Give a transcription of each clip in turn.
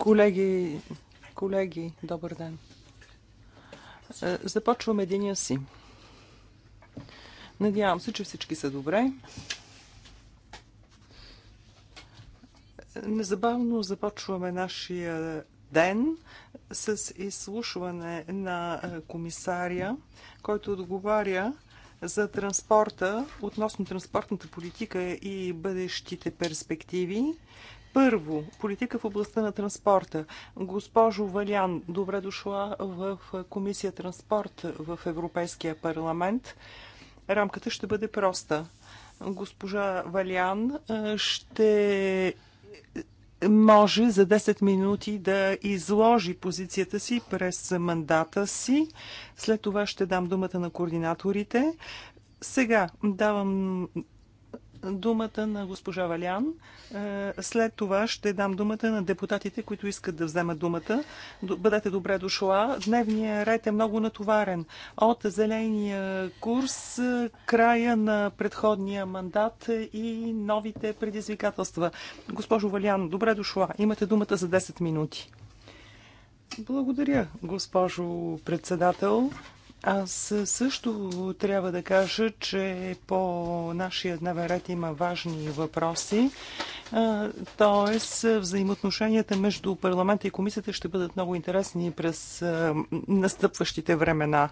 Колеги, колеги, добър ден. Е, започваме единия си. Надявам се, че всички са добре. Незабавно започваме нашия ден с изслушване на е, комисаря, който отговаря за транспорта, относно транспортната политика и бъдещите перспективи. Първо, политика в областта на транспорта. Госпожо Валян, добре дошла в Комисия транспорт в Европейския парламент. Рамката ще бъде проста. Госпожа Валян ще може за 10 минути да изложи позицията си през мандата си. След това ще дам думата на координаторите. Сега давам думата на госпожа Валян. Е, след това ще дам думата на депутатите, които искат да вземат думата. Бъдете добре дошла. Дневният ред е много натоварен. От зеления курс, е, края на предходния мандат и новите предизвикателства. Госпожо Валян, добре дошла. Имате думата за 10 минути. Благодаря, госпожо председател. Аз също трябва да кажа, че по нашия дневен ред има важни въпроси. Т.е. взаимоотношенията между парламента и комисията ще бъдат много интересни през настъпващите времена.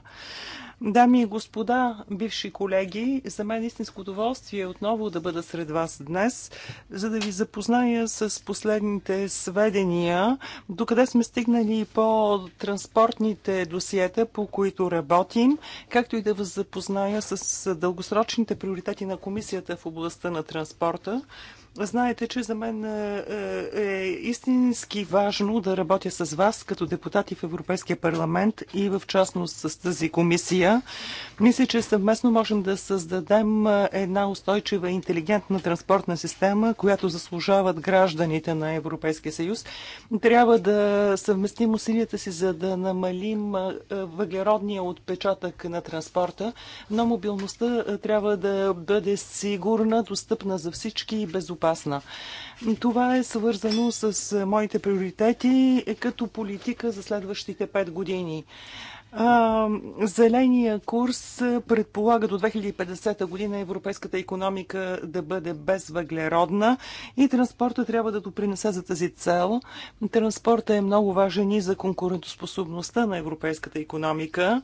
Дами и господа, бивши колеги, за мен е истинско удоволствие отново да бъда сред вас днес, за да ви запозная с последните сведения, докъде сме стигнали по транспортните досиета, по които работим, както и да ви запозная с дългосрочните приоритети на комисията в областта на транспорта. Знаете, че за мен е, е, е истински важно да работя с вас като депутати в Европейския парламент и в частност с тази комисия. Мисля, че съвместно можем да създадем е, една устойчива, интелигентна транспортна система, която заслужават гражданите на Европейския съюз. Трябва да съвместим усилията си, за да намалим въглеродния отпечатък на транспорта, но мобилността трябва да бъде сигурна, достъпна за всички и безопасна безопасна. Това е свързано с е, моите приоритети е, като политика за следващите 5 години. Зеления курс е, предполага до 2050 година европейската економика да бъде безвъглеродна и транспорта трябва да допринесе за тази цел. Транспорта е много важен и за конкурентоспособността на европейската економика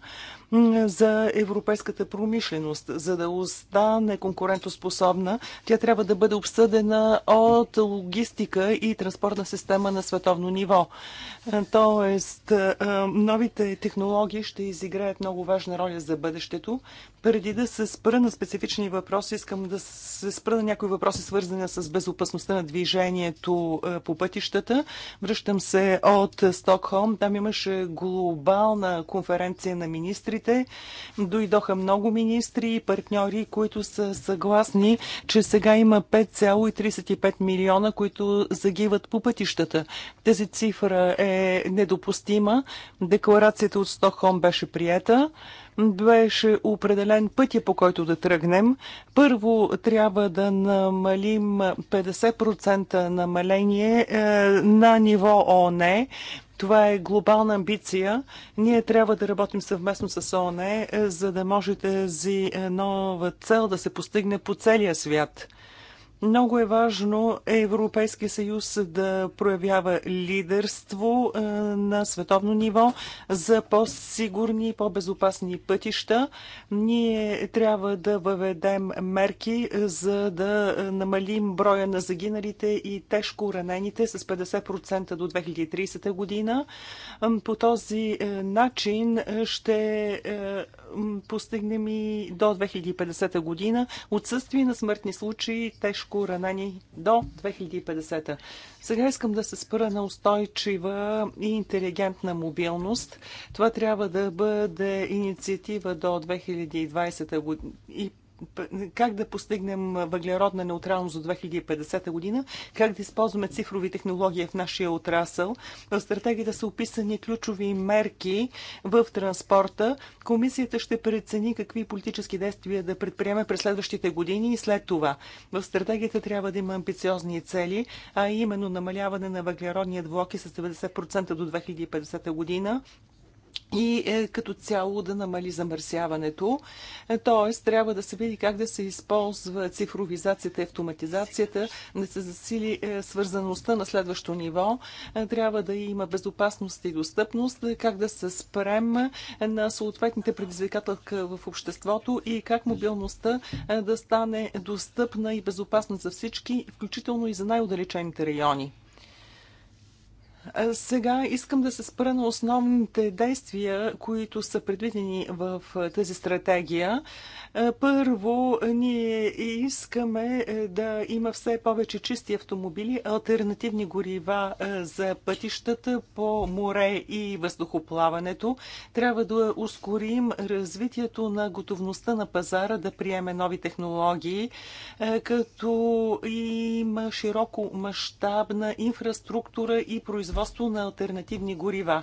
за европейската промишленост. За да остане конкурентоспособна, тя трябва да бъде обсъдена от логистика и транспортна система на световно ниво. Е, тоест, е, новите технологии ще изиграят много важна роля за бъдещето. Преди да се спра на специфични въпроси, искам да се спра на някои въпроси, свързани с безопасността на движението е, по пътищата. Връщам се от Стокхолм. Там имаше глобална конференция на министрите. Дойдоха много министри и партньори, които са съгласни, че сега има 5,35 милиона, които загиват по пътищата. Тази цифра е недопустима. Декларацията от Стокхолм беше приета беше определен пътя по който да тръгнем. Първо трябва да намалим 50% намаление е, на ниво ОНЕ. Това е глобална амбиция. Ние трябва да работим съвместно с ООН, е, за да може тази е, нова цел да се постигне по целия свят. Много е важно Европейския съюз да проявява лидерство е, на световно ниво за по-сигурни и по-безопасни пътища. Ние трябва да въведем мерки, е, за да намалим броя на загиналите и тежко ранените с 50% до 2030 година. По този е, начин ще постигнем и до 2050 година. Отсъствие на смъртни случаи, тежко ранени до 2050. Сега искам да се спра на устойчива и интелигентна мобилност. Това трябва да бъде инициатива до 2020 година и как да постигнем въглеродна неутралност до 2050 година, как да използваме цифрови технологии в нашия отрасъл. В стратегията са описани ключови мерки в транспорта. Комисията ще прецени какви политически действия да предприеме през следващите години и след това. В стратегията трябва да има амбициозни цели, а именно намаляване на въглеродния блок с 90% до 2050 година, и е, като цяло да намали замърсяването. Т.е. трябва да се види как да се използва цифровизацията и автоматизацията, да се засили е, свързаността на следващо ниво. Е, трябва да има безопасност и достъпност, е, как да се спрем е, на съответните предизвикателства в обществото и как мобилността е, да стане достъпна и безопасна за всички, включително и за най-удалечените райони. Сега искам да се спра на основните действия, които са предвидени в тази стратегия. Първо, ние искаме да има все повече чисти автомобили, альтернативни горива за пътищата по море и въздухоплаването. Трябва да ускорим развитието на готовността на пазара да приеме нови технологии, като има широко мащабна инфраструктура и производство производство на альтернативни горива.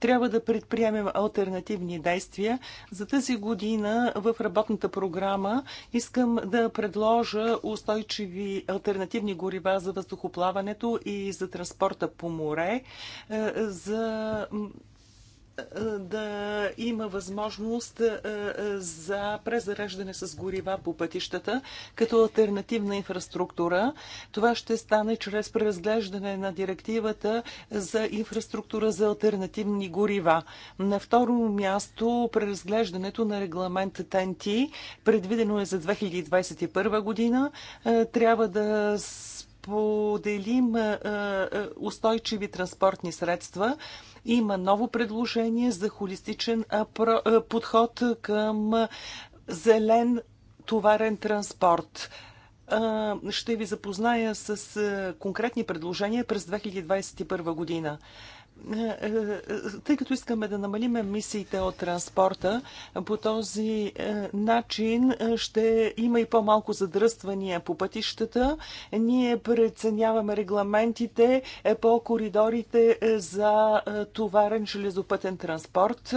Трябва да предприемем альтернативни действия. За тази година в работната програма искам да предложа устойчиви альтернативни горива за въздухоплаването и за транспорта по море, е, за да има възможност за презареждане с горива по пътищата като альтернативна инфраструктура. Това ще стане чрез преразглеждане на директивата за инфраструктура за альтернативни горива. На второ място преразглеждането на регламент ТНТ, предвидено е за 2021 година, трябва да поделим устойчиви транспортни средства, има ново предложение за холистичен подход към зелен товарен транспорт. Ще ви запозная с конкретни предложения през 2021 година тъй като искаме да намалим емисиите от транспорта, по този е, начин е, ще има и по-малко задръствания по пътищата. Ние преценяваме регламентите е, по коридорите за товарен железопътен транспорт.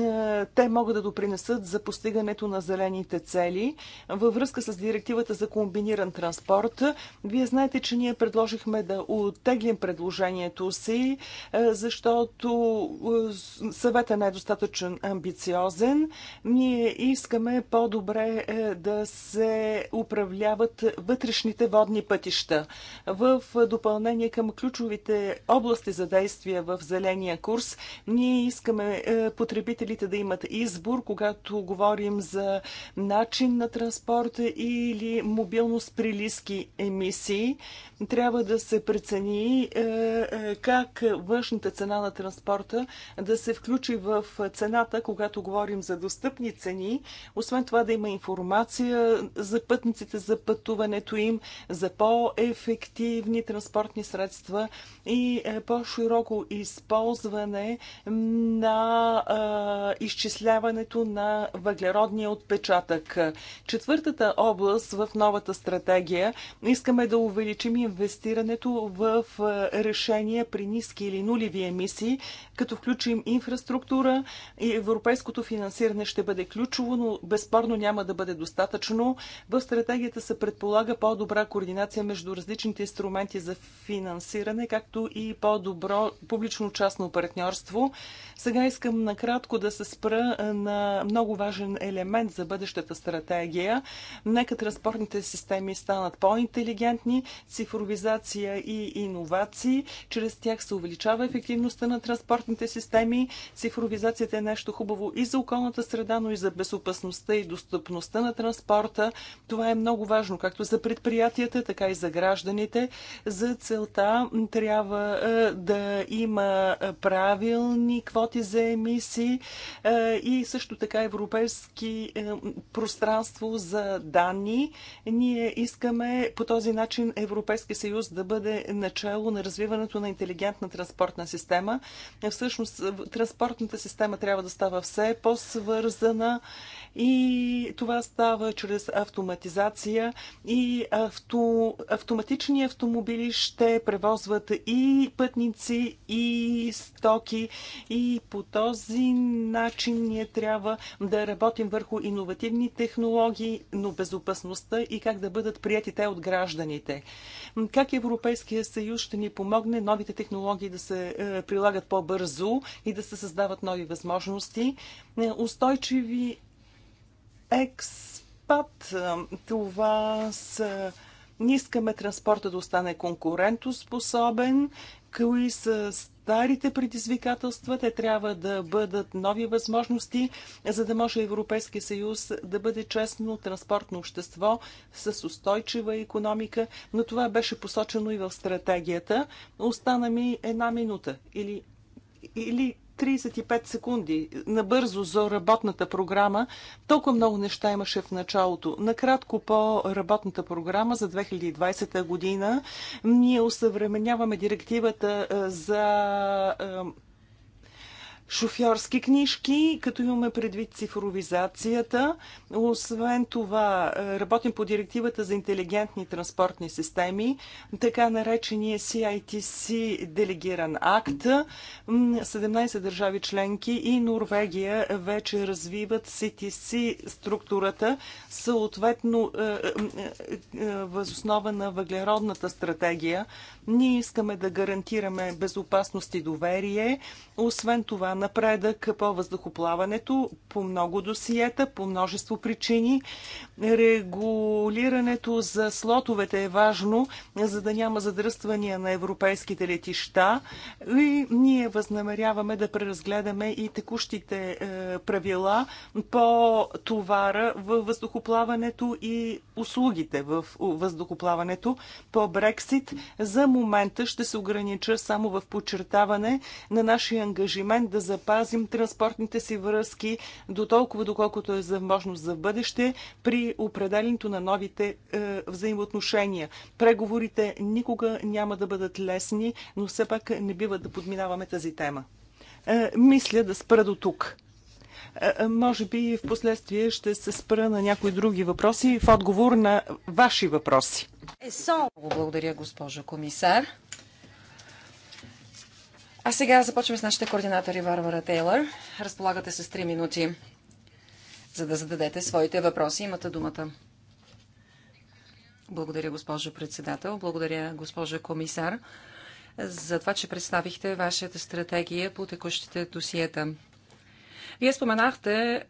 Е, те могат да допринесат за постигането на зелените цели. Във връзка с директивата за комбиниран транспорт, вие знаете, че ние предложихме да оттеглим предложението си, е, защото е, съветът не е достатъчно амбициозен. Ние искаме по-добре да се управляват вътрешните водни пътища. В допълнение към ключовите области за действия в зеления курс, ние искаме потребителите потребителите да имат избор, когато говорим за начин на транспорта или мобилност при лиски емисии трябва да се прецени е, е, как външната цена на транспорта да се включи в цената, когато говорим за достъпни цени. Освен това да има информация за пътниците, за пътуването им, за по-ефективни транспортни средства и е, по-широко използване на изчисляването на въглеродния отпечатък. Четвъртата област в новата стратегия искаме да увеличим инвестирането в решения при ниски или нулеви емисии, като включим инфраструктура и европейското финансиране ще бъде ключово, но безспорно няма да бъде достатъчно. В стратегията се предполага по-добра координация между различните инструменти за финансиране, както и по-добро публично-частно партньорство. Сега искам накратко да се спра на много важен елемент за бъдещата стратегия. Нека транспортните системи станат по-интелигентни, цифровизирани импровизация и иновации. Чрез тях се увеличава ефективността на транспортните системи. Цифровизацията е нещо хубаво и за околната среда, но и за безопасността и достъпността на транспорта. Това е много важно, както за предприятията, така и за гражданите. За целта трябва е, да има правилни квоти за емисии е, и също така европейски е, пространство за данни. Ние искаме по този начин европейски Европейския съюз да бъде начало на развиването на интелигентна транспортна система. Всъщност транспортната система трябва да става все по-свързана и това става чрез автоматизация и авто, автоматични автомобили ще превозват и пътници, и стоки и по този начин ние трябва да работим върху иновативни технологии, но безопасността и как да бъдат прияти те от гражданите. Как Европейския съюз ще ни помогне новите технологии да се е, прилагат по-бързо и да се създават нови възможности? Е, устойчиви Експат, това са... Ние искаме транспорта да остане конкурентоспособен. Кои са старите предизвикателства, те трябва да бъдат нови възможности, за да може Европейския съюз да бъде честно транспортно общество с устойчива економика, но това беше посочено и в стратегията. Остана ми една минута или, или 35 секунди. Набързо за работната програма. Толкова много неща имаше в началото. Накратко по работната програма за 2020 година. Ние усъвременяваме директивата за шофьорски книжки, като имаме предвид цифровизацията. Освен това, е, работим по директивата за интелигентни транспортни системи, така наречения CITC делегиран акт. 17 държави членки и Норвегия вече развиват CTC структурата, съответно е, е, възоснова на въглеродната стратегия. Ние искаме да гарантираме безопасност и доверие. Освен това, напредък по въздухоплаването по много досиета, по множество причини. Регулирането за слотовете е важно, за да няма задръствания на европейските летища. И ние възнамеряваме да преразгледаме и текущите е, правила по товара във въздухоплаването и услугите в въздухоплаването по Брексит. За момента ще се огранича само в подчертаване на нашия ангажимент да запазим транспортните си връзки до толкова, доколкото е възможност за бъдеще при определенето на новите е, взаимоотношения. Преговорите никога няма да бъдат лесни, но все пак не бива да подминаваме тази тема. Е, мисля да спра до тук. Е, е може би в последствие ще се спра на някои други въпроси в отговор на ваши въпроси. Е, Благодаря, госпожо комисар. А сега започваме с нашите координатори Варвара Тейлър. Разполагате с 3 минути, за да зададете своите въпроси. Имате думата. Благодаря, госпожо председател. Благодаря, госпожо комисар, за това, че представихте вашата стратегия по текущите досиета. Вие споменахте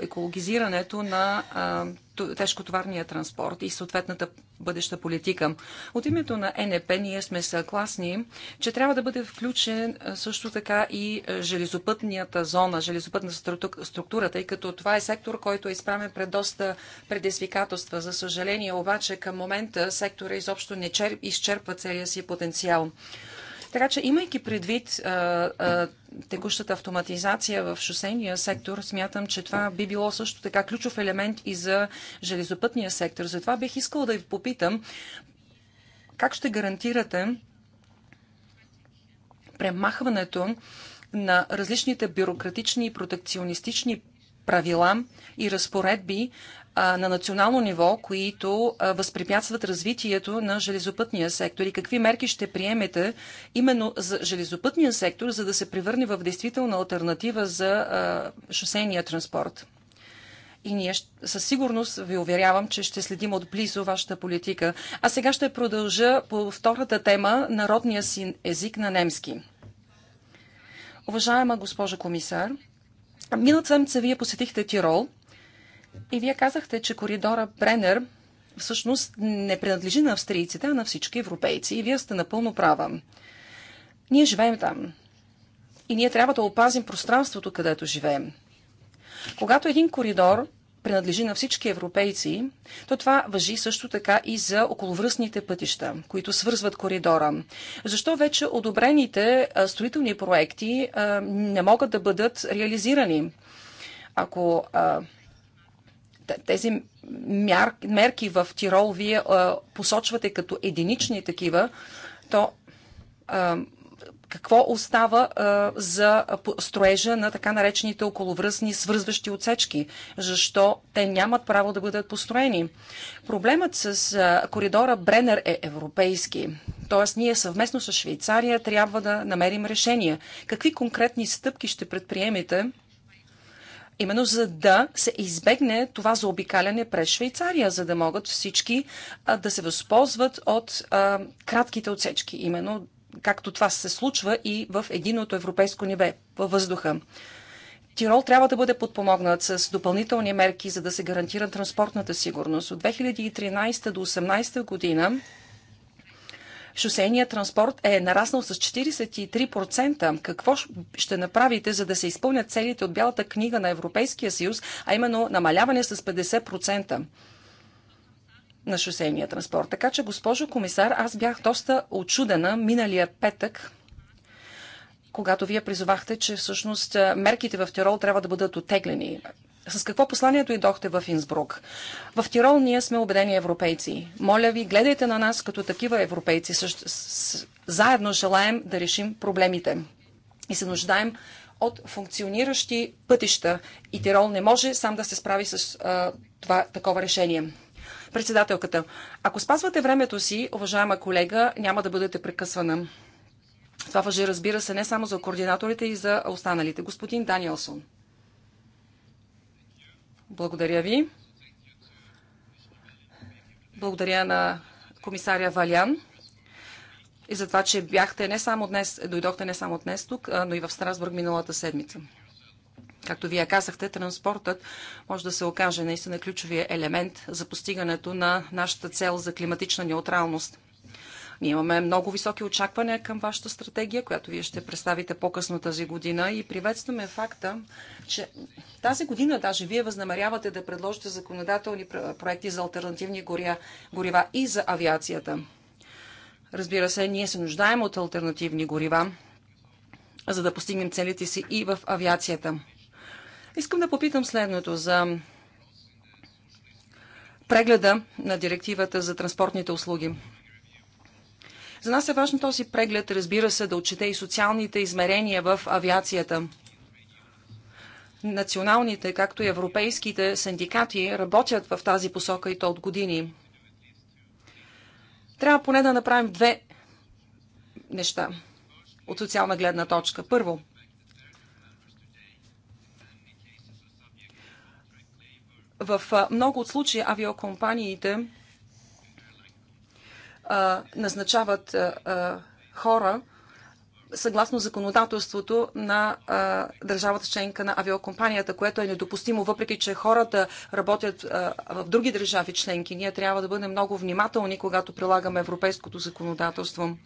екологизирането на тежкотоварния транспорт и съответната бъдеща политика. От името на НЕП ние сме съгласни, че трябва да бъде включен също така и железопътната зона, железопътна структура, тъй като това е сектор, който е изправен пред доста предизвикателства. За съжаление обаче към момента сектора изобщо не изчерпва целия си потенциал. Така че, имайки предвид а, а, текущата автоматизация в шосейния сектор, смятам, че това би било също така ключов елемент и за железопътния сектор. Затова бих искала да ви попитам как ще гарантирате премахването на различните бюрократични и протекционистични правила и разпоредби, на национално ниво, които възпрепятстват развитието на железопътния сектор и какви мерки ще приемете именно за железопътния сектор, за да се превърне в действителна альтернатива за шосейния транспорт? и ние със сигурност ви уверявам, че ще следим отблизо вашата политика. А сега ще продължа по втората тема народния си език на немски. Уважаема госпожа комисар, миналата седмица вие посетихте Тирол – и вие казахте, че коридора Бренер всъщност не принадлежи на австрийците, а на всички европейци. И вие сте напълно права. Ние живеем там. И ние трябва да опазим пространството, където живеем. Когато един коридор принадлежи на всички европейци, то това въжи също така и за околовръстните пътища, които свързват коридора. Защо вече одобрените строителни проекти не могат да бъдат реализирани? Ако тези мяр, мерки в Тирол вие а, посочвате като единични такива, то а, какво остава а, за строежа на така наречените околовръстни свързващи отсечки? Защо те нямат право да бъдат построени? Проблемът с а, коридора Бренер е европейски. Тоест, ние съвместно с Швейцария трябва да намерим решение. Какви конкретни стъпки ще предприемете? именно за да се избегне това заобикаляне през Швейцария, за да могат всички да се възползват от кратките отсечки, именно както това се случва и в единото европейско небе, във въздуха. Тирол трябва да бъде подпомогнат с допълнителни мерки, за да се гарантира транспортната сигурност. От 2013 до 2018 година шосейният транспорт е нараснал с 43%. Какво ще направите, за да се изпълнят целите от Бялата книга на Европейския съюз, а именно намаляване с 50%? на шосейния транспорт. Така че, госпожо комисар, аз бях доста очудена миналия петък, когато вие призовахте, че всъщност мерките в Тирол трябва да бъдат отеглени. С какво посланието идохте в Инсбрук? В Тирол ние сме убедени европейци. Моля ви, гледайте на нас като такива европейци. Също, с, заедно желаем да решим проблемите. И се нуждаем от функциониращи пътища. И Тирол не може сам да се справи с а, това, такова решение. Председателката, ако спазвате времето си, уважаема колега, няма да бъдете прекъсвана. Това въжи, разбира се, не само за координаторите и за останалите. Господин Даниелсон. Благодаря ви. Благодаря на комисаря Валян и за това, че бяхте не само днес, дойдохте не само днес тук, но и в Страсбург миналата седмица. Както вие казахте, транспортът може да се окаже наистина ключовия елемент за постигането на нашата цел за климатична неутралност. Ние имаме много високи очаквания към вашата стратегия, която вие ще представите по-късно тази година и приветстваме факта, че тази година даже вие възнамерявате да предложите законодателни проекти за альтернативни горива и за авиацията. Разбира се, ние се нуждаем от альтернативни горива, за да постигнем целите си и в авиацията. Искам да попитам следното за прегледа на директивата за транспортните услуги. За нас е важно този преглед, разбира се, да отчете и социалните измерения в авиацията. Националните, както и европейските синдикати работят в тази посока и то от години. Трябва поне да направим две неща от социална гледна точка. Първо, в много от случаи авиокомпаниите назначават хора съгласно законодателството на а, държавата членка на авиокомпанията, което е недопустимо, въпреки че хората работят а, в други държави членки. Ние трябва да бъдем много внимателни, когато прилагаме европейското законодателство.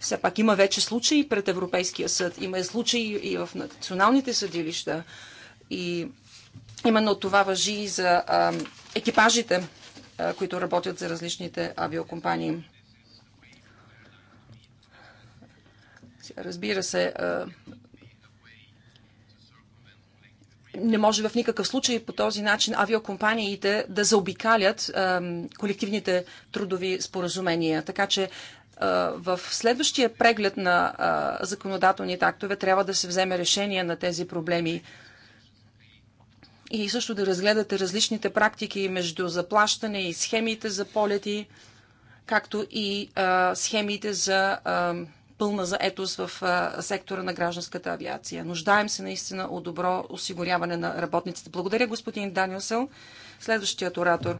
Все пак има вече случаи пред Европейския съд, има и случаи и в националните съдилища. И именно това въжи и за а, екипажите които работят за различните авиокомпании. Разбира се, не може в никакъв случай по този начин авиокомпаниите да заобикалят колективните трудови споразумения. Така че в следващия преглед на законодателните актове трябва да се вземе решение на тези проблеми и също да разгледате различните практики между заплащане и схемите за полети, както и а, схемите за а, пълна заетост в а, сектора на гражданската авиация. Нуждаем се наистина от добро осигуряване на работниците. Благодаря, господин Даниосел. Следващият оратор.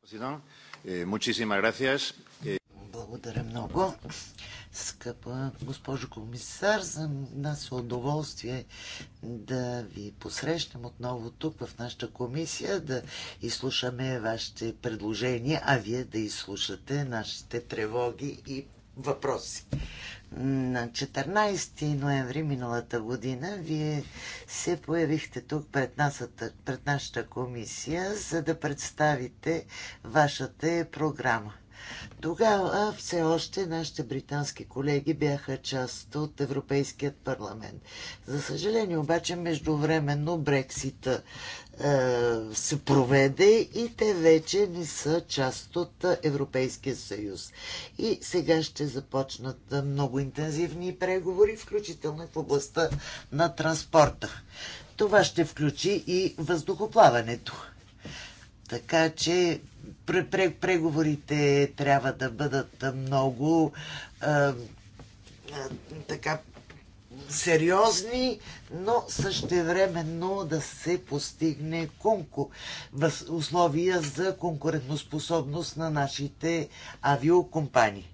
Е, е, Благодаря много. Скъпа госпожо комисар, за нас е удоволствие да ви посрещнем отново тук в нашата комисия, да изслушаме вашите предложения, а вие да изслушате нашите тревоги и въпроси. На 14 ноември миналата година вие се появихте тук пред, насата, пред нашата комисия, за да представите вашата програма. Тогава все още нашите британски колеги бяха част от Европейският парламент. За съжаление обаче междувременно Брексита е, се проведе и те вече не са част от Европейския съюз. И сега ще започнат много интензивни преговори, включително и в областта на транспорта. Това ще включи и въздухоплаването. Така че преговорите трябва да бъдат много а, така сериозни, но същевременно да се постигне конку... условия за конкурентоспособност на нашите авиокомпании.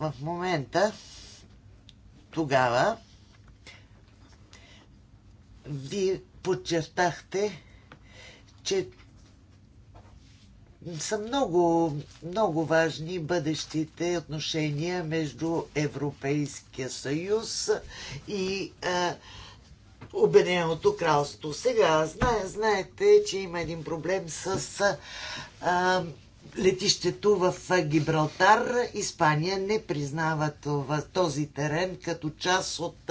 В момента тогава ви подчертахте, че са много, много важни бъдещите отношения между Европейския съюз и а, е, Обединеното кралство. Сега, знае, знаете, че има един проблем с а, е, летището в Гибралтар. Испания не признава това, този терен като част от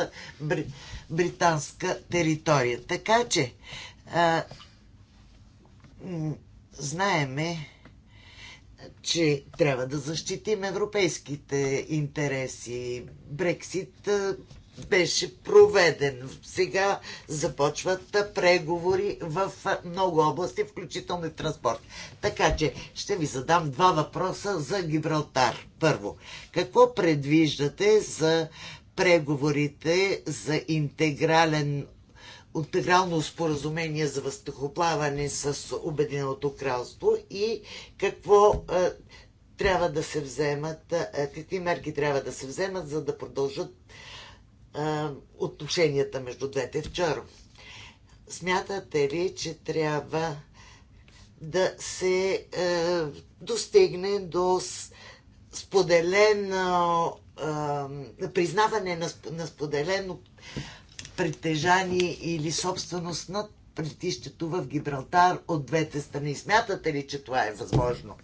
британска територия. Така че а, е, знаеме, че трябва да защитим европейските интереси. Брексит беше проведен. Сега започват преговори в много области, включително и транспорт. Така че ще ви задам два въпроса за Гибралтар. Първо, какво предвиждате за преговорите за интегрален интегрално споразумение за въздухоплаване с Обединеното кралство и какво а, е, трябва да се вземат, а, е, какви мерки трябва да се вземат, за да продължат а, е, отношенията между двете. Вчера, смятате ли, че трябва да се достигне до споделено признаване на, на споделено притежание или собственост на притището в Гибралтар от двете страни. Смятате ли, че това е възможно?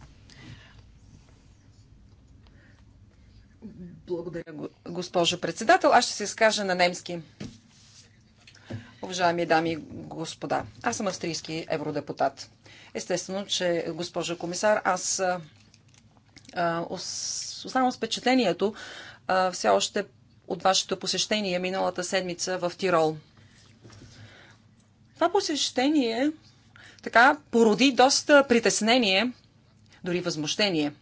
Благодаря, госпожо председател. Аз ще се изкажа на немски. Уважаеми дами и господа, аз съм австрийски евродепутат. Естествено, че госпожа комисар, аз останал с впечатлението, все още от вашето посещение миналата седмица в Тирол. Това посещение така породи доста притеснение, дори възмущение.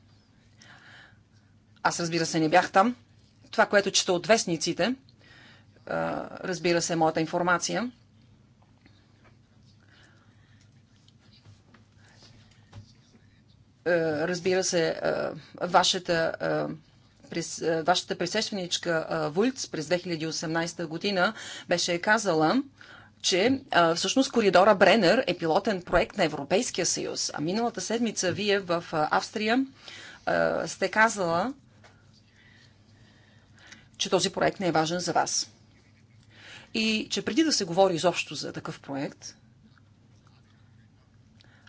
Аз разбира се не бях там. Това, което чета от вестниците, разбира се, е моята информация. Е, разбира се, е, вашата през вашата пресещаничка Вульц през 2018 година беше казала, че а, всъщност коридора Бренер е пилотен проект на Европейския съюз. А миналата седмица вие в Австрия а, сте казала, че този проект не е важен за вас. И че преди да се говори изобщо за такъв проект,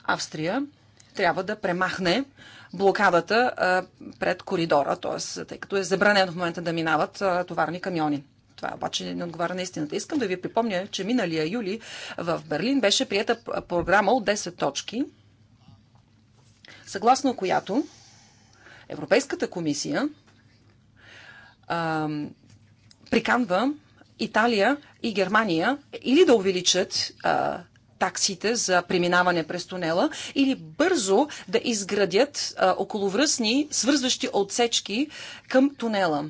Австрия трябва да премахне блокадата пред коридора, т.е. тъй като е забранено в момента да минават товарни камиони. Това обаче не отговаря на истината. Искам да ви припомня, че миналия юли в Берлин беше прията програма от 10 точки, съгласно която Европейската комисия а, приканва Италия и Германия или да увеличат а, таксите за преминаване през тунела или бързо да изградят а, околовръстни свързващи отсечки към тунела.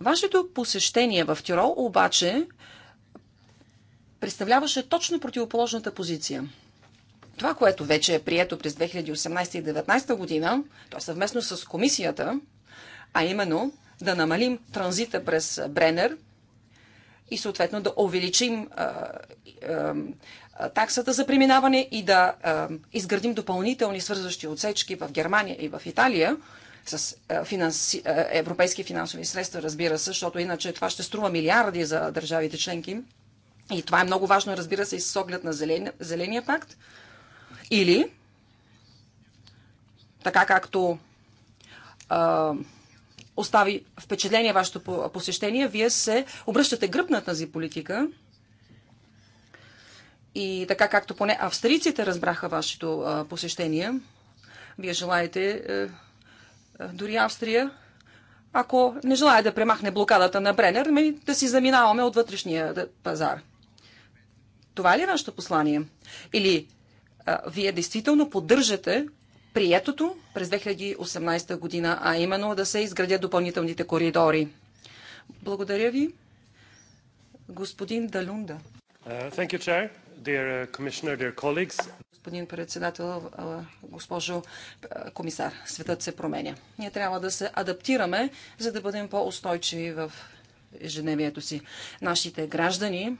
Вашето посещение в Тирол обаче представляваше точно противоположната позиция. Това, което вече е прието през 2018 и 2019 година, то е съвместно с комисията, а именно да намалим транзита през Бренер – и съответно да увеличим таксата за преминаване и да изградим допълнителни свързващи отсечки в Германия и в Италия с финанси... европейски финансови средства, разбира се, защото иначе това ще струва милиарди за държавите членки. И това е много важно, разбира се, и с оглед на зелен... Зеления пакт. Или, така както а, остави впечатление вашето посещение, вие се обръщате гръб на тази политика. И така както поне австрийците разбраха вашето посещение, вие желаете е, е, дори Австрия, ако не желая да премахне блокадата на Бренер, ами да си заминаваме от вътрешния пазар. Това ли е вашето послание? Или а, вие действително поддържате приетото през 2018 година, а именно да се изградят допълнителните коридори. Благодаря ви, господин Далунда. Uh, you, dear, uh, dear господин председател, uh, госпожо uh, комисар, светът се променя. Ние трябва да се адаптираме, за да бъдем по-устойчиви в ежедневието си. Нашите граждани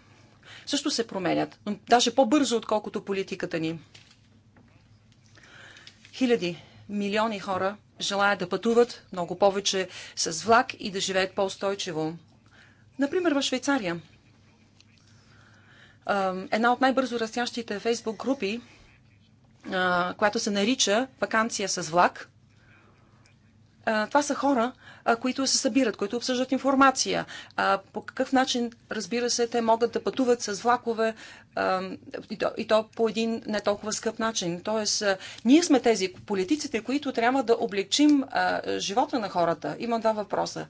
също се променят, но даже по-бързо, отколкото политиката ни. Хиляди, милиони хора желаят да пътуват много повече с влак и да живеят по-устойчиво. Например, в Швейцария. Една от най-бързо растящите фейсбук групи, която се нарича Вакансия с влак, това са хора, които се събират, които обсъждат информация. По какъв начин, разбира се, те могат да пътуват с влакове и то, и то по един не толкова скъп начин. Тоест, ние сме тези политиците, които трябва да облегчим живота на хората. Има два въпроса.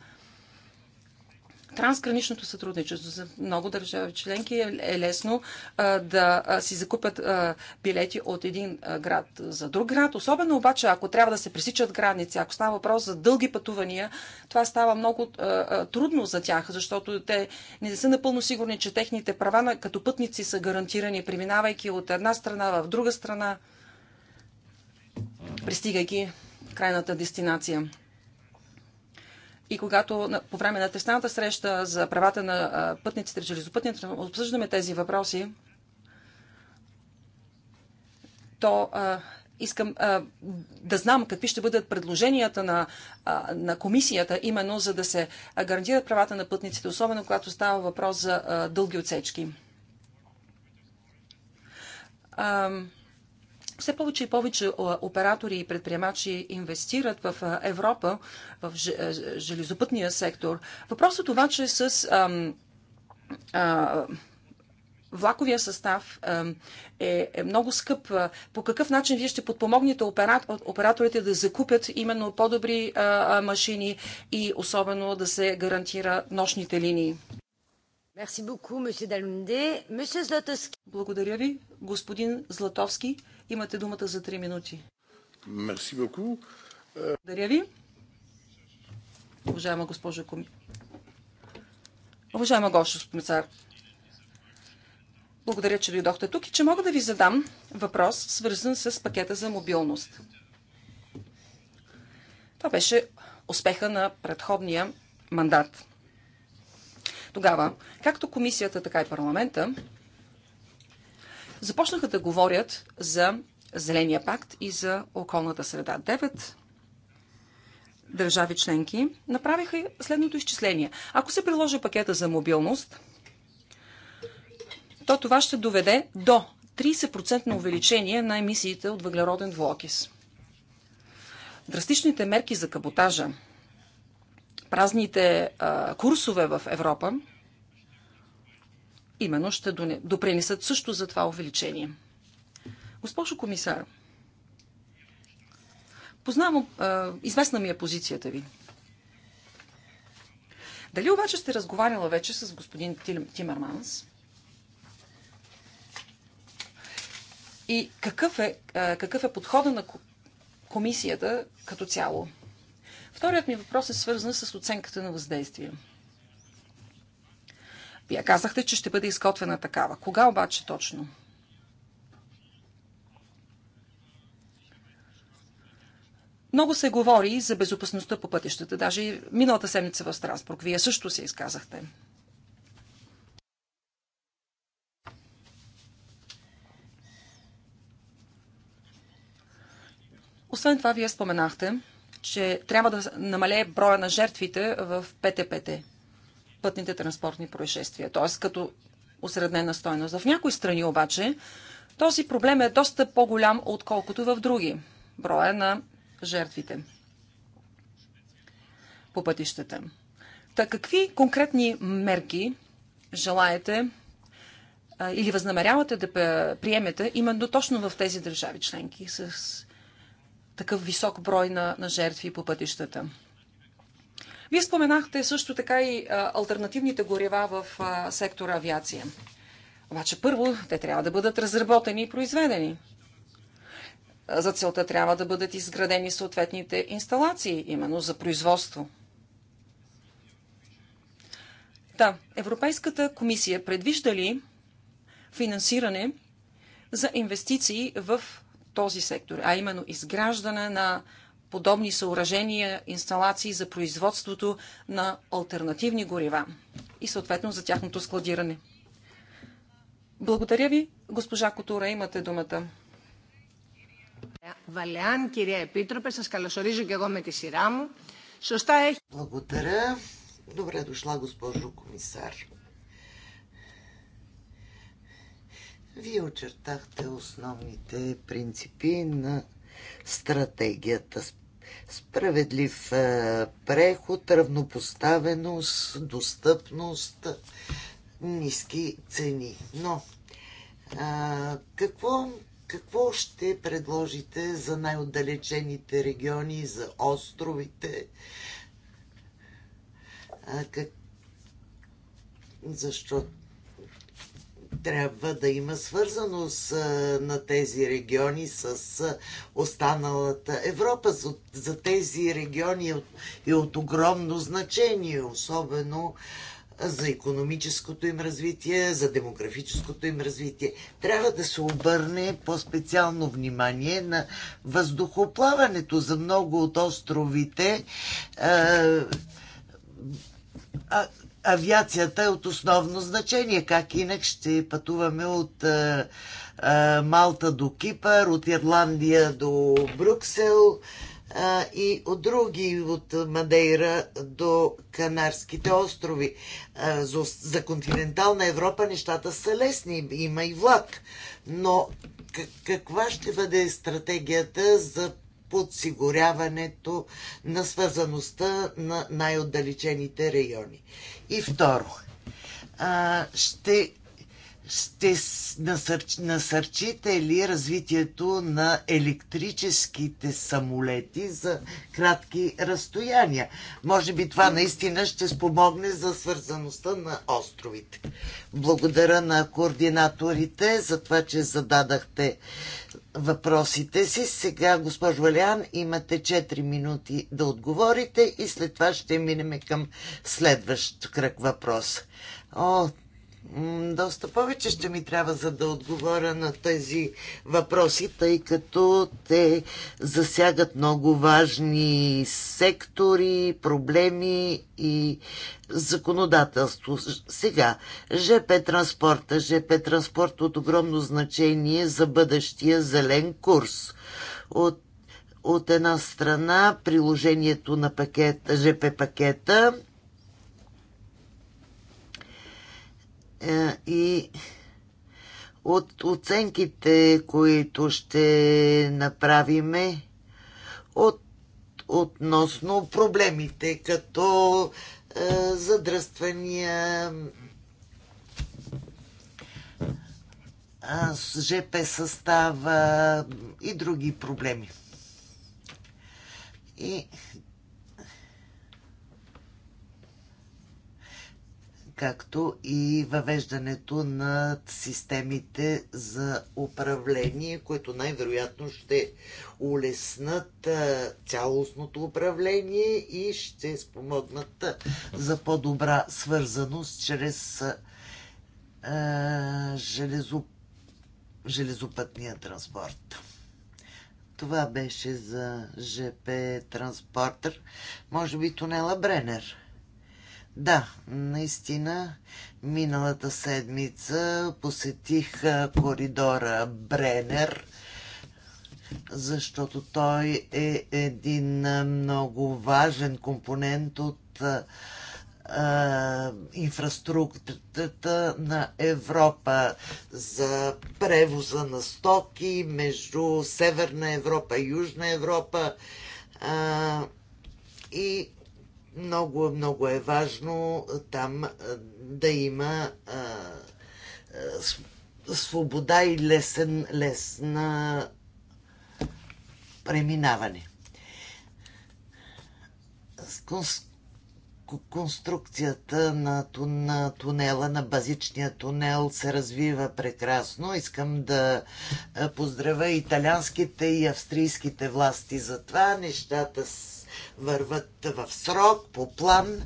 Трансграничното сътрудничество за много държави членки е, е лесно а, да си закупят а, билети от един а, град за друг град. Особено обаче, ако трябва да се пресичат граници, ако става въпрос за дълги пътувания, това става много трудно за тях, защото те не са напълно сигурни, че техните права на, като пътници са гарантирани, преминавайки от една страна в друга страна, пристигайки крайната дестинация и когато по време на тесната среща за правата на пътниците в железопътния обсъждаме тези въпроси, то а, искам а, да знам какви ще бъдат предложенията на, а, на комисията, именно за да се гарантират правата на пътниците, особено когато става въпрос за а, дълги отсечки. А, все повече и повече оператори и предприемачи инвестират в Европа, в железопътния сектор. Въпросът е че с ам, а, влаковия състав е, е много скъп. По какъв начин вие ще подпомогнете операторите да закупят именно по-добри машини и особено да се гарантира нощните линии? Благодаря ви, господин Златовски. Имате думата за 3 минути. Мерси боку. Благодаря ви. Уважаема госпожа Коми... Уважаема госпожа комисар, благодаря, че дойдохте тук и че мога да ви задам въпрос, свързан с пакета за мобилност. Това беше успеха на предходния мандат. Тогава, както комисията, така и парламента, започнаха да говорят за Зеления пакт и за околната среда. Девет държави членки направиха следното изчисление. Ако се приложи пакета за мобилност, то това ще доведе до 30% на увеличение на емисиите от въглероден двуокис. Драстичните мерки за каботажа, празните а, курсове в Европа именно ще допринесат също за това увеличение. Госпожо комисар, познавам, известна ми е позицията ви. Дали обаче сте разговаряла вече с господин Тимерманс? И какъв е, какъв е подхода на комисията като цяло? Вторият ми въпрос е свързан с оценката на въздействие. Вие казахте, че ще бъде изготвена такава. Кога обаче точно? Много се говори за безопасността по пътищата. Даже и миналата седмица в Страсбург. Вие също се изказахте. Освен това, вие споменахте, че трябва да намалее броя на жертвите в ПТПТ пътните транспортни происшествия, т.е. като осреднена стойност. В някои страни обаче този проблем е доста по-голям, отколкото в други. Броя на жертвите по пътищата. Та какви конкретни мерки желаете а, или възнамерявате да приемете именно точно в тези държави членки с такъв висок брой на, на жертви по пътищата? Вие споменахте също така и а, альтернативните горева в а, сектора авиация. Обаче първо те трябва да бъдат разработени и произведени. За целта трябва да бъдат изградени съответните инсталации, именно за производство. Да, Европейската комисия предвижда ли финансиране за инвестиции в този сектор, а именно изграждане на подобни съоръжения, инсталации за производството на альтернативни горива и съответно за тяхното складиране. Благодаря ви, госпожа Котура, имате думата. Валеан, кирия Епитропе, с καλωσορίζω και εγώ με τη σειρά μου. Σωστά έχει... Благодаря. Добре дошла, госпожо комисар. Вие очертахте основните принципи на стратегията справедлив е, преход, равнопоставеност, достъпност, ниски цени. Но а, какво, какво ще предложите за най-отдалечените региони, за островите? А, как... Защото трябва да има свързаност на тези региони с останалата Европа. За, за тези региони е от е огромно значение, особено за економическото им развитие, за демографическото им развитие. Трябва да се обърне по-специално внимание на въздухоплаването за много от островите. А, а, авиацията е от основно значение. Как инак ще пътуваме от а, е, а, е, Малта до Кипър, от Ирландия до Брюксел а, е, и от други, от Мадейра до Канарските острови. А, за, за континентална Европа нещата са лесни, има и влак. Но каква ще бъде стратегията за подсигуряването на свързаността на най-отдалечените райони. И второ, ще, ще насърч, насърчите ли развитието на електрическите самолети за кратки разстояния? Може би това наистина ще спомогне за свързаността на островите. Благодаря на координаторите за това, че зададахте въпросите си. Сега, госпожо Валян, имате 4 минути да отговорите и след това ще минем към следващ кръг въпрос. О, доста повече ще ми трябва, за да отговоря на тези въпроси, тъй като те засягат много важни сектори, проблеми и законодателство. Сега, ЖП транспорта. ЖП транспорт е от огромно значение за бъдещия зелен курс. От от една страна приложението на пакет, ЖП пакета Е, и от оценките, които ще направиме от, относно проблемите, като е, задръствания, с ЖП състава и други проблеми. И както и въвеждането на системите за управление, които най-вероятно ще улеснат цялостното управление и ще спомогнат за по-добра свързаност чрез железо, железопътния транспорт. Това беше за ЖП транспортер. Може би тунела Бренер. Да, наистина, миналата седмица посетих коридора Бренер, защото той е един много важен компонент от инфраструктурата на Европа за превоза на стоки между Северна Европа и Южна Европа а, и много, много е важно там да има свобода и лесен, лесна преминаване. Конструкцията на, на тунела, на базичния тунел се развива прекрасно. Искам да поздравя италианските и австрийските власти за това. Нещата с върват в срок, по план.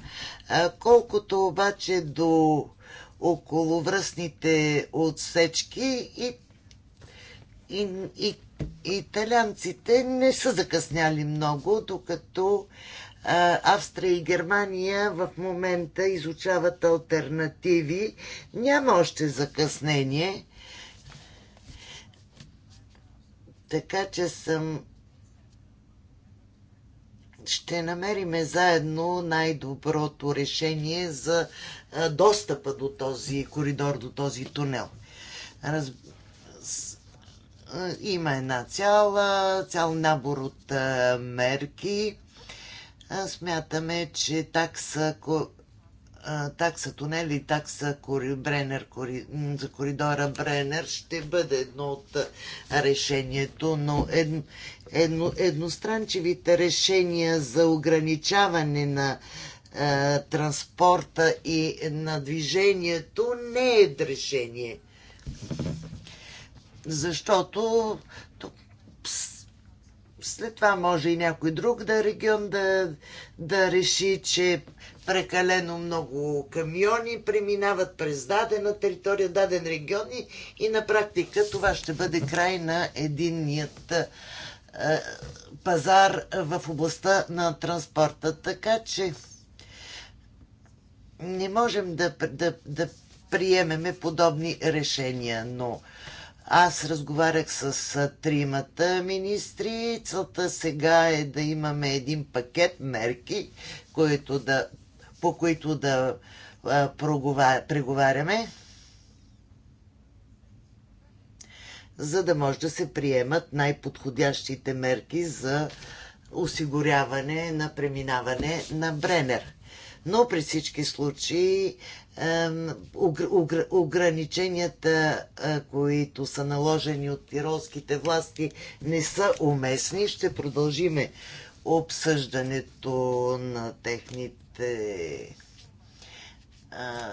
Колкото обаче до околовръстните отсечки и, и, и италианците не са закъсняли много, докато Австрия и Германия в момента изучават альтернативи. Няма още закъснение. Така че съм ще намериме заедно най-доброто решение за достъпа до този коридор, до този тунел. Раз... Има една цяла, цял набор от мерки. Смятаме, че такса, такса тунел и такса Бренер, за коридора Бренер ще бъде едно от решението, но ед, едно, едностранчивите решения за ограничаване на е, транспорта и на движението не е решение. Защото след това може и някой друг да регион да, да реши, че прекалено много камиони преминават през дадена територия, даден регион и, и на практика това ще бъде край на единният е, пазар в областта на транспорта. Така че не можем да, да, да приемеме подобни решения, но аз разговарях с е, тримата министри. Целта сега е да имаме един пакет мерки, които да по които да преговаряме, за да може да се приемат най-подходящите мерки за осигуряване на преминаване на Бренер. Но при всички случаи ограниченията, които са наложени от тиролските власти, не са уместни. Ще продължиме обсъждането на техните нашите а,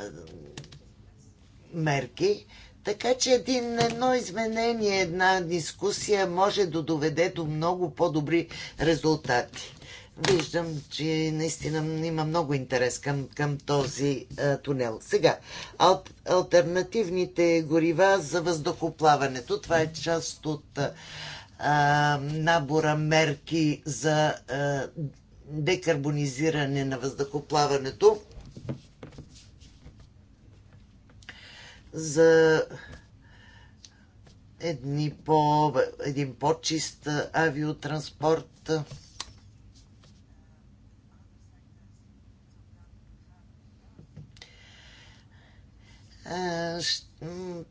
мерки. Така че един, едно изменение, една дискусия може да доведе до много по-добри резултати. Виждам, че наистина има много интерес към, към този а, тунел. Сега, ал, альтернативните горива за въздухоплаването. Това е част от а, набора мерки за а, декарбонизиране на въздухоплаването за едни по, един по-чист авиотранспорт.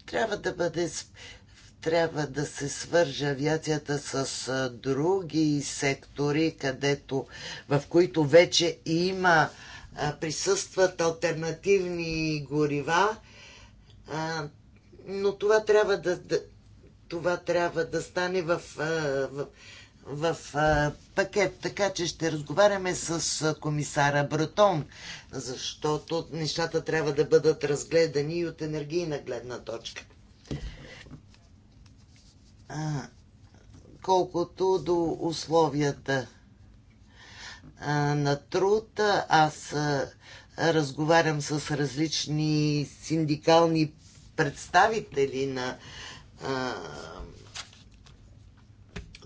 Трябва да бъде трябва да се свърже авиацията с други сектори, където, в които вече има присъстват альтернативни горива, но това трябва да, да това трябва да стане в, в, в пакет. Така че ще разговаряме с комисара Братон, защото нещата трябва да бъдат разгледани и от енергийна гледна точка колкото до условията на труд. Аз разговарям с различни синдикални представители на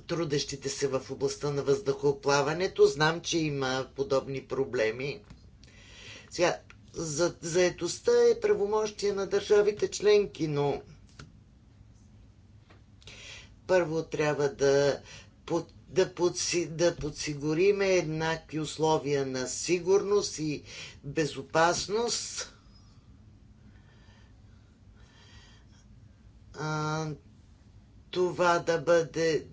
трудещите се в областта на въздухоплаването. Знам, че има подобни проблеми. Сега, за, заедостта е правомощие на държавите членки, но първо трябва да, под, да, подси, да подсигуриме еднакви условия на сигурност и безопасност. А, това да бъде,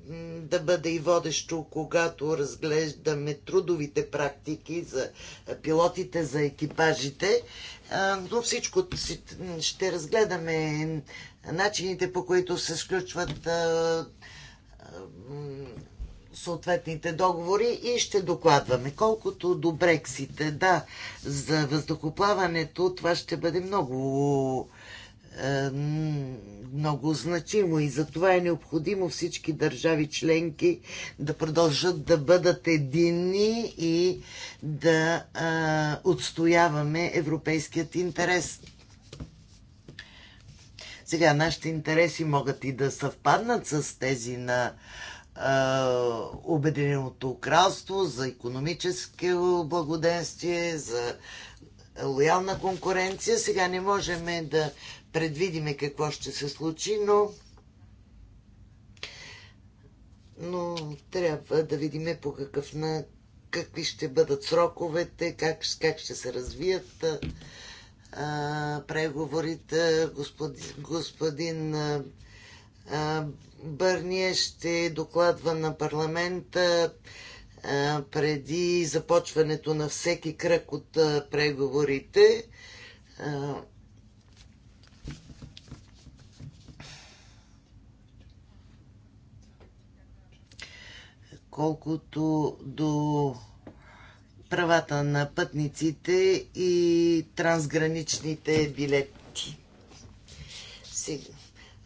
да бъде и водещо, когато разглеждаме трудовите практики за пилотите, за екипажите. Но всичко ще разгледаме начините по които се сключват съответните договори и ще докладваме. Колкото до Брексите, да, за въздухоплаването това ще бъде много е, много значимо и затова е необходимо всички държави членки да продължат да бъдат единни и да а, е, отстояваме европейският интерес. Сега, нашите интереси могат и да съвпаднат с тези на е, Обединеното кралство за економическо благоденствие, за лоялна конкуренция. Сега не можем да предвидиме какво ще се случи, но но трябва да видиме по какъв на какви ще бъдат сроковете, как, как ще се развият а, преговорите. Господин, господин а, Бърния ще докладва на парламента а, преди започването на всеки кръг от а, преговорите. А, колкото до правата на пътниците и трансграничните билети. Сега.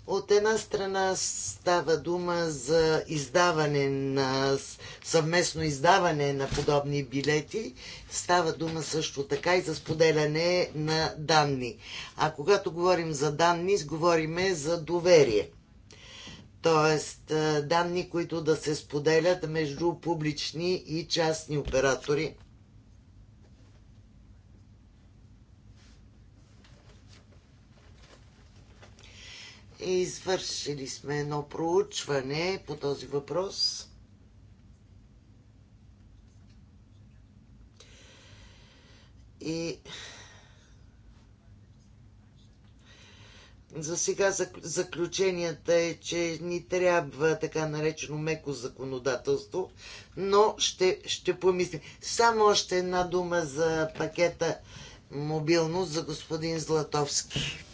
От една страна става дума за издаване на съвместно издаване на подобни билети. Става дума също така и за споделяне на данни. А когато говорим за данни, говориме за доверие т.е. данни, които да се споделят между публични и частни оператори. Извършили сме едно проучване по този въпрос. И За сега заключенията е, че ни трябва така наречено меко законодателство, но ще, ще помислим. Само още една дума за пакета мобилност за господин Златовски.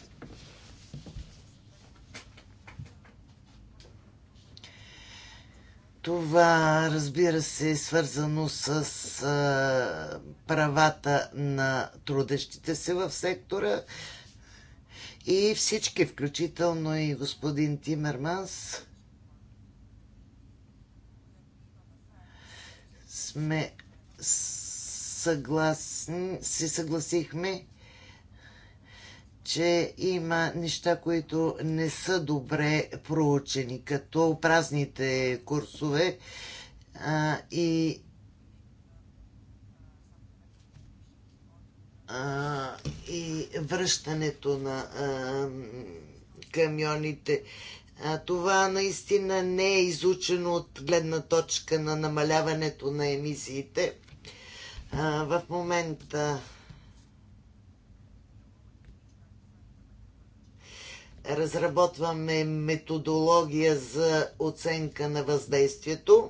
Това, разбира се, е свързано с а, правата на трудещите се в сектора и всички, включително и господин Тимерманс, сме съгласни, си съгласихме, че има неща, които не са добре проучени, като празните курсове а, и и връщането на а, камионите. А, това наистина не е изучено от гледна точка на намаляването на емисиите. А, в момента разработваме методология за оценка на въздействието,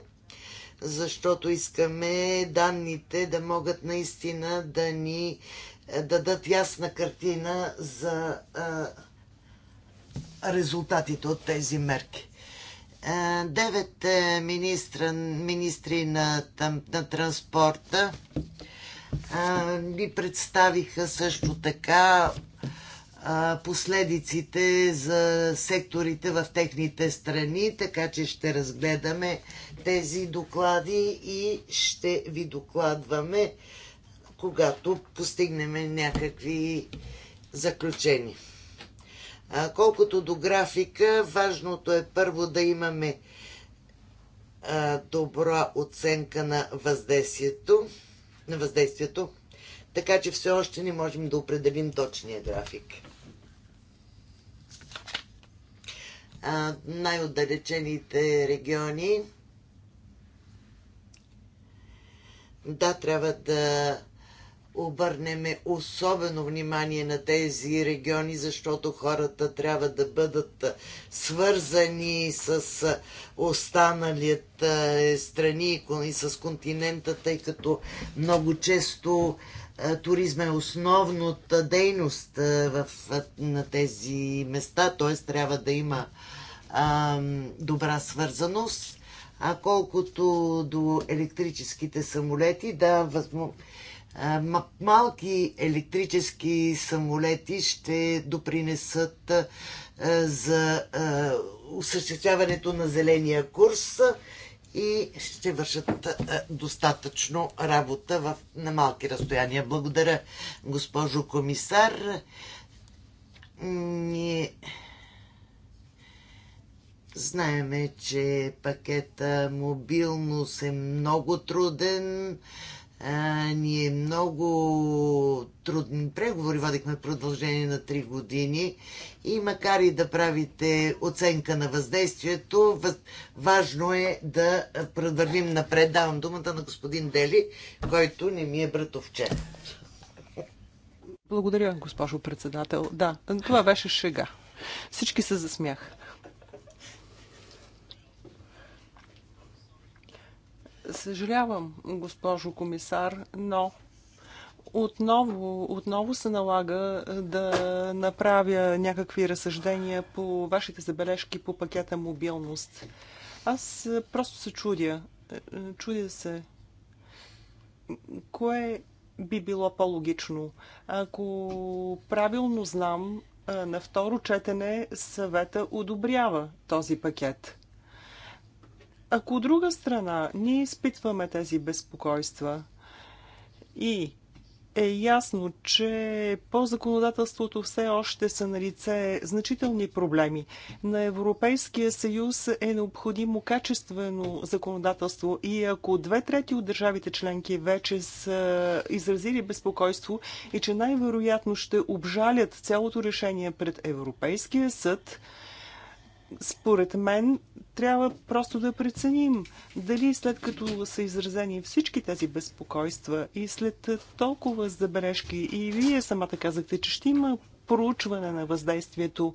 защото искаме данните да могат наистина да ни дадат ясна картина за резултатите от тези мерки. Девет е, министра, министри на, на транспорта ни представиха също така последиците за секторите в техните страни, така че ще разгледаме тези доклади и ще ви докладваме когато постигнем някакви заключения. А, колкото до графика, важното е първо да имаме а, добра оценка на въздействието, на въздействието, така че все още не можем да определим точния график. най-отдалечените региони. Да, трябва да обърнем особено внимание на тези региони, защото хората трябва да бъдат свързани с останалите страни и с континента, тъй като много често туризма е основната дейност в, на тези места, т.е. трябва да има а, добра свързаност. А колкото до електрическите самолети, да, възможно малки електрически самолети ще допринесат за осъществяването на зеления курс и ще вършат достатъчно работа в, на малки разстояния. Благодаря, госпожо комисар. Ние знаеме, че пакета мобилност е много труден а, ние много трудни преговори водихме продължение на 3 години и макар и да правите оценка на въздействието, въз... важно е да продължим напред. Давам думата на господин Дели, който не ми е братовче. Благодаря, госпожо председател. Да, това беше шега. Всички се засмяха. Съжалявам, госпожо комисар, но отново, отново се налага да направя някакви разсъждения по вашите забележки по пакета мобилност. Аз просто се чудя. Чудя се. Кое би било по-логично? Ако правилно знам, на второ четене съвета одобрява този пакет. Ако от друга страна ние изпитваме тези безпокойства и е ясно, че по законодателството все още са на лице значителни проблеми. На Европейския съюз е необходимо качествено законодателство и ако две трети от държавите членки вече са изразили безпокойство и че най-вероятно ще обжалят цялото решение пред Европейския съд, според мен трябва просто да преценим дали след като са изразени всички тези безпокойства и след толкова забележки и вие самата казахте, че ще има проучване на въздействието,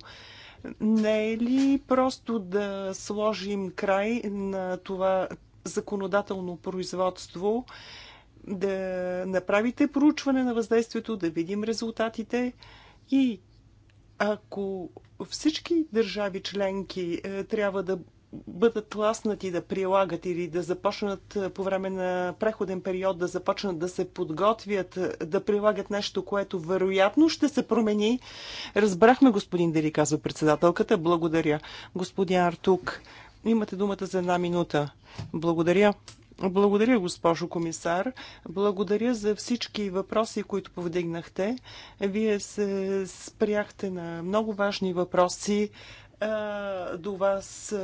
не е ли просто да сложим край на това законодателно производство, да направите проучване на въздействието, да видим резултатите и ако всички държави членки е, трябва да бъдат ласнати да прилагат или да започнат е, по време на преходен период да започнат да се подготвят, е, да прилагат нещо, което вероятно ще се промени. Разбрахме, господин Дели, казва председателката. Благодаря. Господин Артук, имате думата за една минута. Благодаря. Благодаря, госпожо комисар. Благодаря за всички въпроси, които повдигнахте. Вие се спряхте на много важни въпроси до вас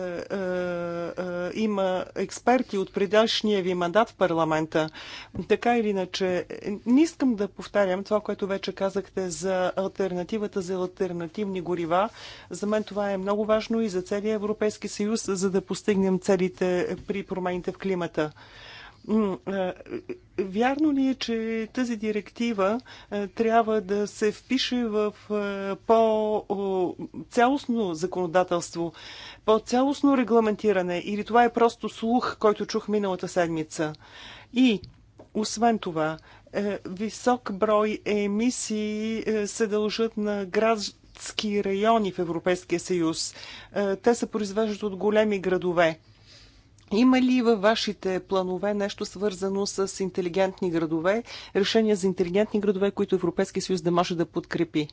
има експерти от предишния ви мандат в парламента. Така или иначе, не искам да повтарям това, което вече казахте за альтернативата за альтернативни горива. За мен това е много важно и за целия Европейски съюз, за да постигнем целите при промените в климата. Вярно ли е, че тази директива трябва да се впише в по-цялостно законодателство, по-цялостно регламентиране или това е просто слух, който чух миналата седмица? И, освен това, е, висок брой емисии е, се дължат на градски райони в Европейския съюз. Е, те се произвеждат от големи градове – има ли във вашите планове нещо свързано с интелигентни градове, решения за интелигентни градове, които Европейския съюз да може да подкрепи?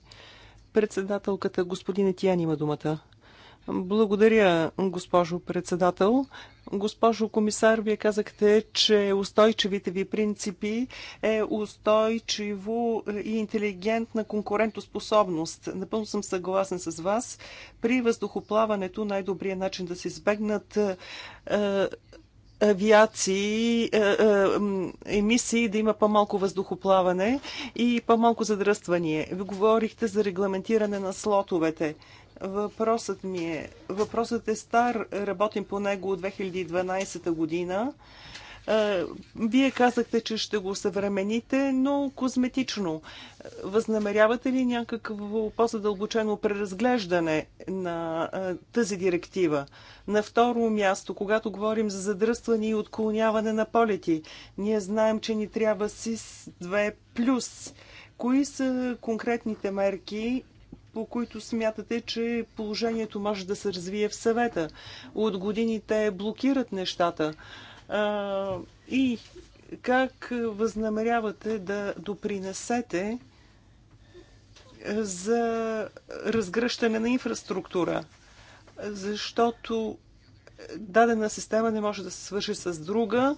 Председателката, господин Етиян има думата. Благодаря, госпожо председател. Госпожо комисар, вие казахте, че устойчивите ви принципи е устойчиво и интелигентна конкурентоспособност. Напълно съм съгласен с вас. При въздухоплаването най-добрият начин да се избегнат е, авиации, е, е, емисии, да има по-малко въздухоплаване и по-малко задръстване. Ви говорихте за регламентиране на слотовете. Въпросът ми е, въпросът е стар, работим по него от 2012 година. Е, вие казахте, че ще го съвремените, но козметично. Възнамерявате ли някакво по-задълбочено преразглеждане на е, тази директива? На второ място, когато говорим за задръстване и отклоняване на полети, ние знаем, че ни трябва СИС 2+. Кои са конкретните мерки по които смятате, че положението може да се развие в съвета. От години те блокират нещата. И как възнамерявате да допринесете за разгръщане на инфраструктура? Защото дадена система не може да се свърши с друга,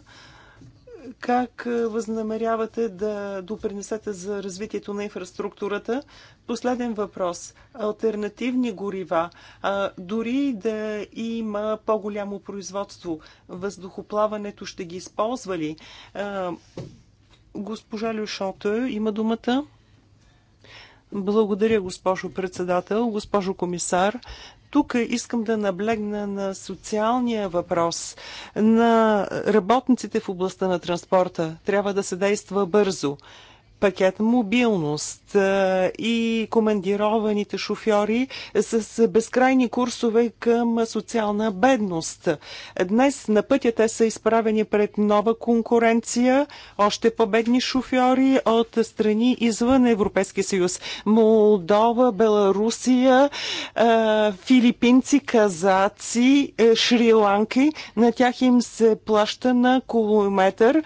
как възнамерявате да допринесете за развитието на инфраструктурата? Последен въпрос. Альтернативни горива. А, дори да има по-голямо производство, въздухоплаването ще ги използва ли? А, госпожа Люшота има думата. Благодаря, госпожо председател, госпожо комисар. Тук искам да наблегна на социалния въпрос на работниците в областта на транспорта. Трябва да се действа бързо пакет мобилност и командированите шофьори с безкрайни курсове към социална бедност. Днес на пътя те са изправени пред нова конкуренция, още по-бедни шофьори от страни извън Европейския съюз. Молдова, Беларусия, филипинци, казаци, е, Шри-Ланки. На тях им се плаща на километр,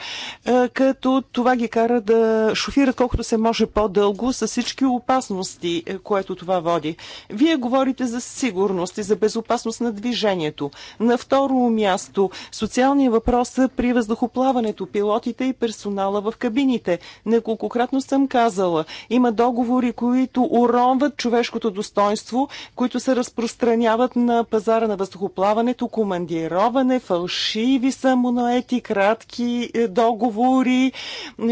като това ги кара да шофират дискутират колкото се може по-дълго с всички опасности, е, което това води. Вие говорите за сигурност и за безопасност на движението. На второ място, социалния въпрос при въздухоплаването, пилотите и персонала в кабините. Неколкократно съм казала, има договори, които уронват човешкото достоинство, които се разпространяват на пазара на въздухоплаването, командироване, фалшиви самонаети, кратки е, договори. Е,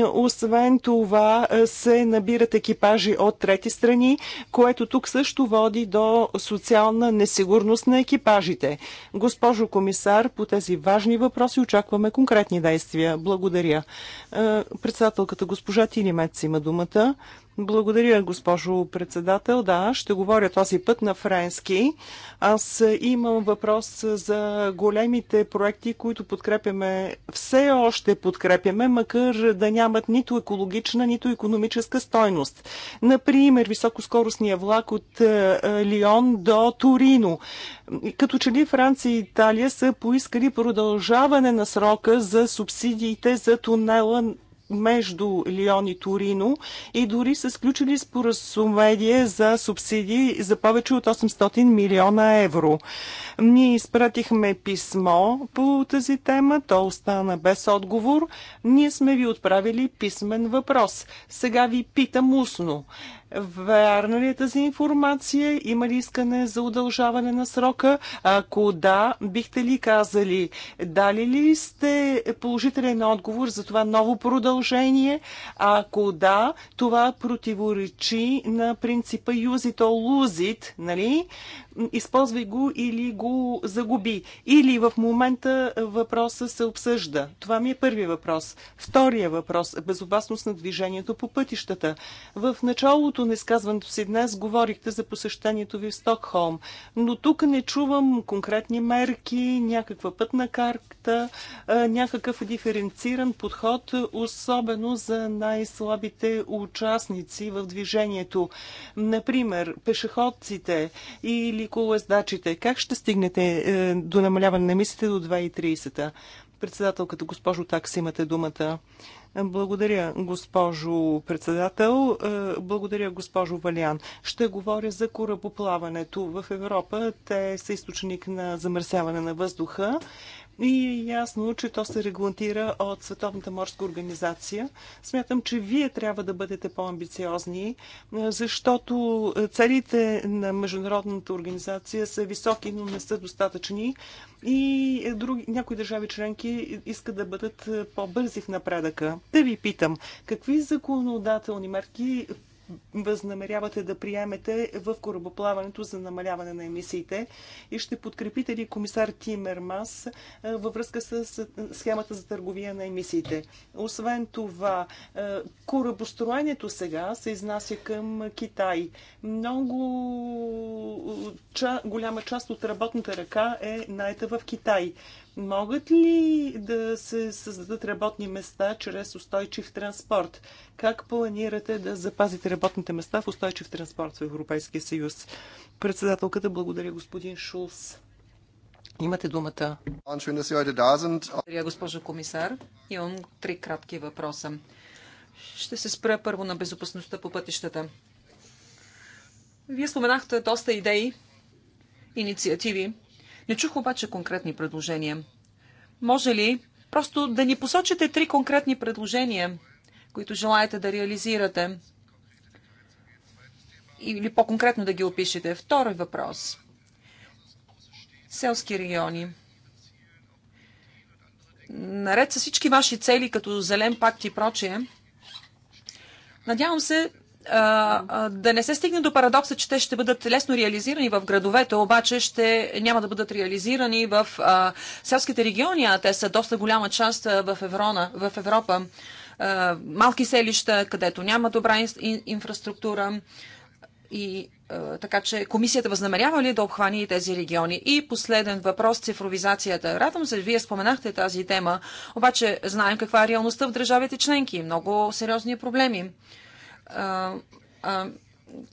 освен това, е, се набират екипажи от трети страни, което тук също води до социална несигурност на екипажите. Госпожо комисар, по тези важни въпроси очакваме конкретни действия. Благодаря. Е, председателката госпожа Тинимец има думата. Благодаря, госпожо председател. Да, ще говоря този път на френски. Аз имам въпрос за големите проекти, които подкрепяме, все още подкрепяме, макар да нямат нито екологична, нито економическа стойност. Например, високоскоростния влак от е, е, Лион до Торино. Като че ли Франция и Италия са поискали продължаване на срока за субсидиите за тунела между Лион и Торино и дори са сключили споразумение за субсидии за повече от 800 милиона евро. Ние изпратихме писмо по тази тема, то остана без отговор. Ние сме ви отправили писмен въпрос. Сега ви питам устно. Вярна ли е тази информация? Има ли искане за удължаване на срока? Ако да, бихте ли казали, дали ли сте положителен отговор за това ново продължение? Ако да, това противоречи на принципа use it or lose it, нали? Използвай го или го загуби. Или в момента въпроса се обсъжда. Това ми е първи въпрос. Втория въпрос – безопасност на движението по пътищата. В началото на изказването си днес говорихте за посещението ви в Стокхолм, но тук не чувам конкретни мерки, някаква пътна карта, някакъв диференциран подход, особено за най-слабите участници в движението. Например, пешеходците или колоездачите. Как ще стигнете е, до намаляване на мислите до 2030-та? Председателката, госпожо Такс, имате думата. Благодаря, госпожо председател. Е, благодаря, госпожо Валян. Ще говоря за корабоплаването в Европа. Те са източник на замърсяване на въздуха и е ясно, че то се регламентира от Световната морска организация. Смятам, че вие трябва да бъдете по-амбициозни, е, защото целите на Международната организация са високи, но не са достатъчни. И други, някои държави членки искат да бъдат е, по-бързи в напредъка. Да ви питам, какви законодателни мерки възнамерявате да приемете в корабоплаването за намаляване на емисиите и ще подкрепите ли комисар Тимермас е, във връзка с схемата за търговия на емисиите? Освен това, е, корабостроението сега се изнася към Китай. Много е, ча, голяма част от работната ръка е наета в Китай. Могат ли да се създадат работни места чрез устойчив транспорт? Как планирате да запазите работните места в устойчив транспорт в Европейския съюз? Председателката, благодаря господин Шулс. Имате думата. Благодаря, госпожо комисар. Имам три кратки въпроса. Ще се спра първо на безопасността по пътищата. Вие споменахте доста идеи, инициативи, не чух обаче конкретни предложения. Може ли просто да ни посочите три конкретни предложения, които желаете да реализирате? Или по-конкретно да ги опишете. Втори въпрос. Селски региони. Наред с всички ваши цели, като Зелен пакт и прочие, надявам се да не се стигне до парадокса, че те ще бъдат лесно реализирани в градовете, обаче ще няма да бъдат реализирани в селските региони, а те са доста голяма част в, Еврона, в Европа. малки селища, където няма добра инфраструктура. И така че комисията възнамерява ли да обхвани и тези региони? И последен въпрос цифровизацията. Радвам се, вие споменахте тази тема, обаче знаем каква е реалността в държавите членки. Много сериозни проблеми а, а,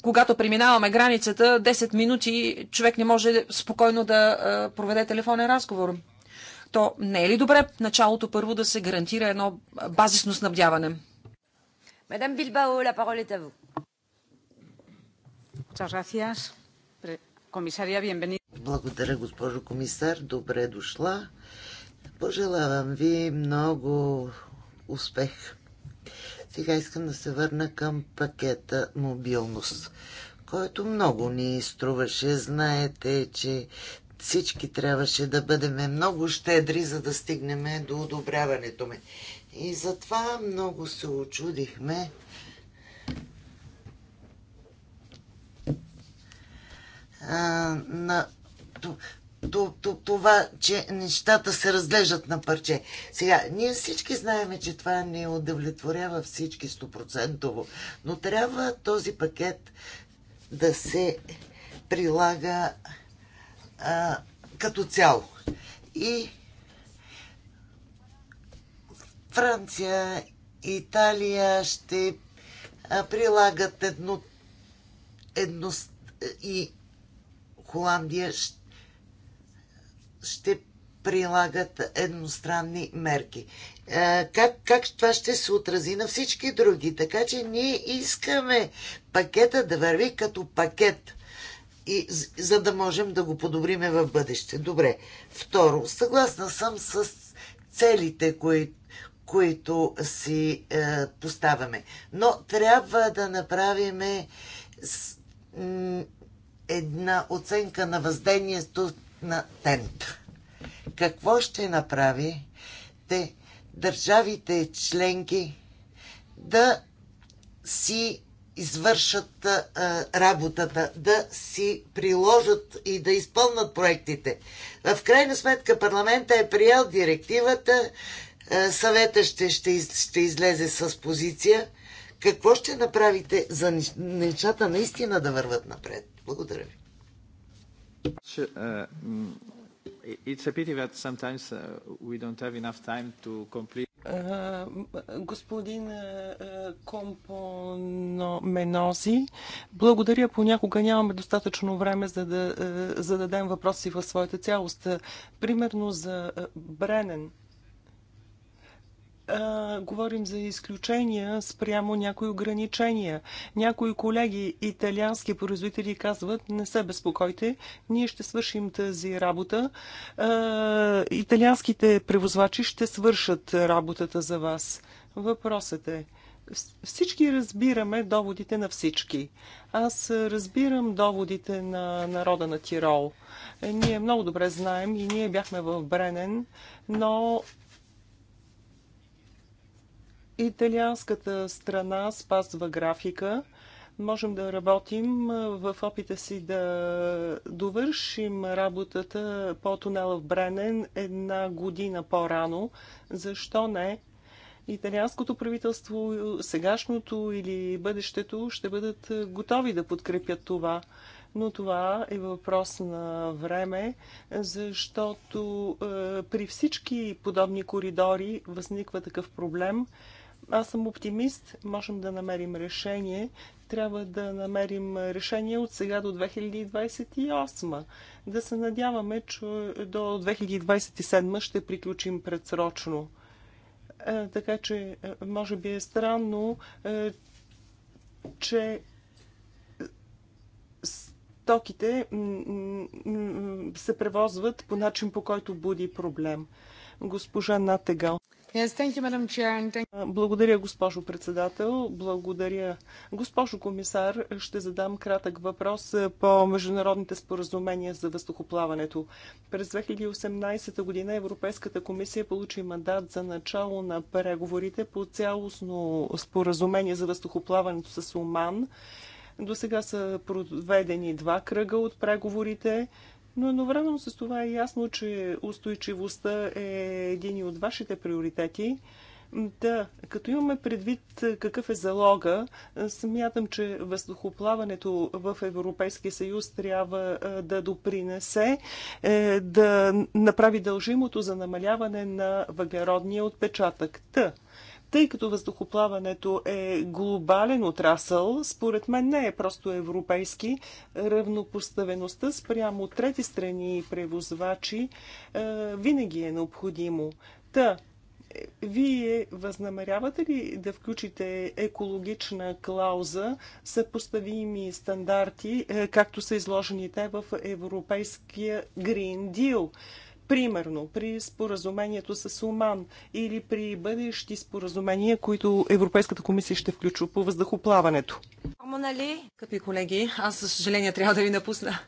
когато преминаваме границата, 10 минути човек не може спокойно да а, проведе телефонен разговор. То не е ли добре началото първо да се гарантира едно базисно снабдяване? Мадам Билбао, la parole est à vous. Muchas gracias. Комисария, Благодаря, госпожо комисар. Добре дошла. Пожелавам ви много успех. Сега искам да се върна към пакета мобилност, който много ни струваше. Знаете, че всички трябваше да бъдем много щедри, за да стигнем до одобряването ми. И затова много се очудихме. А, на това, че нещата се разглеждат на парче. Сега, ние всички знаем, че това не удовлетворява всички стопроцентово, но трябва този пакет да се прилага а, като цяло. И Франция, Италия ще прилагат едно, едно и Холандия ще ще прилагат едностранни мерки. Е, как, как това ще се отрази на всички други? Така че ние искаме пакета да върви като пакет, и, за да можем да го подобриме в бъдеще. Добре. Второ, съгласна съм с целите, които които си е, поставяме. Но трябва да направим една оценка на въздействието на тент. Какво ще направи те държавите членки да си извършат а, работата, да си приложат и да изпълнат проектите. В крайна сметка парламента е приял директивата, а, съвета ще, ще, ще излезе с позиция. Какво ще направите за нещата наистина да върват напред? Благодаря ви. Господин компономенози, благодаря. Понякога нямаме достатъчно време за да uh, зададем въпроси в своята цялост. Примерно за uh, Бренен говорим за изключения спрямо някои ограничения. Някои колеги, италиански производители казват, не се безпокойте, ние ще свършим тази работа. А, италианските превозвачи ще свършат работата за вас. Въпросът е, всички разбираме доводите на всички. Аз разбирам доводите на народа на Тирол. Ние много добре знаем и ние бяхме в Бренен, но Италианската страна спазва графика. Можем да работим в опита си да довършим работата по тунела в Бренен една година по-рано. Защо не? Италианското правителство, сегашното или бъдещето ще бъдат готови да подкрепят това но това е въпрос на време, защото при всички подобни коридори възниква такъв проблем. Аз съм оптимист, можем да намерим решение. Трябва да намерим решение от сега до 2028. Да се надяваме, че до 2027 ще приключим предсрочно. Е, така че, е, може би е странно, е, че стоките се превозват по начин, по който буди проблем. Госпожа Натегал. Благодаря, госпожо председател. Благодаря. Госпожо комисар, ще задам кратък въпрос по международните споразумения за въздухоплаването. През 2018 година Европейската комисия получи мандат за начало на преговорите по цялостно споразумение за въздухоплаването с Оман. До сега са проведени два кръга от преговорите. Но едновременно с това е ясно, че устойчивостта е един от вашите приоритети. Да, като имаме предвид какъв е залога, смятам, че въздухоплаването в Европейския съюз трябва да допринесе, е, да направи дължимото за намаляване на въглеродния отпечатък. Та, да. Тъй като въздухоплаването е глобален отрасъл, според мен не е просто европейски, равнопоставеността спрямо трети страни и превозвачи е, винаги е необходимо. Та, е, вие възнамерявате ли да включите екологична клауза, съпоставими стандарти, е, както са изложените в Европейския Green Deal? Примерно при споразумението с Оман или при бъдещи споразумения, които Европейската комисия ще включва по въздухоплаването. нали, капи колеги, аз за съжаление трябва да ви напусна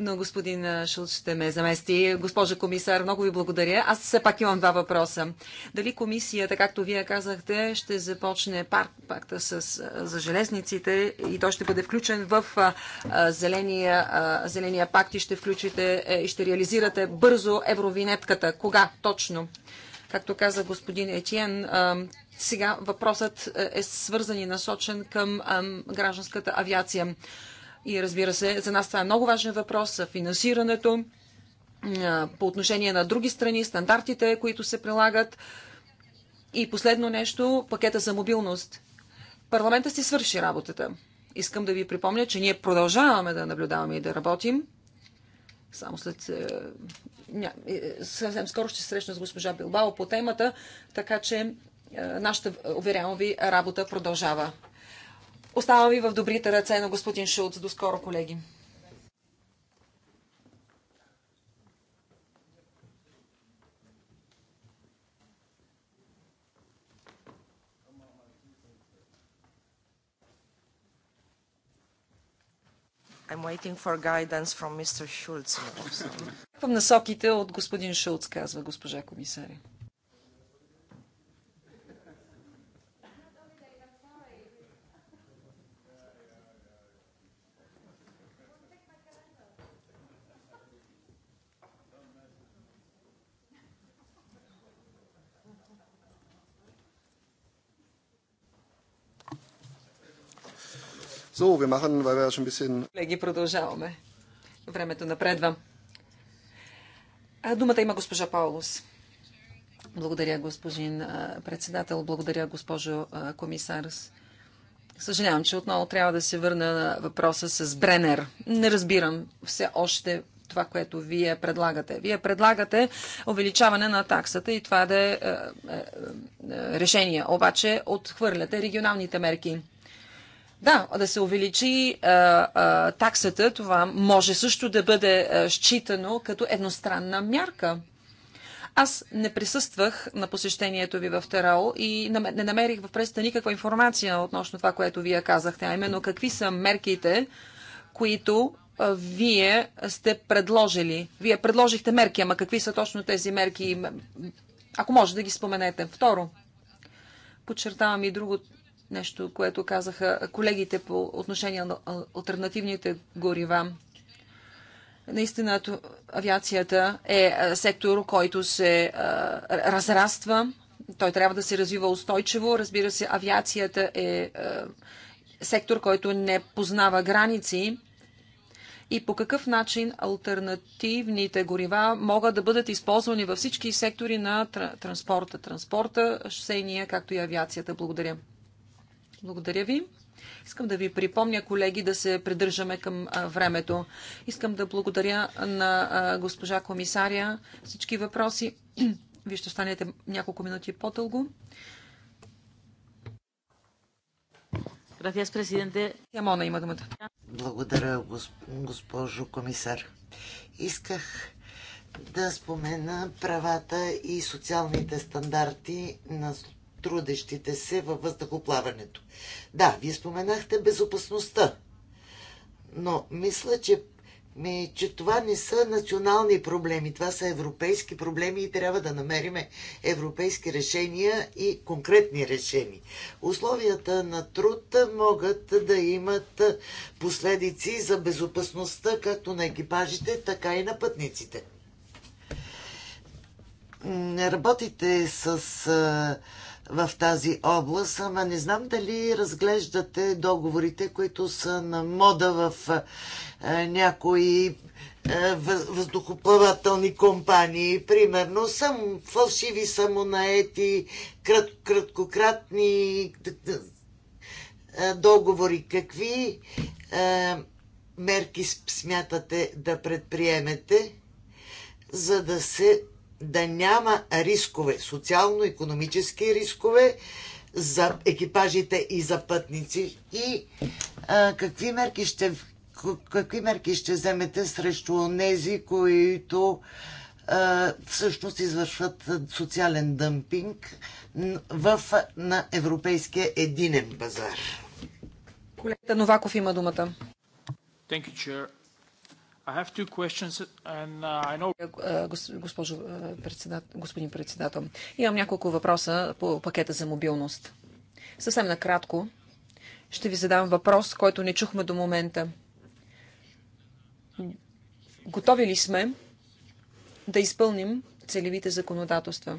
но господин Шулц ще ме замести. Госпожа комисар, много ви благодаря. Аз все пак имам два въпроса. Дали комисията, както вие казахте, ще започне пакта с, за железниците и той ще бъде включен в а, зеления, а, зеления пакт и ще включите е, и ще реализирате бързо евровинетката. Кога точно? Както каза господин Етиен, а, сега въпросът е, е свързан и насочен към гражданската авиация. И разбира се, за нас това е много важен въпрос финансирането по отношение на други страни, стандартите, които се прилагат. И последно нещо, пакета за мобилност. Парламента си свърши работата. Искам да ви припомня, че ние продължаваме да наблюдаваме и да работим. Само след... Е, ня... Е, съвсем скоро ще се срещна с госпожа Билбао по темата, така че е, нашата, уверявам ви, работа продължава. Оставам ви в добрите ръце на господин Шулц. До скоро, колеги! I'm waiting for guidance from Mr. Schulz. Насоките от господин Шулц, казва госпожа комисаря. So, wir machen, weil wir ja schon ein bisschen... Колеги, продължаваме. Времето напредва. думата има госпожа Паулус. Благодаря, господин председател. Благодаря, госпожо комисар. Съжалявам, че отново трябва да се върна на въпроса с Бренер. Не разбирам все още това, което вие предлагате. Вие предлагате увеличаване на таксата и това да е, е, е, е решение. Обаче отхвърляте регионалните мерки. Да, да се увеличи а, а, таксата, това може също да бъде а, считано като едностранна мярка. Аз не присъствах на посещението ви в Терао и не намерих в пресата никаква информация относно това, което вие казахте, а именно какви са мерките, които вие сте предложили. Вие предложихте мерки, ама какви са точно тези мерки? Ако може да ги споменете. Второ, подчертавам и друго, нещо, което казаха колегите по отношение на альтернативните горива. Наистина авиацията е, е сектор, който се е, разраства. Той трябва да се развива устойчиво. Разбира се, авиацията е, е сектор, който не познава граници. И по какъв начин альтернативните горива могат да бъдат използвани във всички сектори на транспорта. Транспорта, шосейния, както и авиацията. Благодаря. Благодаря ви. Искам да ви припомня, колеги, да се придържаме към времето. Искам да благодаря на госпожа комисаря всички въпроси. Вие ще останете няколко минути по-дълго. Ямона има думата. Благодаря, госпожо комисар. Исках да спомена правата и социалните стандарти на трудещите се във въздухоплаването. Да, вие споменахте безопасността, но мисля, че, ми, че това не са национални проблеми, това са европейски проблеми и трябва да намериме европейски решения и конкретни решения. Условията на труд могат да имат последици за безопасността както на екипажите, така и на пътниците. Работите с в тази област, ама не знам дали разглеждате договорите, които са на мода в е, някои е, въздухоплавателни компании, примерно, съм фалшиви самонаети, крат, краткократни е, договори. Какви е, мерки смятате да предприемете, за да се да няма рискове, социално-економически рискове за екипажите и за пътници и а, какви мерки ще какви мерки ще вземете срещу нези, които а, всъщност извършват социален дъмпинг в, на европейския единен пазар? Колегата Новаков има думата. Thank you, Chair. Know... Госпожо председател, господин председател, имам няколко въпроса по пакета за мобилност. Съвсем накратко ще ви задам въпрос, който не чухме до момента. Готови ли сме да изпълним целевите законодателства?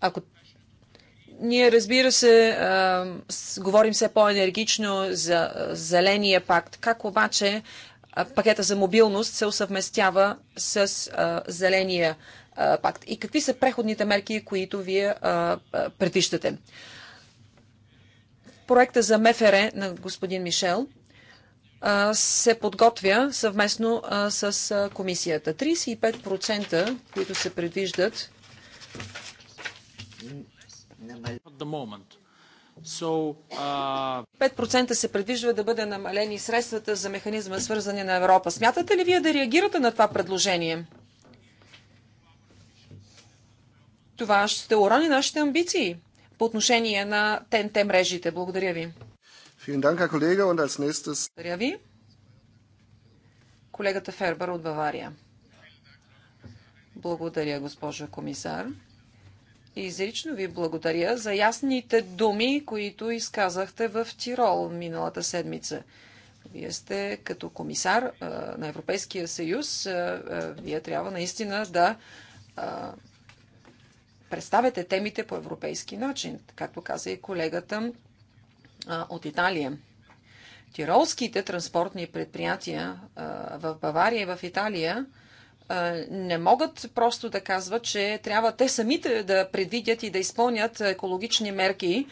Ако ние, разбира се, говорим все по-енергично за Зеления пакт. Как обаче пакета за мобилност се усъвместява с Зеления пакт? И какви са преходните мерки, които вие предвиждате? Проекта за МФР на господин Мишел се подготвя съвместно с комисията. 35%, които се предвиждат 5% uh, се предвижда да бъде намалени средствата за механизма свързане на Европа. Смятате ли вие да реагирате на това предложение? Това ще урони нашите амбиции по отношение на ТНТ мрежите. Благодаря ви. Благодаря ви. Колегата Фербър от Бавария. Благодаря, госпожо комисар. Изрично ви благодаря за ясните думи, които изказахте в Тирол миналата седмица. Вие сте като комисар на Европейския съюз. вие трябва наистина да представяте темите по европейски начин, както каза и колегата от Италия. Тиролските транспортни предприятия в Бавария и в Италия не могат просто да казват, че трябва те самите да предвидят и да изпълнят екологични мерки,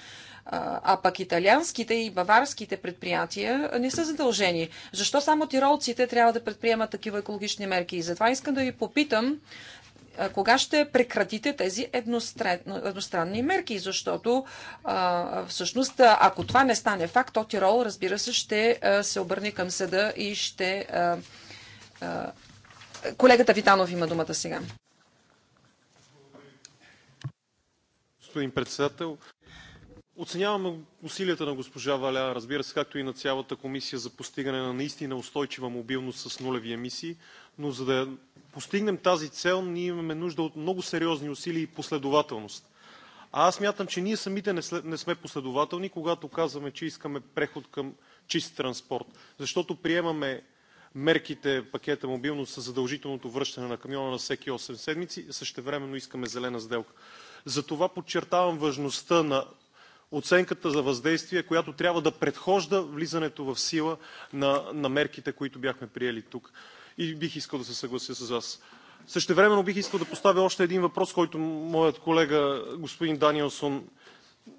а пък италианските и баварските предприятия не са задължени. Защо само тиролците трябва да предприемат такива екологични мерки? И затова искам да ви попитам, кога ще прекратите тези едностранни мерки, защото всъщност, ако това не стане факт, то Тирол, разбира се, ще се обърне към съда и ще Колегата Витанов има думата сега. Господин председател, Оценяваме усилията на госпожа Валя, разбира се, както и на цялата комисия за постигане на наистина устойчива мобилност с нулеви емисии, но за да постигнем тази цел, ние имаме нужда от много сериозни усилия и последователност. А аз мятам, че ние самите не, не сме последователни, когато казваме, че искаме преход към чист транспорт, защото приемаме мерките в пакета мобилност са задължителното връщане на камиона на всеки 8 седмици, същевременно искаме зелена сделка. Затова подчертавам важността на оценката за въздействие, която трябва да предхожда влизането в сила на, на мерките, които бяхме приели тук. И бих искал да се съглася с вас. Същевременно бих искал да поставя още един въпрос, който моят колега господин Даниелсон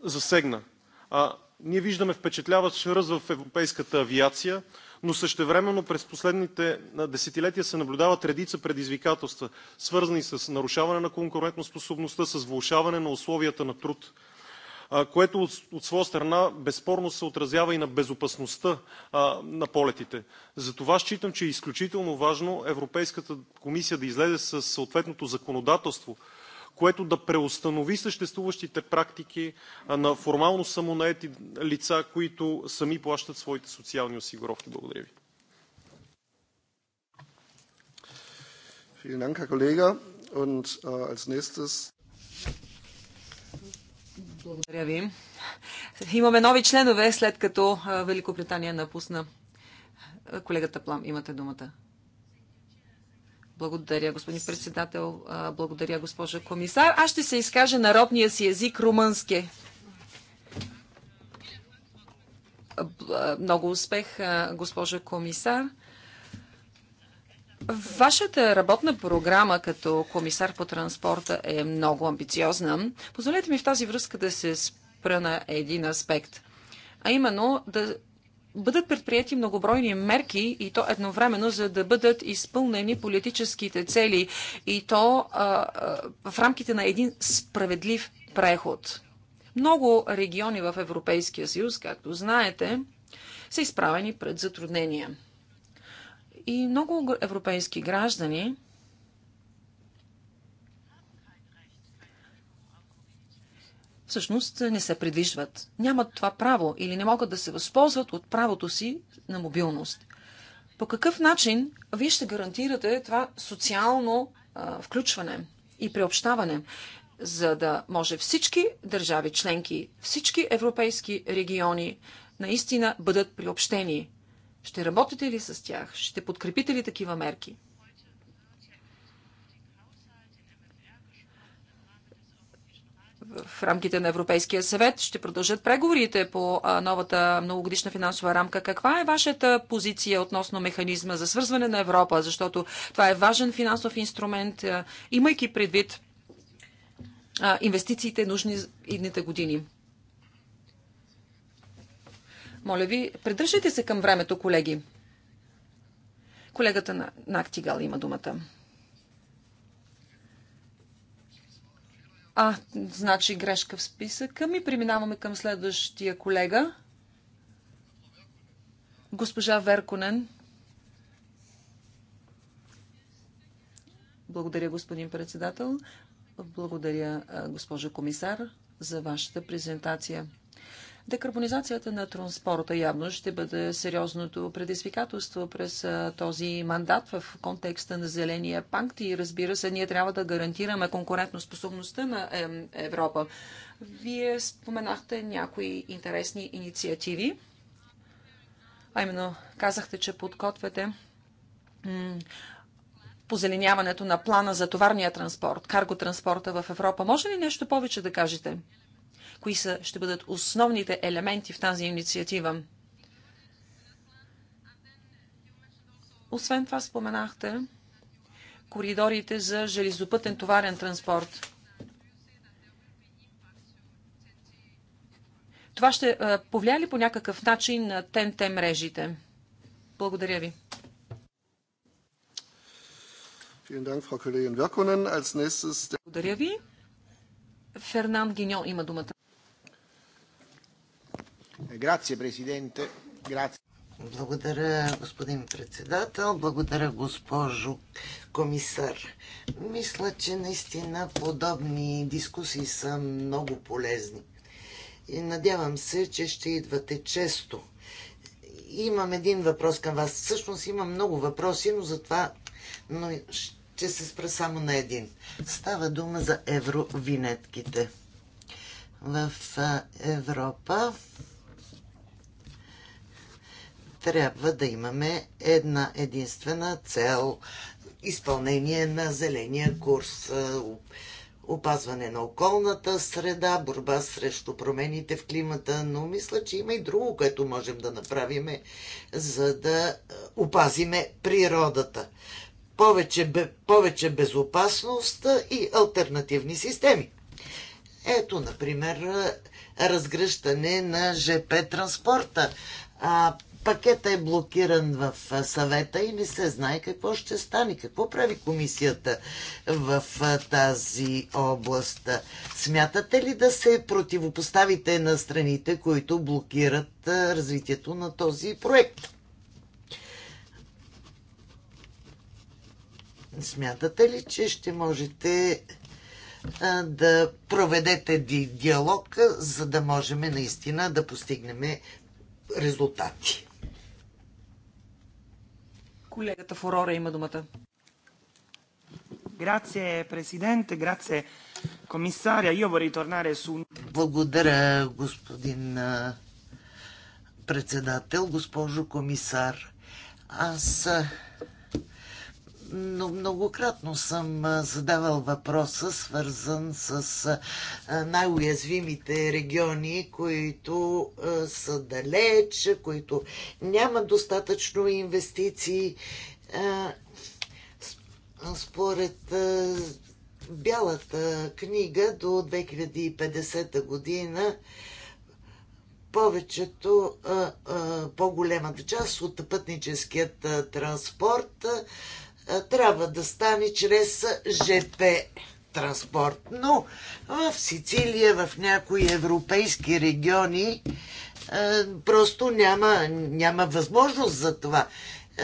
засегна. А, ние виждаме впечатляващ ръст в европейската авиация но същевременно през последните десетилетия се наблюдават редица предизвикателства, свързани с нарушаване на конкурентоспособността, с влушаване на условията на труд, което от своя страна безспорно се отразява и на безопасността на полетите. Затова считам, че е изключително важно Европейската комисия да излезе със съответното законодателство, което да преустанови съществуващите практики на формално самонаети лица, които сами плащат своите социални осигуровки. Благодаря ви. Äh, Благодаря ви. Имаме нови членове, след като Великобритания напусна. Колегата Плам, имате думата. Благодаря, господин председател. Благодаря, госпожа комисар. Аз ще се изкажа народния си език румънски. Много успех, госпожа комисар. Вашата работна програма като комисар по транспорта е много амбициозна. Позволете ми в тази връзка да се спра на един аспект, а именно да бъдат предприяти многобройни мерки и то едновременно, за да бъдат изпълнени политическите цели и то а, а, в рамките на един справедлив преход. Много региони в Европейския съюз, както знаете, са изправени пред затруднения. И много европейски граждани всъщност не се придвижват. Нямат това право или не могат да се възползват от правото си на мобилност. По какъв начин вие ще гарантирате това социално а, включване и приобщаване, за да може всички държави членки, всички европейски региони наистина бъдат приобщени? Ще работите ли с тях? Ще подкрепите ли такива мерки? в рамките на Европейския съвет ще продължат преговорите по новата многогодишна финансова рамка. Каква е вашата позиция относно механизма за свързване на Европа? Защото това е важен финансов инструмент, имайки предвид инвестициите нужни идните години. Моля ви, придържайте се към времето, колеги. Колегата на Нактигал има думата. А, значи грешка в списъка ми. Преминаваме към следващия колега. Госпожа Верконен. Благодаря, господин председател. Благодаря, госпожо комисар, за вашата презентация. Декарбонизацията на транспорта явно ще бъде сериозното предизвикателство през този мандат в контекста на Зеления пакт и разбира се, ние трябва да гарантираме способността на Европа. Вие споменахте някои интересни инициативи, а именно казахте, че подготвяте позеленяването на плана за товарния транспорт, карготранспорта в Европа. Може ли нещо повече да кажете? кои са, ще бъдат основните елементи в тази инициатива. Освен това споменахте коридорите за железопътен товарен транспорт. Това ще повлия ли по някакъв начин на ТНТ мрежите? Благодаря ви. Благодаря ви. Фернан Гиньо има думата. Грация, президенте. Грация. Благодаря, господин председател. Благодаря, госпожо комисар. Мисля, че наистина подобни дискусии са много полезни. И надявам се, че ще идвате често. Имам един въпрос към вас. Всъщност имам много въпроси, но затова но ще се спра само на един. Става дума за евровинетките. В Европа трябва да имаме една единствена цел изпълнение на зеления курс, опазване на околната среда, борба срещу промените в климата, но мисля, че има и друго, което можем да направим, за да опазиме природата повече, повече безопасност и альтернативни системи. Ето, например, разгръщане на ЖП транспорта. А, пакета е блокиран в съвета и не се знае какво ще стане. Какво прави комисията в тази област? Смятате ли да се противопоставите на страните, които блокират развитието на този проект? Смятате ли, че ще можете да проведете диалог, за да можем наистина да постигнем резултати? Колегата Форора има думата. Grazie Presidente, grazie комисаря, Io торнаре tornare su... Благодаря, господин председател, госпожо комисар. Аз но многократно съм задавал въпроса, свързан с най-уязвимите региони, които са далеч, които нямат достатъчно инвестиции. Според Бялата книга до 2050 година повечето, по-голямата част от пътническият транспорт трябва да стане чрез ЖП транспорт. Но в Сицилия, в някои европейски региони, просто няма, няма възможност за това.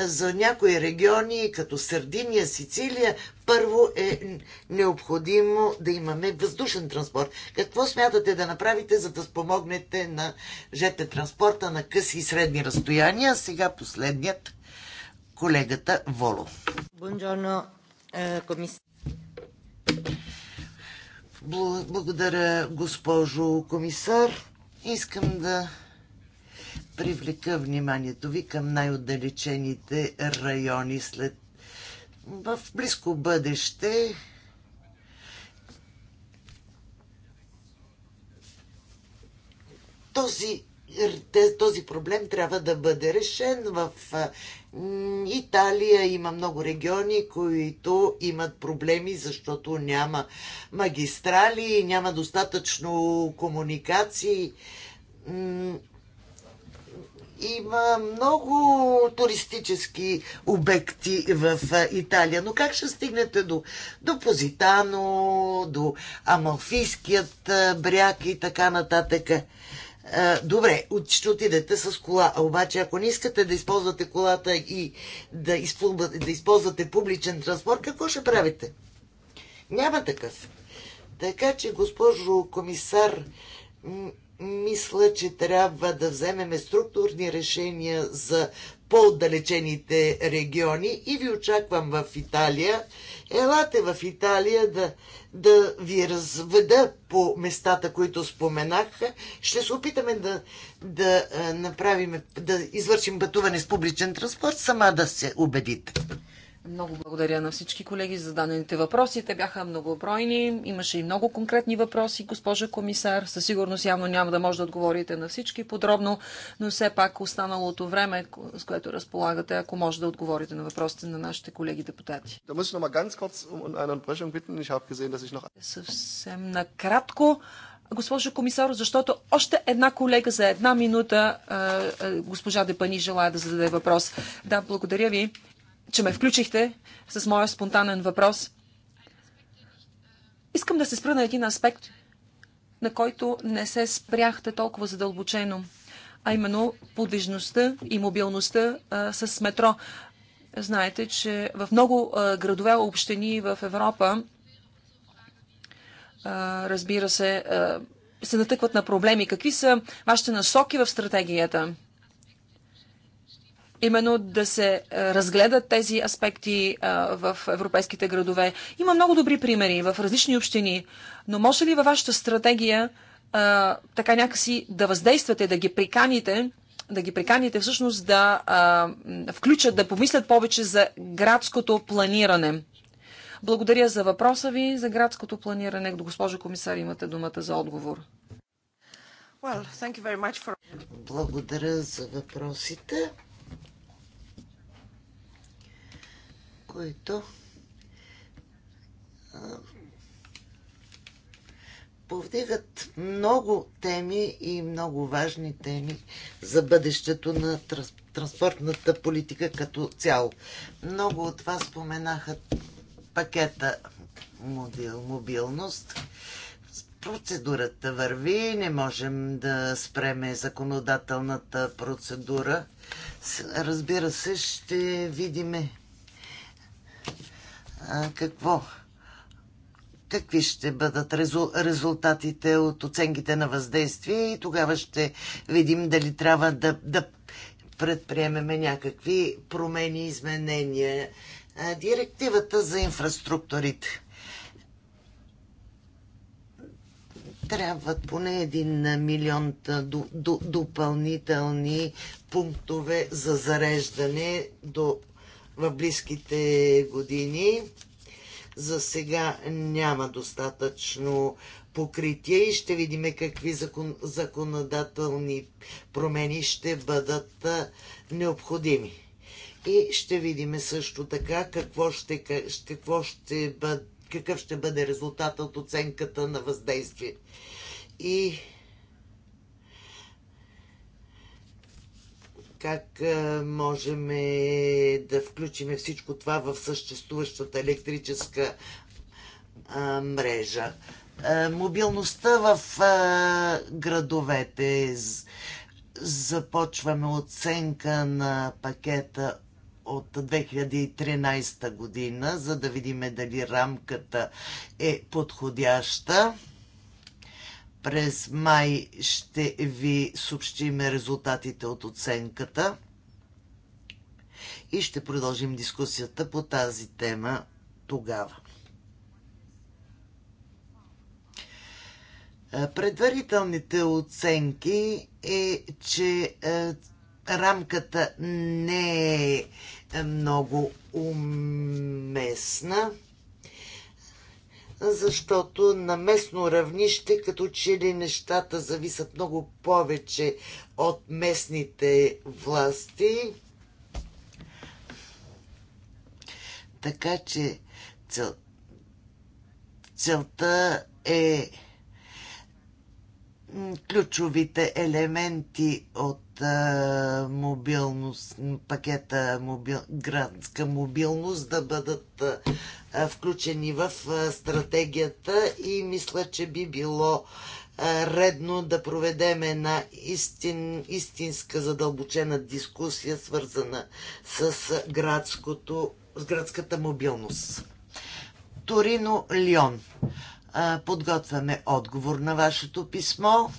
За някои региони, като Сърдиния, Сицилия, първо е необходимо да имаме въздушен транспорт. Какво смятате да направите, за да спомогнете на жете транспорта на къси и средни разстояния? Сега последният колегата Воло. Бонжорно, е, комисар. Благодаря, госпожо комисар. Искам да привлека вниманието ви към най-отдалечените райони след в близко бъдеще този, този проблем трябва да бъде решен в е, Италия има много региони, които имат проблеми, защото няма магистрали, няма достатъчно комуникации. Има много туристически обекти в Италия, но как ще стигнете до, до Позитано, до Амалфийският бряг и така нататък? добре, ще отидете с кола, обаче ако не искате да използвате колата и да, използвате, да използвате публичен транспорт, какво ще правите? Няма такъв. Така че, госпожо комисар, мисля, че трябва да вземеме структурни решения за по-отдалечените региони и ви очаквам в Италия Елате в Италия да, да ви разведа по местата, които споменах. Ще се опитаме да, да направим, да извършим пътуване с публичен транспорт, сама да се убедите. Много благодаря на всички колеги за зададените въпроси. Те бяха многобройни. Имаше и много конкретни въпроси, госпожа комисар. Със сигурност явно няма да може да отговорите на всички подробно, но все пак останалото време, с което разполагате, ако може да отговорите на въпросите на нашите колеги депутати. Um Съвсем накратко госпожо комисар, защото още една колега за една минута, госпожа Депани, желая да зададе въпрос. Да, благодаря ви че ме включихте с моя спонтанен въпрос. Искам да се спра на един аспект, на който не се спряхте толкова задълбочено, а именно подвижността и мобилността а, с метро. Знаете, че в много а, градове, общини в Европа, а, разбира се, а, се натъкват на проблеми. Какви са вашите насоки в стратегията? именно да се е, разгледат тези аспекти е, в европейските градове. Има много добри примери в различни общини, но може ли във вашата стратегия е, така някакси да въздействате, да ги приканите, да ги приканите всъщност да включат, да помислят повече за градското планиране? Благодаря за въпроса ви за градското планиране. Госпожо комисар, имате думата за отговор. Благодаря за въпросите. който повдигат много теми и много важни теми за бъдещето на транспортната политика като цяло. Много от вас споменаха пакета мобилност. Процедурата върви, не можем да спреме законодателната процедура. Разбира се, ще видиме какво какви ще бъдат резултатите от оценките на въздействие и тогава ще видим дали трябва да, да предприемеме някакви промени и изменения. Директивата за инфраструктурите. Трябват поне един милион допълнителни пунктове за зареждане до в близките години. За сега няма достатъчно покритие и ще видим какви закон, законодателни промени ще бъдат необходими. И ще видим също така какво ще, какво ще бъд, какъв ще бъде резултат от оценката на въздействие. И как можем е, да включим всичко това в съществуващата електрическа мрежа. Мобилността в градовете. Започваме оценка на пакета от 2013 година, за да видим дали рамката е подходяща. През май ще ви съобщиме резултатите от оценката и ще продължим дискусията по тази тема тогава. Е, предварителните оценки е, че е, рамката не е много уместна защото на местно равнище, като че ли нещата зависят много повече от местните власти. Така че цел, целта е ключовите елементи от мобилност, пакета мобил, градска мобилност да бъдат включени в стратегията и мисля, че би било редно да проведем една истин, истинска задълбочена дискусия, свързана с, градското, с градската мобилност. Торино Лион. Подготвяме отговор на вашето писмо.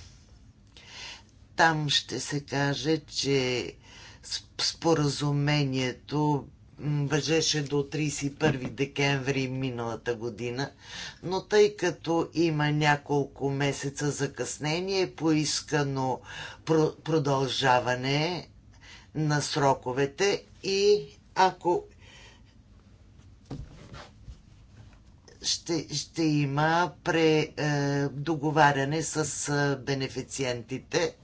Там ще се каже, че споразумението въжеше до 31 декември миналата година, но тъй като има няколко месеца закъснение, поискано продължаване на сроковете и ако ще, ще има пре, е, договаряне с е, бенефициентите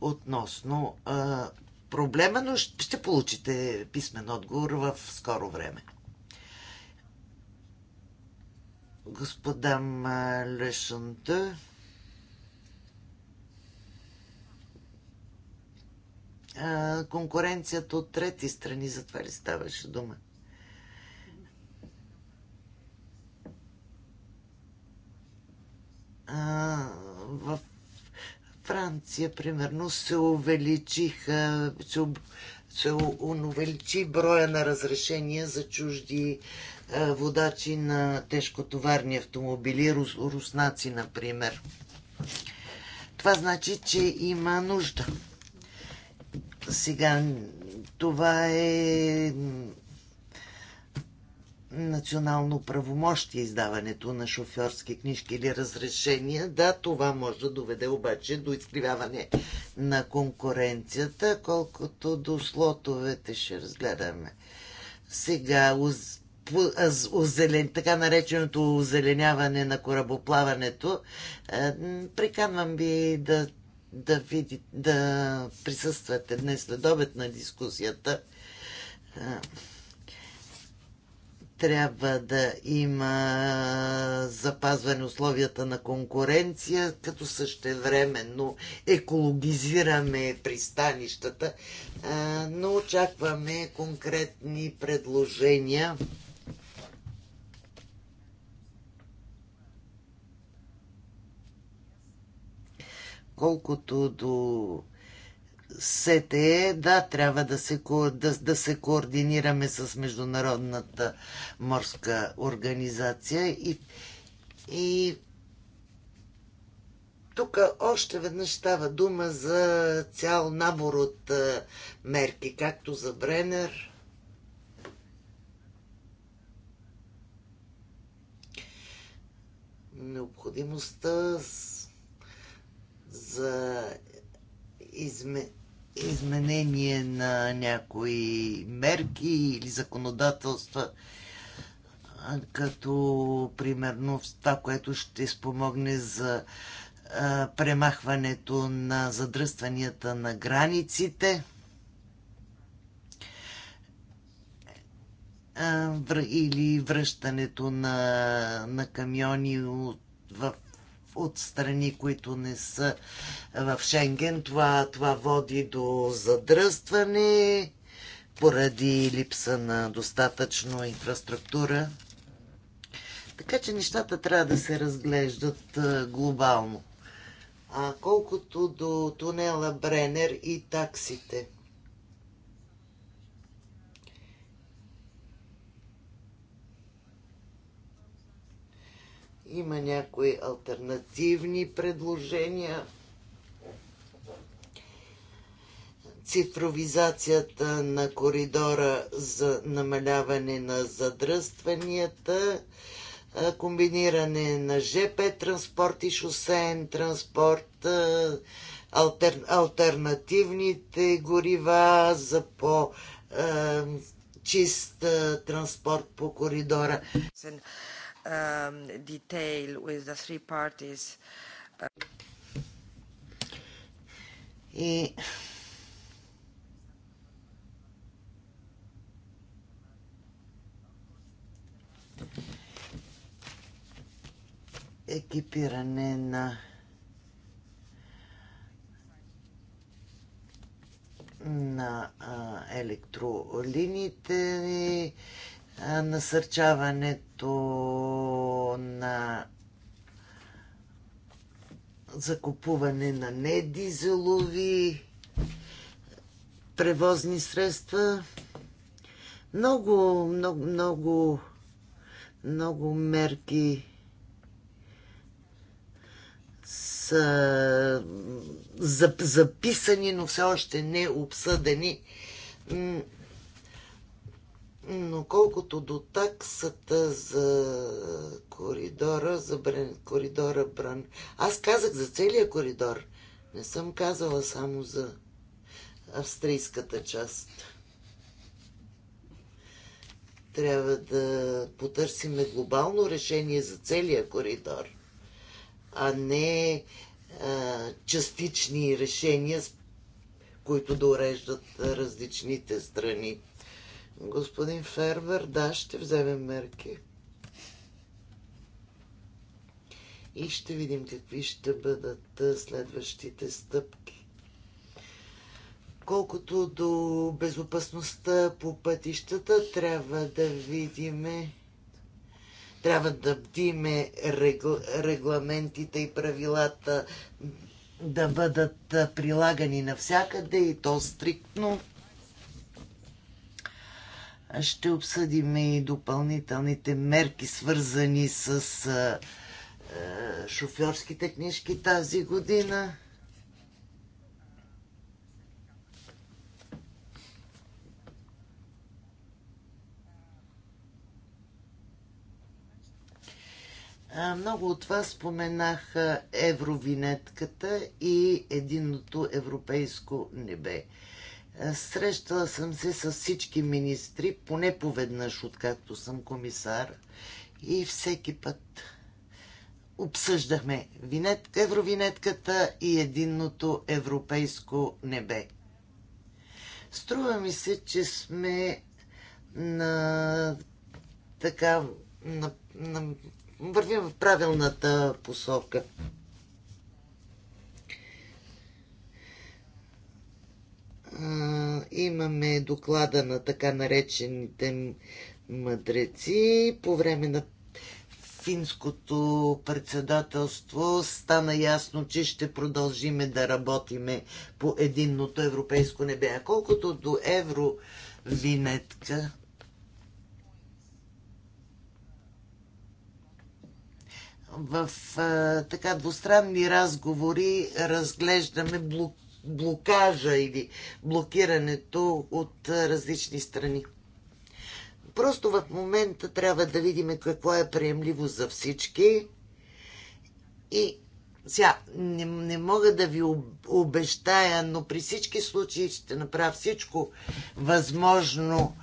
относно а, проблема, но ще получите писмен отговор в скоро време. Господа Лешанта. конкуренцията от трети страни, за това ли ставаше дума? Гърция, примерно, се увеличиха, се, се увеличи броя на разрешения за чужди водачи на тежкотоварни автомобили, рус, руснаци, например. Това значи, че има нужда. Сега това е национално правомощие издаването на шофьорски книжки или разрешения. Да, това може да доведе обаче до изкривяване на конкуренцията, колкото до слотовете ще разгледаме. Сега озелен, така нареченото озеленяване на корабоплаването. Е, приканвам ви да, да, види, да присъствате днес следобед на дискусията. Е, трябва да има запазване условията на конкуренция, като същевременно екологизираме пристанищата, но очакваме конкретни предложения. Колкото до е, да, трябва да се, да, да се координираме с Международната морска организация и, и тук още веднъж става дума за цял набор от е, мерки, както за Бренер, необходимостта за изме изменение на някои мерки или законодателства, като примерно това, което ще спомогне за а, премахването на задръстванията на границите. или връщането на, на камиони от, в от страни, които не са в Шенген. Това, това води до задръстване поради липса на достатъчно инфраструктура. Така че нещата трябва да се разглеждат глобално. А колкото до тунела Бренер и таксите. Има някои альтернативни предложения. Цифровизацията на коридора за намаляване на задръстванията, комбиниране на ЖП транспорт и шосеен транспорт, альтер, альтернативните горива за по чист транспорт по коридора um, detail with the three parties. И екипиране на на електролиниите, насърчаването на закупуване на недизелови превозни средства. Много, много, много, много мерки са записани, но все още не обсъдени но колкото до таксата за коридора, за брен, коридора Бран... Аз казах за целия коридор. Не съм казала само за австрийската част. Трябва да потърсиме глобално решение за целия коридор, а не а, частични решения, които да уреждат различните страни. Господин Фервер, да, ще вземем мерки. И ще видим какви ще бъдат следващите стъпки. Колкото до безопасността по пътищата, трябва да видиме трябва да бдиме регл... регламентите и правилата да бъдат прилагани навсякъде и то стриктно. Ще обсъдим и допълнителните мерки, свързани с шофьорските книжки тази година. Много от вас споменаха евровинетката и единното европейско небе. Срещала съм се с всички министри, поне поведнъж, откакто съм комисар. И всеки път обсъждахме винет, евровинетката и единното европейско небе. Струва ми се, че сме на така на, на, вървим в правилната посока. имаме доклада на така наречените мъдреци. По време на финското председателство стана ясно, че ще продължиме да работиме по единното европейско небе. А колкото до евровинетка, в а, така двустранни разговори разглеждаме блок блокажа или блокирането от различни страни. Просто в момента трябва да видим какво е приемливо за всички. И сега, не, не мога да ви обещая, но при всички случаи ще направя всичко възможно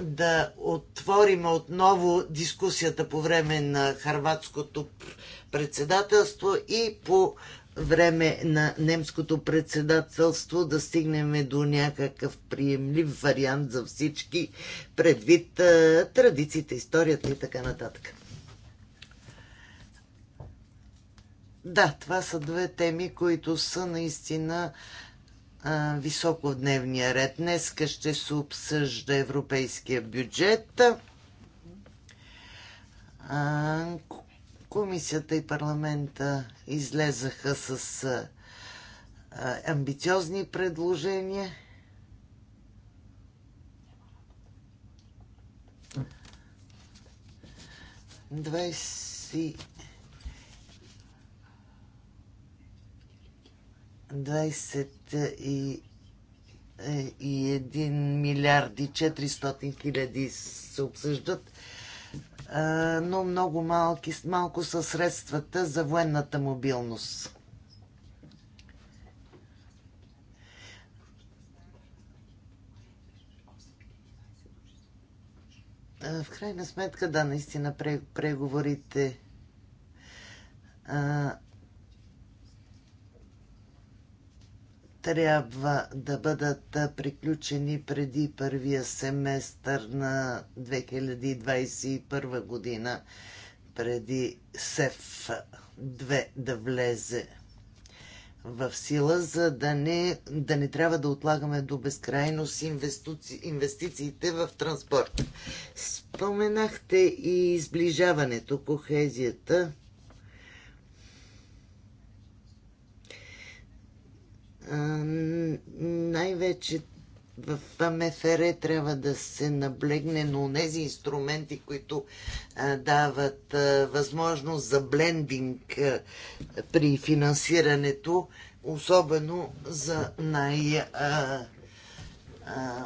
да отворим отново дискусията по време на харватското председателство и по време на немското председателство да стигнем до някакъв приемлив вариант за всички, предвид а, традициите, историята и така нататък. Да, това са две теми, които са наистина а, високо в дневния ред. Днеска ще се обсъжда европейския бюджет. А, Комисията и парламента излезаха с а, амбициозни предложения. Двадесет и един милиарди милиард и 400 хиляди се обсъждат но много малки, малко са средствата за военната мобилност. В крайна сметка, да, наистина преговорите трябва да бъдат приключени преди първия семестър на 2021 година, преди СЕФ 2 да влезе в сила, за да не, да не трябва да отлагаме до безкрайност инвестици, инвестициите в транспорт. Споменахте и сближаването, кохезията най-вече в МФР трябва да се наблегне на тези инструменти, които а, дават а, възможност за блендинг а, при финансирането, особено за най-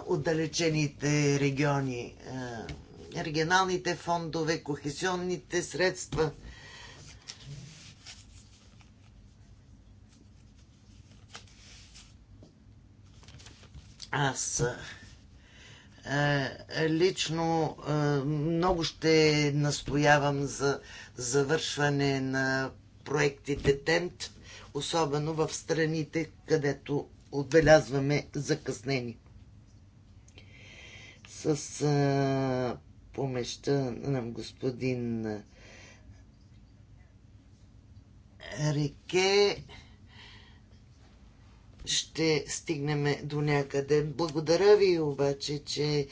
отдалечените региони. А, регионалните фондове, кохесионните средства – Аз е, лично е, много ще настоявам за завършване на проектите ТЕНТ, особено в страните, където отбелязваме закъснени. С е, а, на господин Рике ще стигнем до някъде. Благодаря ви обаче, че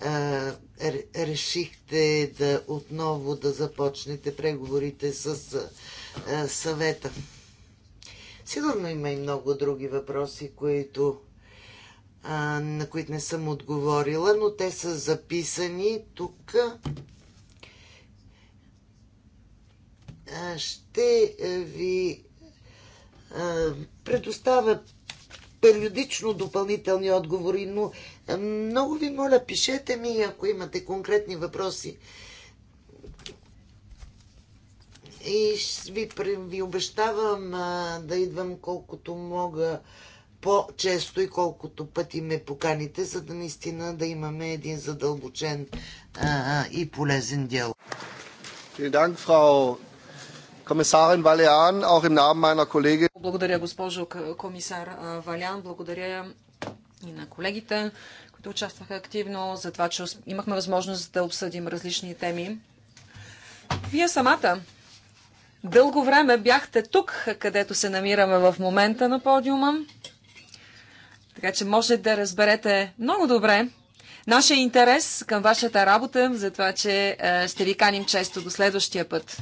а, решихте да отново да започнете преговорите с а, съвета. Сигурно има и много други въпроси, които, а, на които не съм отговорила, но те са записани тук. ще ви предоставя периодично допълнителни отговори, но е, много ви моля, пишете ми, ако имате конкретни въпроси. И ви, ви обещавам а, е, да идвам колкото мога по-често и колкото пъти ме поканите, за да наистина да имаме един задълбочен а, е, и полезен дел. Благодаря, фрау Комисарин Валиан, auch im Namen meiner Kollegin. Благодаря, госпожо комисар Валян. Благодаря и на колегите, които участваха активно, за това, че имахме възможност да обсъдим различни теми. Вие самата дълго време бяхте тук, където се намираме в момента на подиума. Така че може да разберете много добре нашия интерес към вашата работа, за това, че ще ви каним често до следващия път.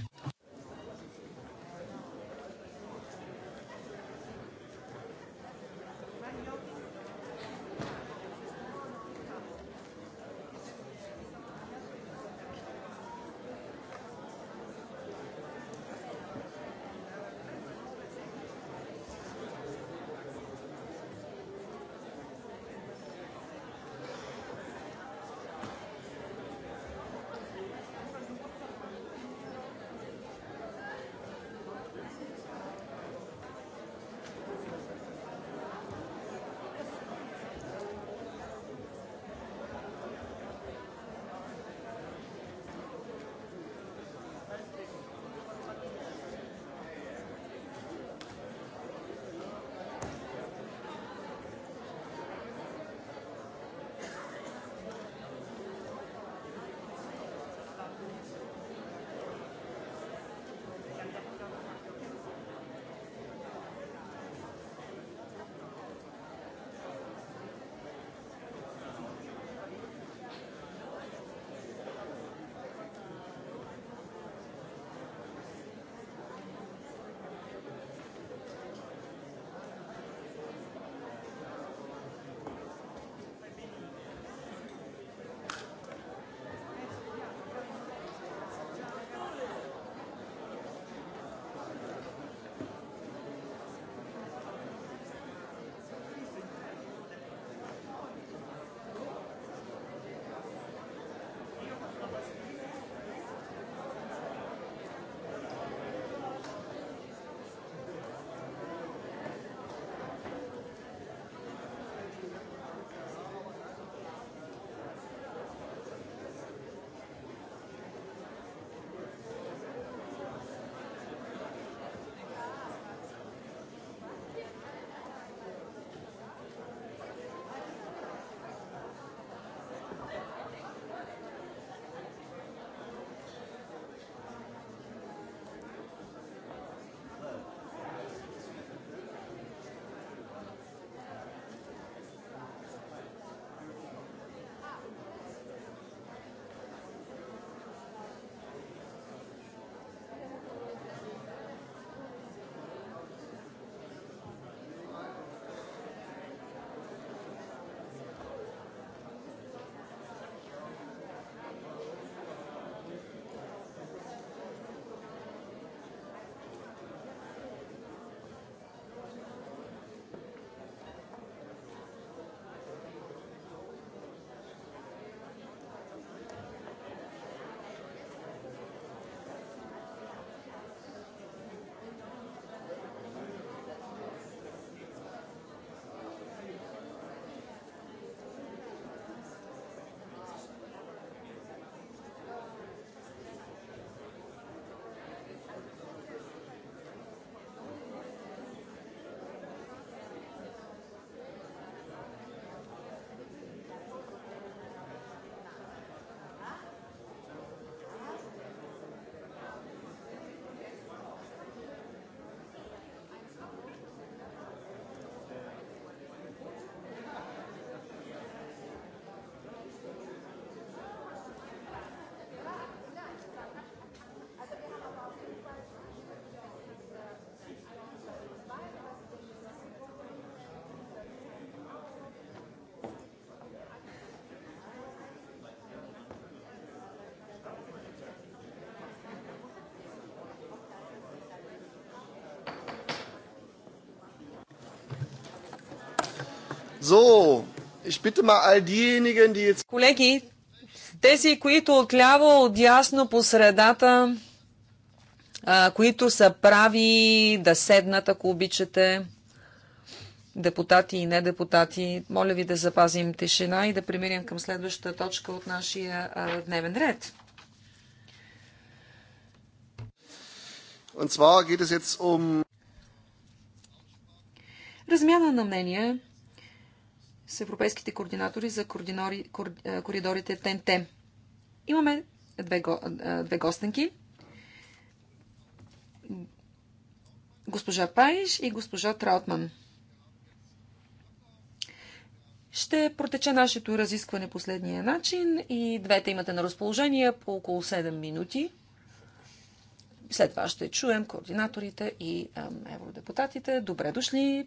So, ich bitte mal all diejenigen, die jetzt... Колеги, тези, които отляво, отясно, по средата, а, които са прави да седнат, ако обичате, депутати и недепутати, моля ви да запазим тишина и да преминем към следващата точка от нашия а, дневен ред. Und zwar geht es jetzt um... Размяна на мнение с европейските координатори за е, коридорите ТНТ. Имаме две, е, две гостенки. Госпожа Паиш и госпожа Траутман. Ще протече нашето разискване последния начин и двете имате на разположение по около 7 минути. След това ще чуем координаторите и евродепутатите. Добре дошли е,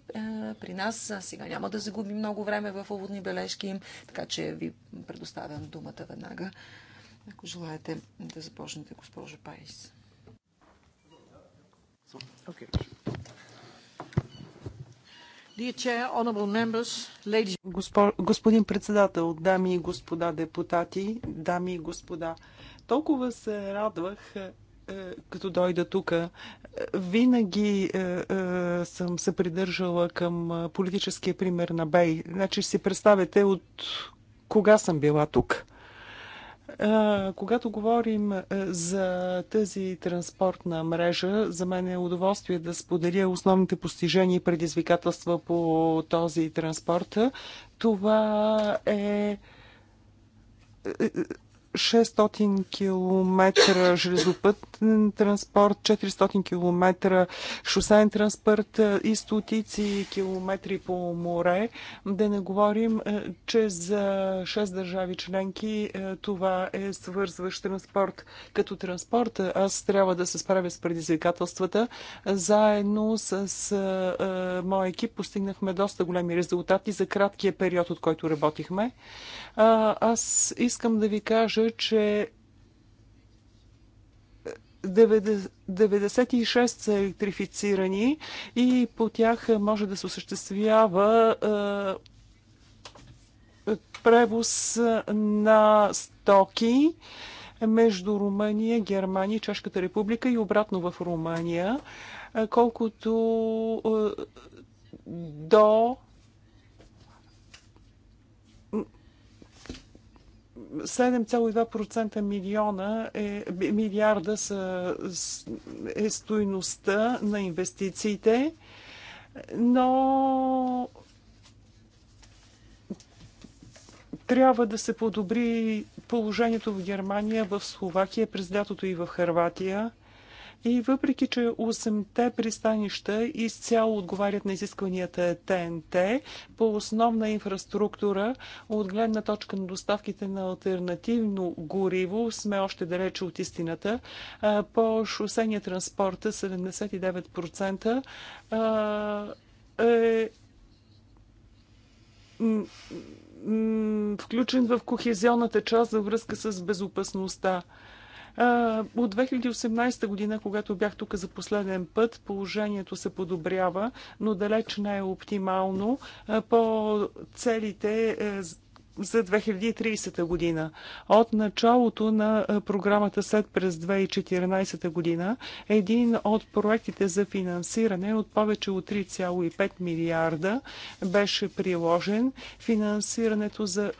при нас. Сега няма да загубим много време в оводни бележки, така че ви предоставям думата веднага. Ако желаете да започнете, госпожо Пайс. Господин председател, дами и господа депутати, дами и господа, толкова се радвах е, като дойда тук. Е, винаги е, съм се придържала към политическия пример на Бей. Значи си представете от кога съм била тук. Когато говорим за тази транспортна мрежа, за мен е удоволствие да споделя основните постижения и предизвикателства по този транспорт. Това е 600 км железопътен транспорт, 400 км шосен транспорт е, и стотици километри по море. Да не говорим, е, че за 6 държави членки е, това е свързващ транспорт. Като транспорт аз трябва да се справя с предизвикателствата. Заедно с моя екип постигнахме доста големи резултати за краткия период, от който работихме. Аз искам да ви кажа, посоча, че 96 са електрифицирани и по тях може да се осъществява е, превоз на стоки между Румъния, Германия, Чешката република и обратно в Румъния, е, колкото е, до 7,2% милиона е, милиарда са, е стойността на инвестициите, но трябва да се подобри положението в Германия, в Словакия, през лятото и в Харватия. И въпреки, че 8-те пристанища изцяло отговарят на изискванията ТНТ по основна инфраструктура, от гледна точка на доставките на альтернативно гориво, сме още далече от истината. По шосения транспорт 79% е включен в кохезионната част във връзка с безопасността. От 2018 година, когато бях тук за последен път, положението се подобрява, но далеч не е оптимално по целите е, за 2030 година. От началото на е, програмата след през 2014 година, един от проектите за финансиране от повече от 3,5 милиарда беше приложен. Финансирането за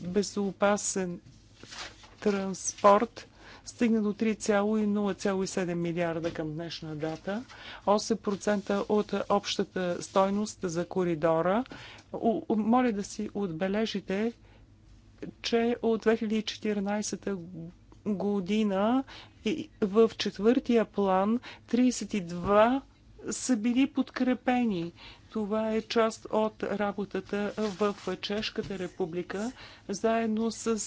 безопасен транспорт стигна до 3,0,7 милиарда към днешна дата, 8% от общата стойност за коридора. Моля да си отбележите, че от 2014 година в четвъртия план 32 са били подкрепени. Това е част от работата в Чешката република, заедно с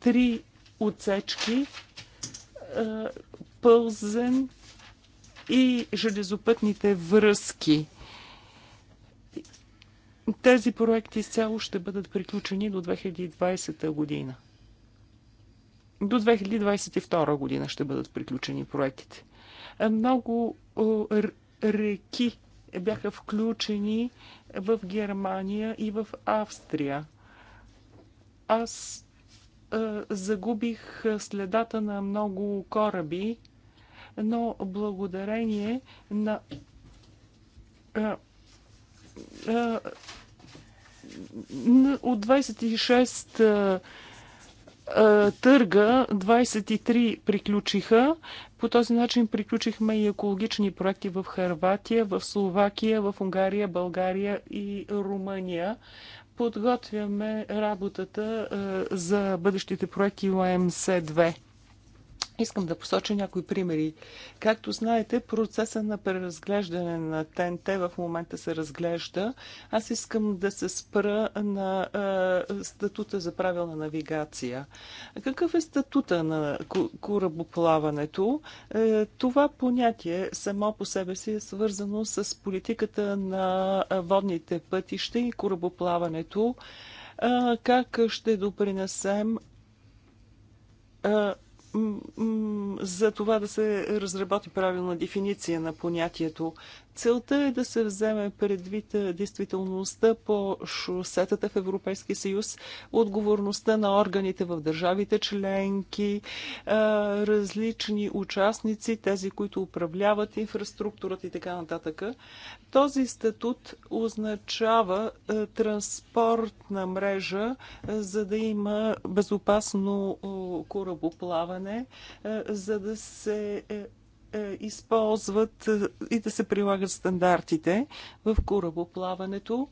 три отсечки е, Пълзен и железопътните връзки. Тези проекти изцяло ще бъдат приключени до 2020 година. До 2022 година ще бъдат приключени проектите. Е, много е, реки бяха включени в Германия и в Австрия. Аз е, загубих следата на много кораби, но благодарение на е, е, от 26 търга 23 приключиха. По този начин приключихме и екологични проекти в Харватия, в Словакия, в Унгария, България и Румъния подготвяме работата за бъдещите проекти ОМС-2. Искам да посоча някои примери. Както знаете, процеса на преразглеждане на ТНТ в момента се разглежда. Аз искам да се спра на е, статута за правилна навигация. Какъв е статута на корабоплаването? Е, това понятие само по себе си е свързано с политиката на водните пътища и корабоплаването. Е, как ще допринесем е, за това да се разработи правилна дефиниция на понятието Целта е да се вземе предвид действителността по шосетата в Европейския съюз, отговорността на органите в държавите членки, различни участници, тези, които управляват инфраструктурата и така нататък. Този статут означава транспортна мрежа, за да има безопасно корабоплаване, за да се е, е, използват е, и да се прилагат стандартите в корабоплаването.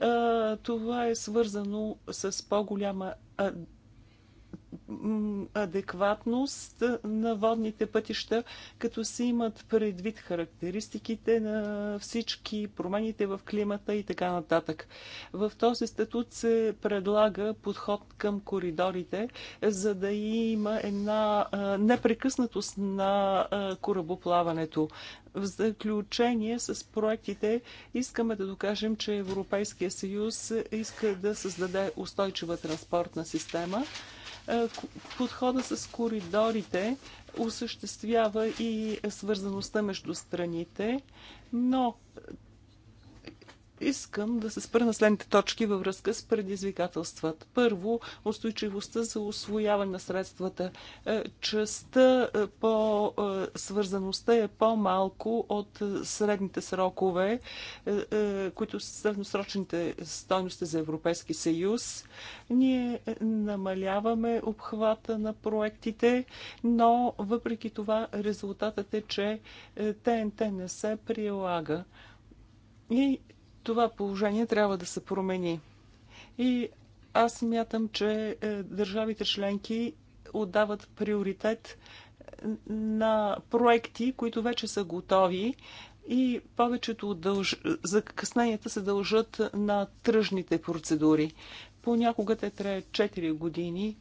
Е, това е свързано с по-голяма адекватност на водните пътища, като се имат предвид характеристиките на всички промените в климата и така нататък. В този статут се предлага подход към коридорите, за да има една непрекъснатост на корабоплаването. В заключение с проектите искаме да докажем, че Европейския съюз иска да създаде устойчива транспортна система, е, подхода с коридорите осъществява и свързаността между страните, но Искам да се спра на следните точки във връзка с предизвикателствата. Първо, устойчивостта за освояване на средствата. Е, частта е, по е, свързаността е по-малко от средните срокове, които са средносрочните стойности за Европейски съюз. Ние намаляваме обхвата на проектите, но въпреки това резултатът е, че ТНТ не се прилага. И това положение трябва да се промени. И аз мятам, че е, държавите членки отдават приоритет е, на проекти, които вече са готови и повечето дълж... закъсненията се дължат на тръжните процедури. Понякога те трябва 4 години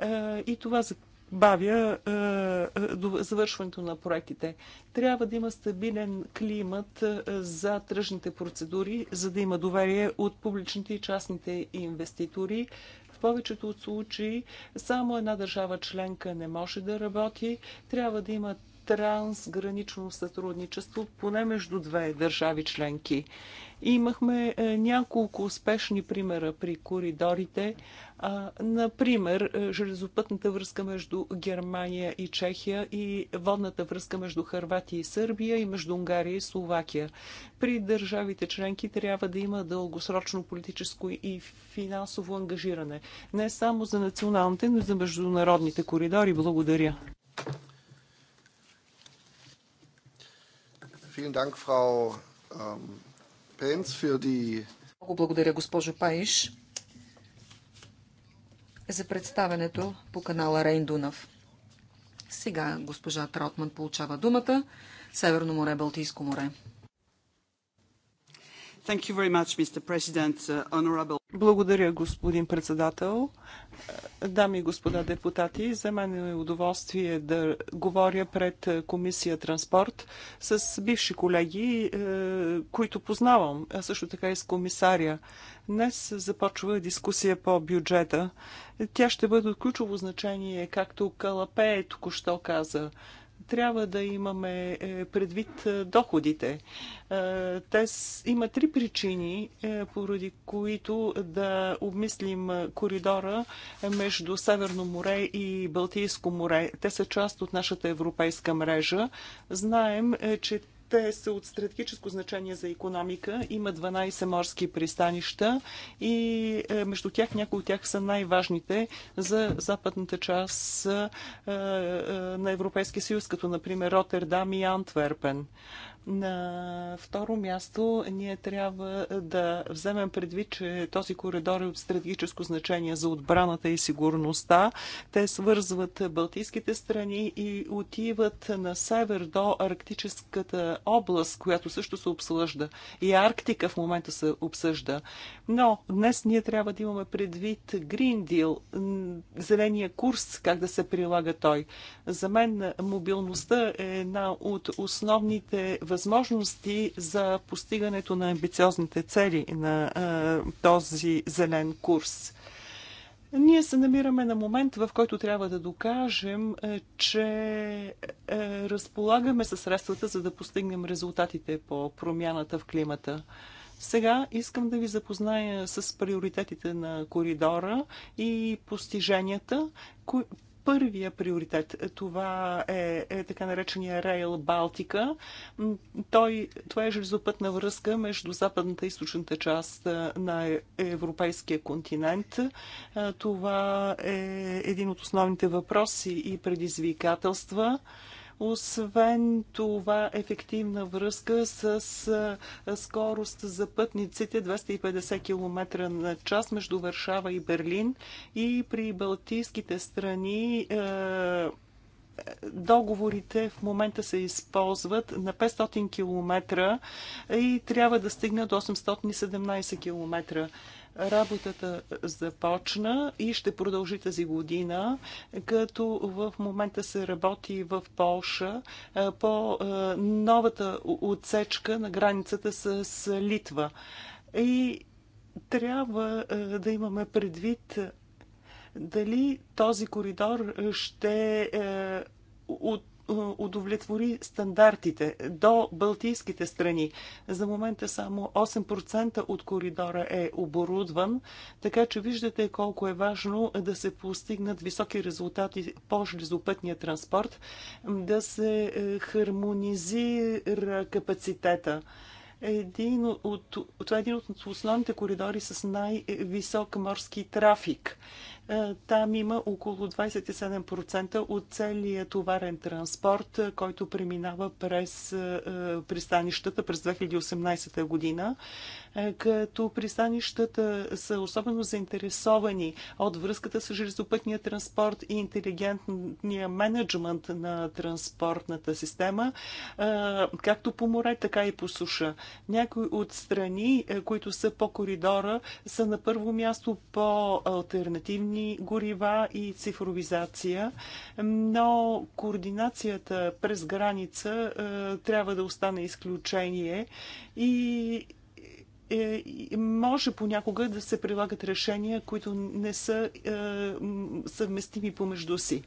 е, и това бавя е, е, до завършването на проектите. Трябва да има стабилен климат е, за тръжните процедури, за да има доверие от публичните и частните инвеститори. В повечето от случаи само една държава членка не може да работи. Трябва да има трансгранично сътрудничество, поне между две държави членки. И Имахме е, няколко успешни примера при коридорите. Например, е, железопътната връзка между Германия и Чехия и водната връзка между Харватия и Сърбия и между Унгария и Словакия. При държавите членки трябва да има дългосрочно политическо и финансово ангажиране. Не само за националните, но и за международните коридори. Благодаря. Ähm, Много благодаря, госпожо Паиш, за представенето по канала Рейн Дунав. Сега госпожа Траутман получава думата. Северно море, Балтийско море. Uh, Благодаря, господин председател. Дами и господа депутати, за мен е удоволствие да говоря пред е, Комисия Транспорт с бивши колеги, е, които познавам, а също така и с комисаря. Днес започва дискусия по бюджета. Тя ще бъде от ключово значение, както Калапе е току-що каза трябва да имаме е, предвид е, доходите. Е, те има три причини, поради които да обмислим коридора между Северно море и Балтийско море. Те са част от нашата европейска мрежа. Знаем, че те са от стратегическо значение за економика. Има 12 морски пристанища и е, между тях някои от тях са най-важните за западната част е, е, на Европейския съюз, като например Ротердам и Антверпен. На второ място, ние трябва да вземем предвид, че този коридор е от стратегическо значение за отбраната и сигурността. Те свързват Балтийските страни и отиват на север до Арктическата област, която също се обсъжда. И Арктика в момента се обсъжда. Но днес ние трябва да имаме предвид Green Deal, зеления курс, как да се прилага той. За мен мобилността е една от основните възможности възможности за постигането на амбициозните цели на този зелен курс. Ние се намираме на момент, в който трябва да докажем, че разполагаме със средствата, за да постигнем резултатите по промяната в климата. Сега искам да ви запозная с приоритетите на коридора и постиженията, първия приоритет. Това е, е така наречения Рейл Балтика. Той, това е железопътна връзка между западната и източната част на европейския континент. Това е един от основните въпроси и предизвикателства. Освен това, ефективна връзка с скорост за пътниците 250 км на час между Варшава и Берлин и при Балтийските страни договорите в момента се използват на 500 км и трябва да стигнат до 817 км. Работата започна и ще продължи тази година, като в момента се работи в Полша по новата отсечка на границата с Литва. И трябва да имаме предвид дали този коридор ще от е, удовлетвори стандартите до Балтийските страни. За момента само 8% от коридора е оборудван, така че виждате колко е важно да се постигнат високи резултати по железопътния транспорт, да се е, хармонизира капацитета един от, това е един от основните коридори с най-висок морски трафик. Е, там има около 27% от целия товарен транспорт, е, който преминава през е, пристанищата през 2018 година, като пристанищата са особено заинтересовани от връзката с железопътния транспорт и интелигентния менеджмент на транспортната система, както по море, така и по суша. Някои от страни, които са по коридора, са на първо място по альтернативни изкопаеми горива и цифровизация, но координацията през граница е, трябва да остане изключение е, и може понякога да се прилагат решения, които не са е, съвместими помежду си.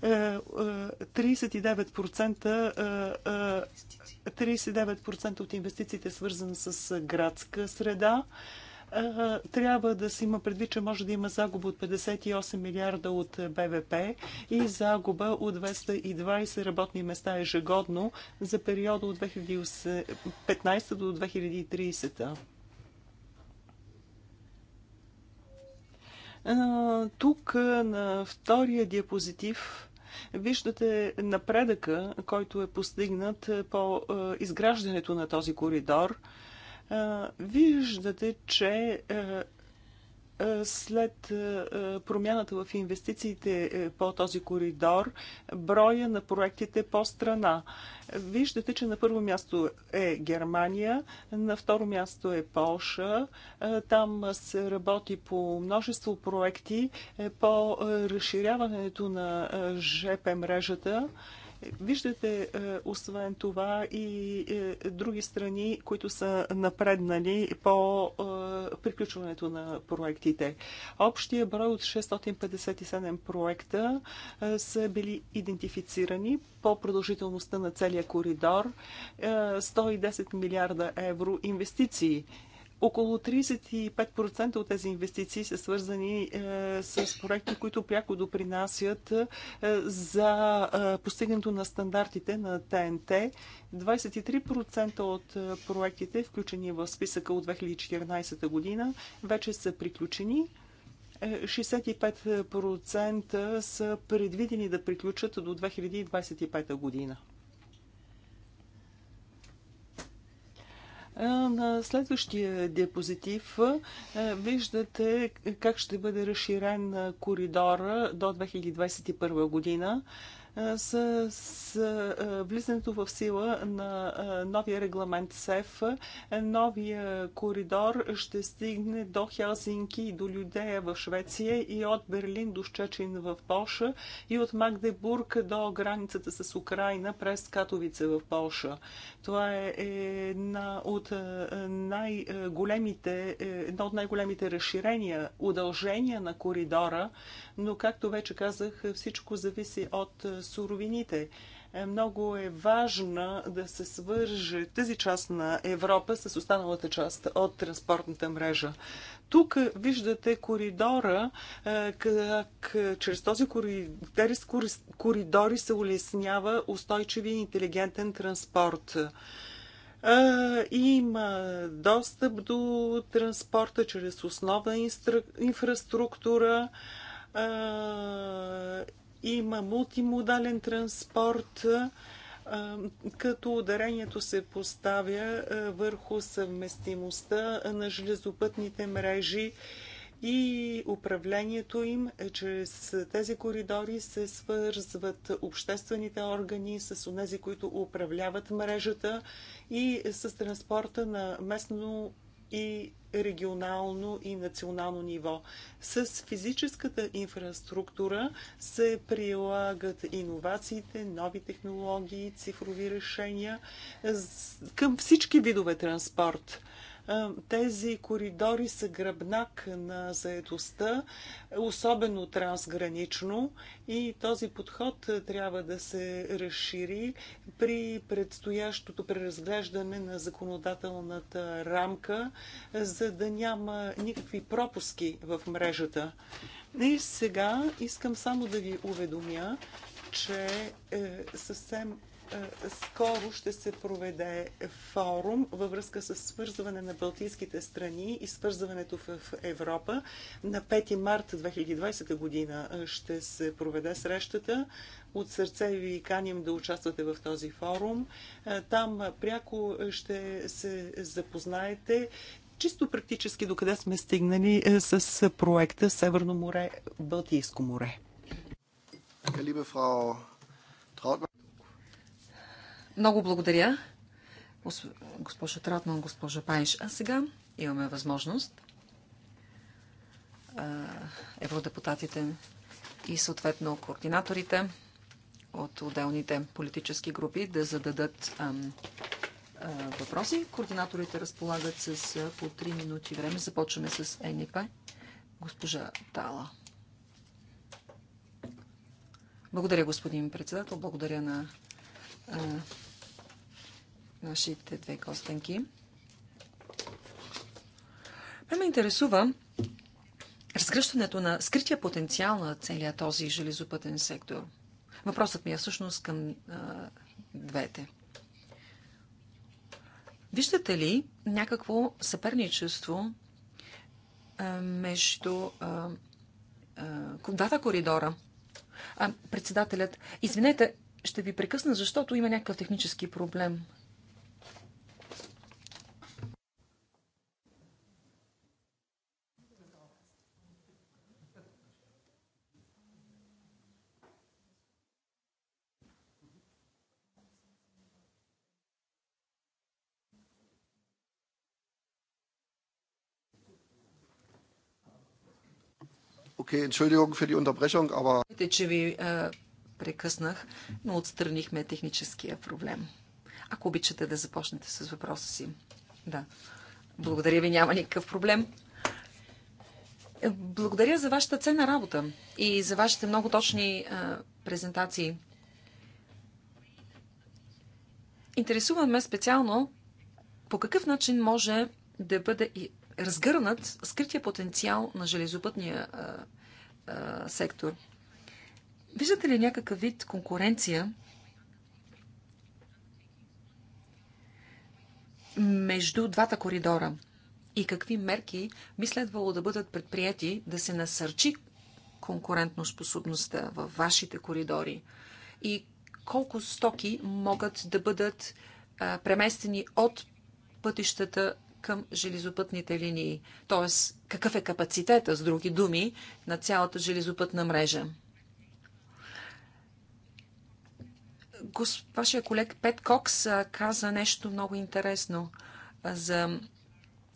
39%, 39% от инвестициите е с градска среда трябва да се има предвид, че може да има загуба от 58 милиарда от БВП и загуба от 220 работни места ежегодно за периода от 2015 до 2030. Тук на втория диапозитив виждате напредъка, който е постигнат по изграждането на този коридор – Виждате, че след промяната в инвестициите е, по този коридор, броя на проектите е по страна. Виждате, че на първо място е Германия, на второ място е Полша. Там се работи по множество проекти е, по разширяването на ЖП мрежата. Виждате, е, освен това, и е, други страни, които са напреднали по е, приключването на проектите. Общия брой от 657 проекта са били идентифицирани по продължителността на целия коридор. 110 милиарда евро инвестиции около 35% от тези инвестиции са свързани е, с проекти, които пряко допринасят е, за е, постигането на стандартите на ТНТ. 23% от проектите, включени в списъка от 2014 година, вече са приключени. 65% са предвидени да приключат до 2025 година. На следващия диапозитив виждате как ще бъде разширен коридора до 2021 година с, с влизането в сила на новия регламент СЕФ, новия коридор ще стигне до Хелсинки и до Людея в Швеция и от Берлин до Щечин в Польша и от Магдебург до границата с Украина през Катовице в Польша. Това е, е една от най-големите, е, едно от най-големите разширения, удължения на коридора, но както вече казах, всичко зависи от суровините. Е, много е важно да се свърже тази част на Европа с останалата част от транспортната мрежа. Тук виждате коридора, е, как е, чрез този коридор, коридори се улеснява устойчиви и интелигентен транспорт има достъп до транспорта чрез основна инфраструктура има мултимодален транспорт, като ударението се поставя върху съвместимостта на железопътните мрежи и управлението им е, чрез тези коридори се свързват обществените органи с тези, които управляват мрежата и с транспорта на местно и регионално и национално ниво. С физическата инфраструктура се прилагат иновациите, нови технологии, цифрови решения към всички видове транспорт – е, тези коридори са гръбнак на заедостта, особено трансгранично и този подход трябва да се разшири при предстоящото преразглеждане на законодателната рамка, за да няма никакви пропуски в мрежата. И сега искам само да ви уведомя, че е, съвсем е, скоро ще се проведе форум във връзка с свързване на Балтийските страни и свързването в Европа. На 5 март 2020 година е, ще се проведе срещата. От сърце ви каним да участвате в този форум. Е, там пряко ще се запознаете чисто практически докъде сме стигнали с проекта Северно море, Балтийско море. Калибе, фрау Траутман. Много благодаря, госпожа Тратман, госпожа Паниш. А сега имаме възможност евродепутатите и съответно координаторите от отделните политически групи да зададат ам, а, въпроси. Координаторите разполагат с а, по 3 минути време. Започваме с НИП. Госпожа Тала. Благодаря, господин председател. Благодаря на а, нашите две костенки. Ме ме интересува разгръщането на скрития потенциал на целия този железопътен сектор. Въпросът ми е всъщност към а, двете. Виждате ли някакво съперничество а, между а, а, двата коридора? А, председателят, извинете, ще ви прекъсна, защото има някакъв технически проблем. Okay, Entschuldigung für die Unterbrechung, aber... че ви а, прекъснах, но отстранихме техническия проблем. Ако обичате да започнете с въпроса си. Да. Благодаря ви, няма никакъв проблем. Е, благодаря за вашата ценна работа и за вашите много точни а, презентации. Интересуваме специално по какъв начин може да бъде разгърнат скрития потенциал на железопътния а, а, сектор. Виждате ли някакъв вид конкуренция между двата коридора? И какви мерки би следвало да бъдат предприяти да се насърчи конкурентно способността във вашите коридори? И колко стоки могат да бъдат а, преместени от пътищата към железопътните линии. Тоест, какъв е капацитета, с други думи, на цялата железопътна мрежа. Вашия колег Пет Кокс каза нещо много интересно за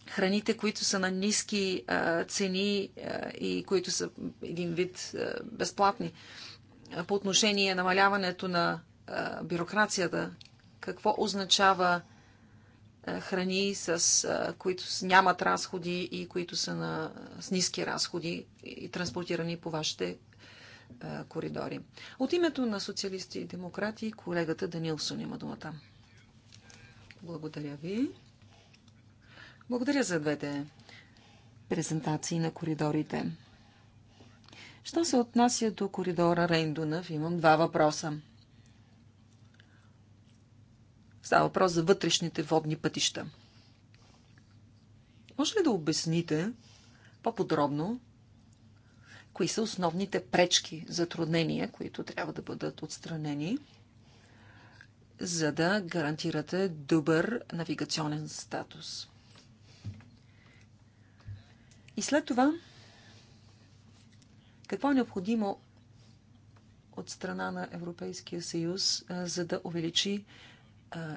храните, които са на ниски цени и които са един вид безплатни. По отношение намаляването на бюрокрацията, какво означава е, храни, с, е, които нямат разходи и които са на, с ниски разходи и транспортирани по вашите е, коридори. От името на социалисти и демократи, колегата Данилсон има думата. Благодаря ви. Благодаря за двете презентации на коридорите. Що се отнася до коридора Рейндунав, имам два въпроса. Става въпрос за вътрешните водни пътища. Може ли да обясните по-подробно кои са основните пречки, затруднения, които трябва да бъдат отстранени, за да гарантирате добър навигационен статус? И след това, какво е необходимо от страна на Европейския съюз, за да увеличи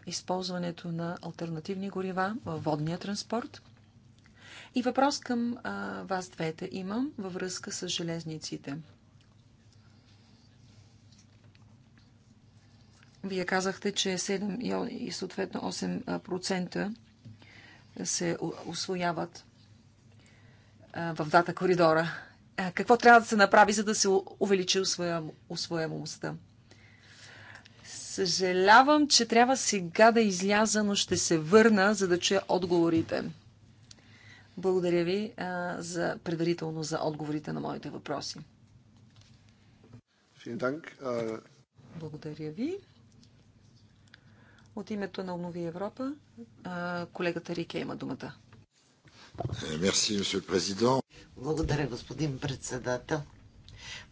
използването на альтернативни горива във водния транспорт. И въпрос към вас двете имам във връзка с железниците. Вие казахте, че 7 и съответно 8% се освояват в дата коридора. Какво трябва да се направи, за да се увеличи освоемостта? Съжалявам, че трябва сега да изляза, но ще се върна, за да чуя отговорите. Благодаря ви а, за предварително за отговорите на моите въпроси. Благодаря ви. От името на Обнови Европа, а, колегата Рике има думата. Е, Благодаря, господин председател.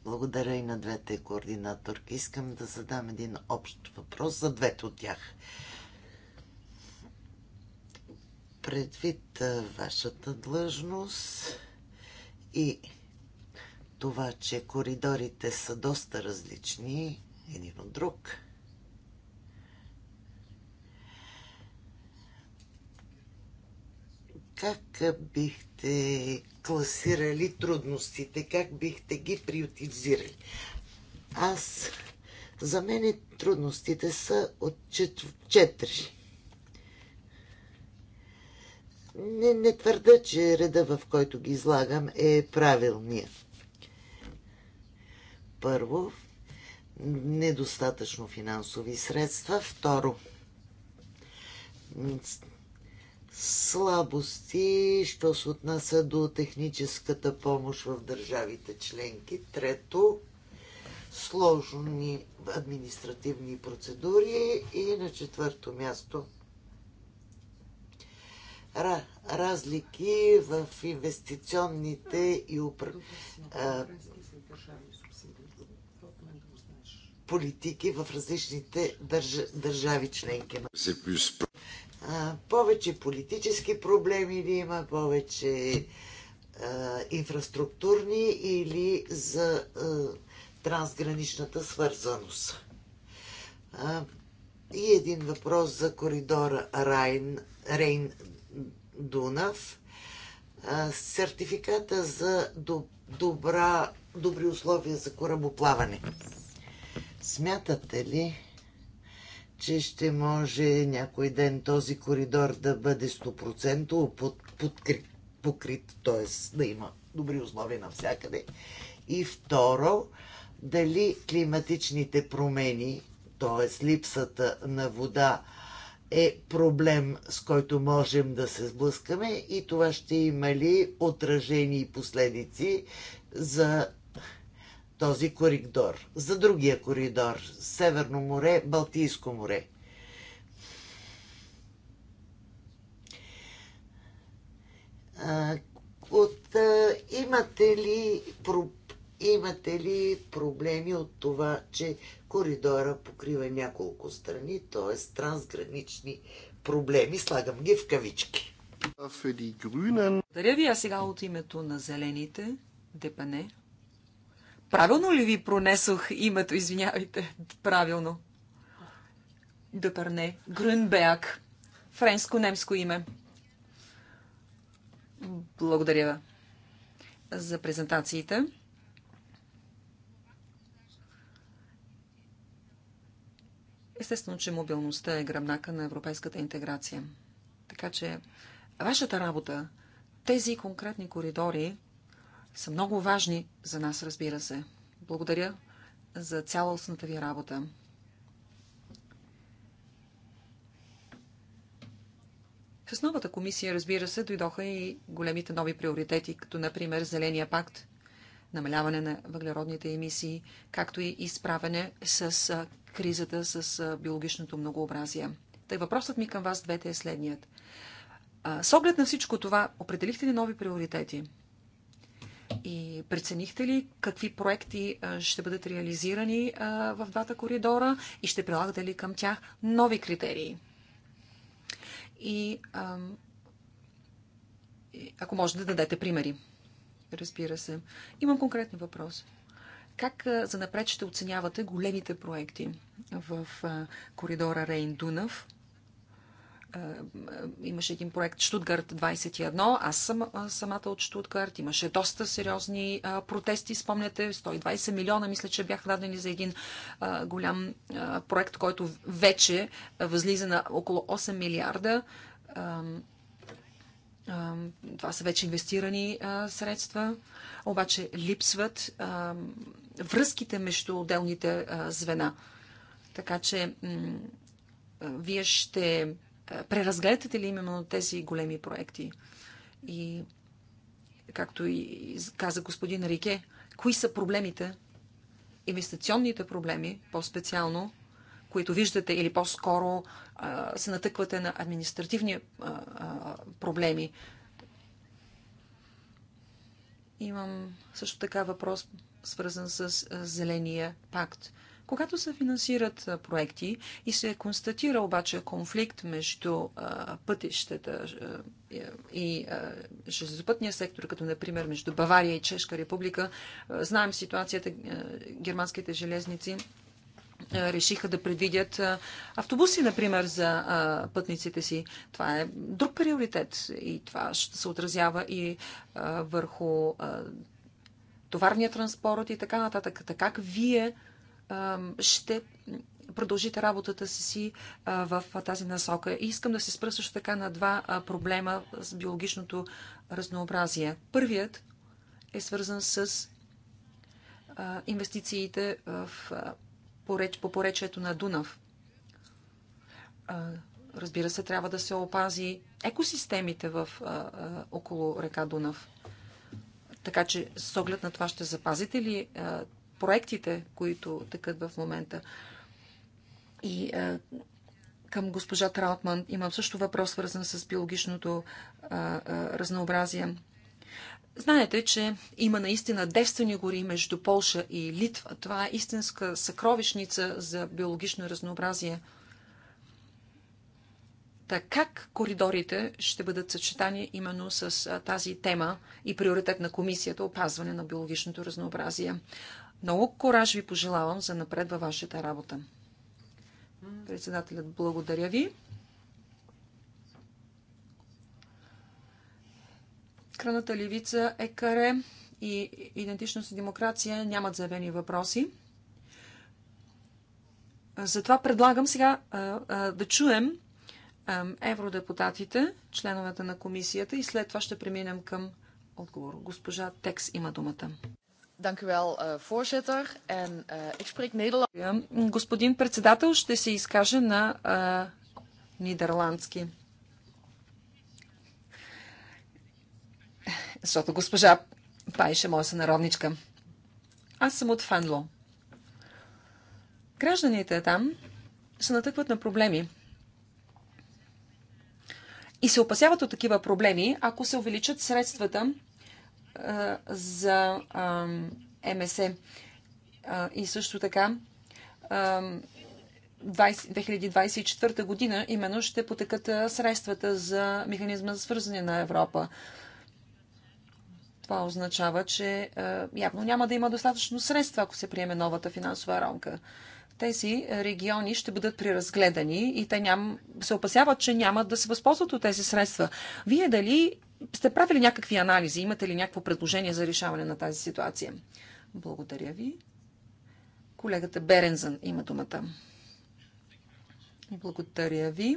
Благодаря и на двете координаторки. Искам да задам един общ въпрос за двете от тях. Предвид вашата длъжност и това, че коридорите са доста различни един от друг – Как бихте класирали трудностите? Как бихте ги приоритизирали? Аз, за мен трудностите са от четири. Не, не твърда, че реда, в който ги излагам, е правилния. Първо, недостатъчно финансови средства. Второ, слабости, що се отнася до техническата помощ в държавите членки. Трето, сложни административни процедури. И на четвърто място, разлики в инвестиционните и упра... политики в различните държ... държави членки повече политически проблеми ли има, повече а, инфраструктурни или за а, трансграничната свързаност. А, и един въпрос за коридора Рейн Дунав. сертификата за добра, добри условия за корабоплаване. Смятате ли, че ще може някой ден този коридор да бъде 100% под, подкрит, покрит, т.е. да има добри условия навсякъде. И второ, дали климатичните промени, т.е. липсата на вода, е проблем, с който можем да се сблъскаме и това ще има ли отражени и последици за този коридор. За другия коридор Северно море, Балтийско море. От, имате ли, про, имате ли проблеми от това, че коридора покрива няколко страни, т.е. трансгранични проблеми, слагам ги в кавички. Благодаря ви, а сега от името на зелените, Депане. Правилно ли ви пронесох името? Извинявайте. Правилно. Дъперне. Грюнбеак. Френско-немско име. Благодаря за презентациите. Естествено, че мобилността е гръбнака на европейската интеграция. Така че вашата работа, тези конкретни коридори, са много важни за нас, разбира се. Благодаря за цялостната ви работа. С новата комисия, разбира се, дойдоха и големите нови приоритети, като например Зеления пакт, намаляване на въглеродните емисии, както и изправене с кризата с биологичното многообразие. Тъй въпросът ми към вас двете е следният. С оглед на всичко това, определихте ли нови приоритети? И преценихте ли какви проекти ще бъдат реализирани в двата коридора и ще прилагате ли към тях нови критерии? И ако може да дадете примери. Разбира се. Имам конкретни въпроси. Как напред ще оценявате големите проекти в коридора Рейн-Дунав? Е, е, имаше един проект Штутгарт 21. Аз съм самата от Штутгарт. Имаше доста сериозни протести. Спомняте, 120 милиона, мисля, че бяха дадени за един голям проект, който вече възлиза на около 8 милиарда. Това са вече инвестирани средства, обаче липсват връзките между отделните звена. Така че вие ще преразгледате ли именно тези големи проекти? И, както и каза господин Рике, кои са проблемите, инвестиционните проблеми, по-специално, които виждате или по-скоро се натъквате на административни проблеми. Имам също така въпрос, свързан с Зеления пакт. Когато се финансират проекти и се констатира обаче конфликт между пътищата и железопътния сектор, като например между Бавария и Чешка република, знаем ситуацията, германските железници решиха да предвидят автобуси, например, за пътниците си. Това е друг приоритет и това ще се отразява и върху товарния транспорт и така нататък. Така как вие ще продължите работата си в тази насока. И искам да се спра също така на два проблема с биологичното разнообразие. Първият е свързан с инвестициите в, по поречието на Дунав. Разбира се, трябва да се опази екосистемите в, около река Дунав. Така че с оглед на това ще запазите ли проектите, които тъкат в момента. И а, към госпожа Траутман имам също въпрос, свързан с биологичното а, а, разнообразие. Знаете, че има наистина девствени гори между Полша и Литва. Това е истинска съкровищница за биологично разнообразие. Так как коридорите ще бъдат съчетани именно с тази тема и приоритет на комисията опазване на биологичното разнообразие? Много кораж ви пожелавам за напред във вашата работа. Председателят, благодаря ви. Краната левица е каре и идентичност и демокрация нямат заявени въпроси. Затова предлагам сега а, а, да чуем а, евродепутатите, членовете на комисията и след това ще преминем към отговор. Госпожа Текс има думата. Eh, eh, господин председател, ще се изкаже на нидерландски. Защото госпожа Пайше, моя сънародничка. Аз съм от Фанло. Гражданите там се натъкват на проблеми. И се опасяват от такива проблеми, ако се увеличат средствата за МСЕ. И също така 2024 година именно ще потекат средствата за механизма за свързане на Европа. Това означава, че явно няма да има достатъчно средства, ако се приеме новата финансова рамка. Тези региони ще бъдат преразгледани и те ням... се опасяват, че няма да се възползват от тези средства. Вие дали сте правили някакви анализи? Имате ли някакво предложение за решаване на тази ситуация? Благодаря ви. Колегата Берензън има думата. Благодаря ви.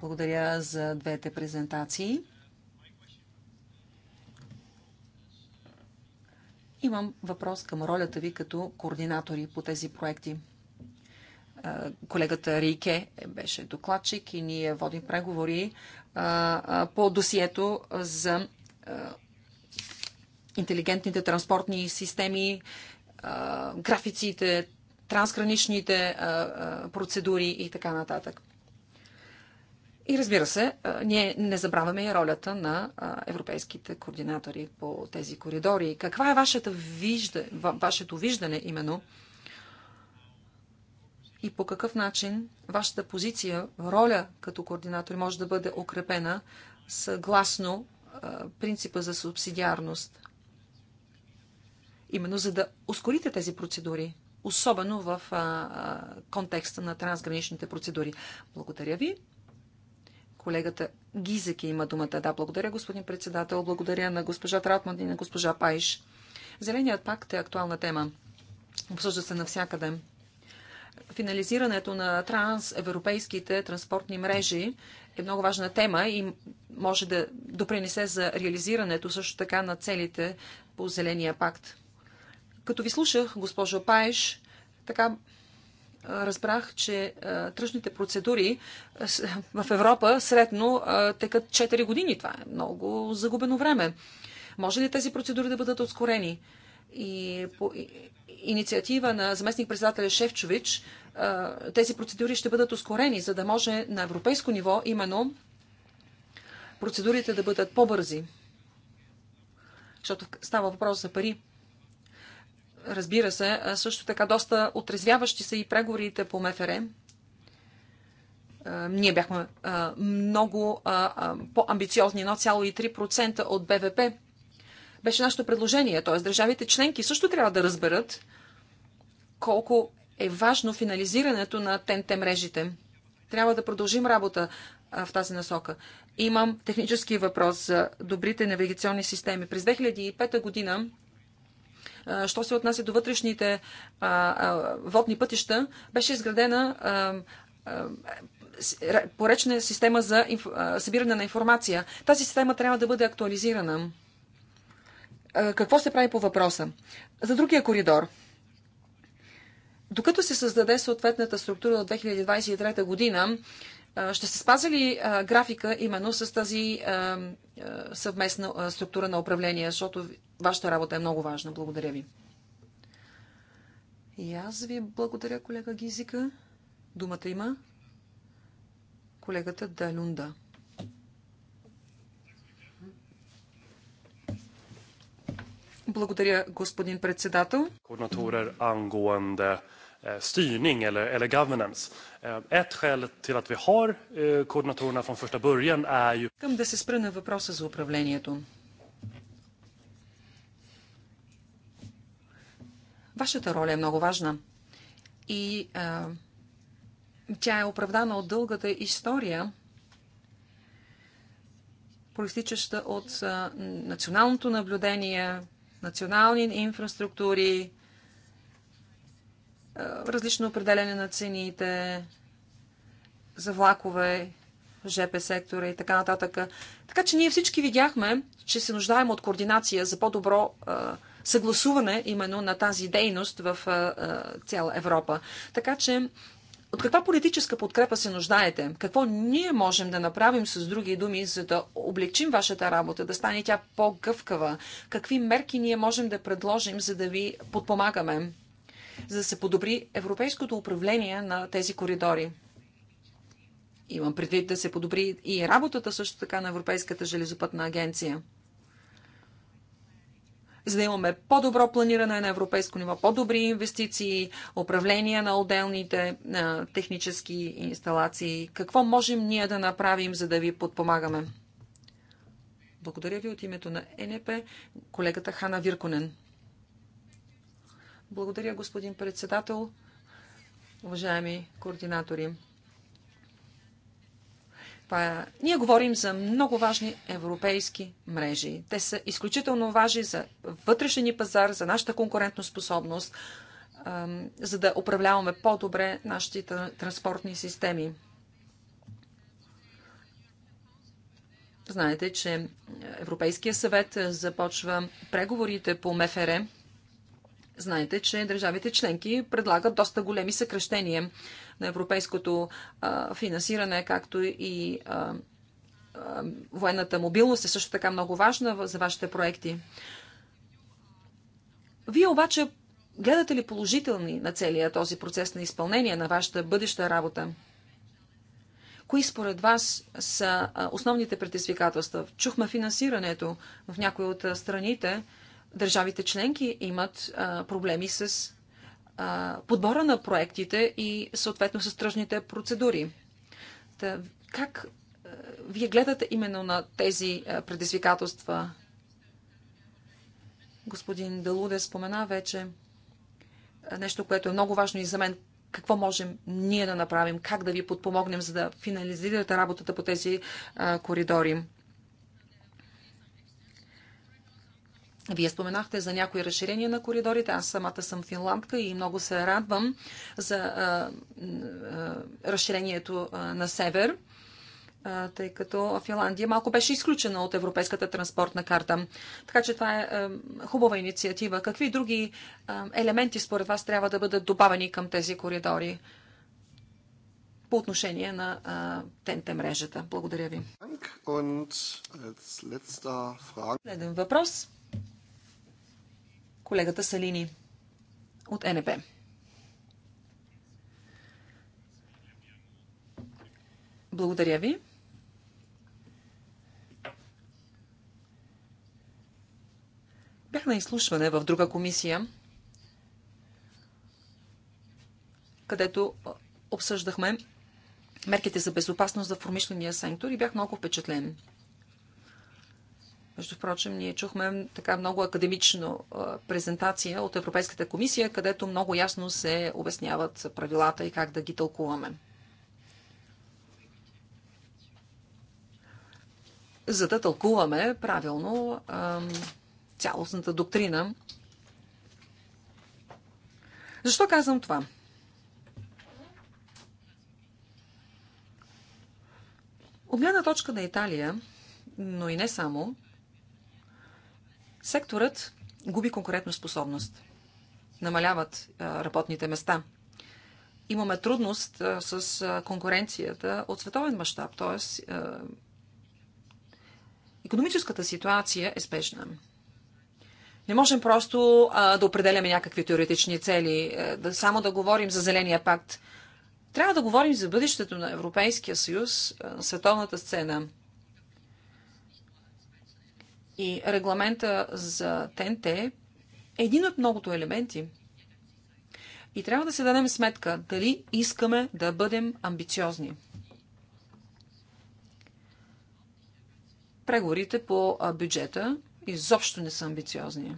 Благодаря за двете презентации. Имам въпрос към ролята ви като координатори по тези проекти. Колегата Рике беше докладчик и ние водим преговори по досието за интелигентните транспортни системи, графиците, трансграничните процедури и така нататък. И разбира се, ние не забравяме и ролята на европейските координатори по тези коридори. Каква е вашето виждане именно и по какъв начин вашата позиция, роля като координатор може да бъде укрепена съгласно принципа за субсидиарност. Именно за да ускорите тези процедури, особено в контекста на трансграничните процедури. Благодаря ви. Колегата Гизеки има думата. Да, благодаря, господин председател. Благодаря на госпожа Траутман и на госпожа Пайш. Зеленият пакт е актуална тема. Обсъжда се навсякъде финализирането на трансевропейските транспортни мрежи е много важна тема и може да допринесе за реализирането също така на целите по Зеления пакт. Като ви слушах, госпожо Паеш, така разбрах, че тръжните процедури в Европа средно текат 4 години. Това е много загубено време. Може ли тези процедури да бъдат ускорени? И, по, и, инициатива на заместник-председателя Шевчович тези процедури ще бъдат ускорени, за да може на европейско ниво именно процедурите да бъдат по-бързи. Защото става въпрос за пари. Разбира се, също така доста отрезвяващи са и преговорите по МФР. Ние бяхме много по-амбициозни, 1,3% от БВП беше нашето предложение. Т.е. държавите членки също трябва да разберат, колко е важно финализирането на ТНТ мрежите. Трябва да продължим работа в тази насока. Имам технически въпрос за добрите навигационни системи. През 2005 година що се отнася до вътрешните водни пътища, беше изградена поречна система за събиране на информация. Тази система трябва да бъде актуализирана. Какво се прави по въпроса? За другия коридор – докато се създаде съответната структура от 2023 година, ще се спази ли графика именно с тази съвместна структура на управление, защото вашата работа е много важна. Благодаря ви. И аз ви благодаря, колега Гизика. Думата има колегата Далюнда. Благодаря, господин председател. Координаторer angående е, Eh, styrning eller governance. Eh, ett skäl till att vi har eh, koordinatorerna från första början är ju... Към да се спра на въпроса за управлението. Вашата роля е много важна. И а, тя е оправдана от дългата история, проистичаща от а, националното наблюдение, национални инфраструктури, е, различно определене на цените за влакове, ЖП сектора и така нататък. Така че ние всички видяхме, че се нуждаем от координация за по-добро е, съгласуване именно на тази дейност в е, цяла Европа. Така че от каква политическа подкрепа се нуждаете? Какво ние можем да направим с други думи, за да облегчим вашата работа, да стане тя по-гъвкава? Какви мерки ние можем да предложим, за да ви подпомагаме? за да се подобри европейското управление на тези коридори. Имам предвид да се подобри и работата също така на Европейската железопътна агенция. За да имаме по-добро планиране на европейско ниво, по-добри инвестиции, управление на отделните а, технически инсталации. Какво можем ние да направим, за да ви подпомагаме? Благодаря ви от името на НП, колегата Хана Вирконен. Благодаря, господин председател, уважаеми координатори. Па, ние говорим за много важни европейски мрежи. Те са изключително важни за вътрешния пазар, за нашата конкурентоспособност, за да управляваме по-добре нашите транспортни системи. Знаете, че Европейския съвет започва преговорите по МФР Знаете, че държавите членки предлагат доста големи съкръщения на европейското а, финансиране, както и а, а, военната мобилност е също така много важна за вашите проекти. Вие обаче гледате ли положителни на целия този процес на изпълнение на вашата бъдеща работа? Кои според вас са основните предизвикателства? Чухме финансирането в някои от страните държавите членки имат а, проблеми с а, подбора на проектите и съответно с тръжните процедури. Та, как а, вие гледате именно на тези а, предизвикателства? Господин Далуде спомена вече нещо, което е много важно и за мен. Какво можем ние да направим? Как да ви подпомогнем, за да финализирате работата по тези а, коридори? Вие споменахте за някои разширения на коридорите. Аз самата съм финландка и много се радвам за а, а, разширението а, на север, а, тъй като Финландия малко беше изключена от Европейската транспортна карта. Така че това е а, хубава инициатива. Какви други а, елементи според вас трябва да бъдат добавени към тези коридори по отношение на тенте ТНТ мрежата? Благодаря ви. Äh, Следен въпрос колегата Салини от НП. Благодаря ви. Бях на изслушване в друга комисия, където обсъждахме мерките за безопасност за промишления сектор и бях много впечатлен. Между прочим, ние чухме така много академично презентация от Европейската комисия, където много ясно се обясняват правилата и как да ги тълкуваме. За да тълкуваме правилно цялостната доктрина. Защо казвам това? От гледна точка на Италия, но и не само, Секторът губи конкурентоспособност. Намаляват работните места. Имаме трудност с конкуренцията от световен мащаб, т.е. економическата ситуация е спешна. Не можем просто да определяме някакви теоретични цели, да, само да говорим за Зеления пакт. Трябва да говорим за бъдещето на Европейския съюз, на световната сцена – и регламента за ТНТ е един от многото елементи. И трябва да се дадем сметка дали искаме да бъдем амбициозни. Преговорите по бюджета изобщо не са амбициозни.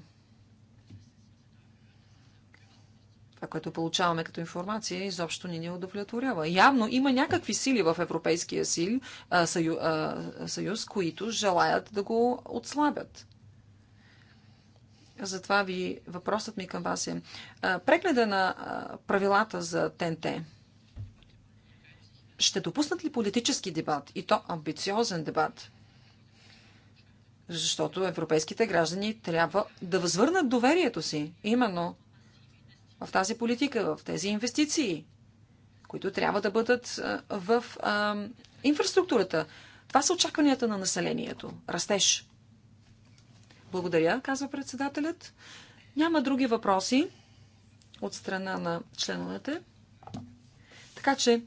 това, което получаваме като информация, изобщо не ни удовлетворява. Явно има някакви сили в Европейския сил, а, съю, а, съюз, които желаят да го отслабят. Затова ви въпросът ми към вас е а, прегледа на а, правилата за ТНТ. Ще допуснат ли политически дебат и то амбициозен дебат? Защото европейските граждани трябва да възвърнат доверието си именно в тази политика, в тези инвестиции, които трябва да бъдат в инфраструктурата. Това са очакванията на населението. Растеж. Благодаря, казва председателят. Няма други въпроси от страна на членовете. Така че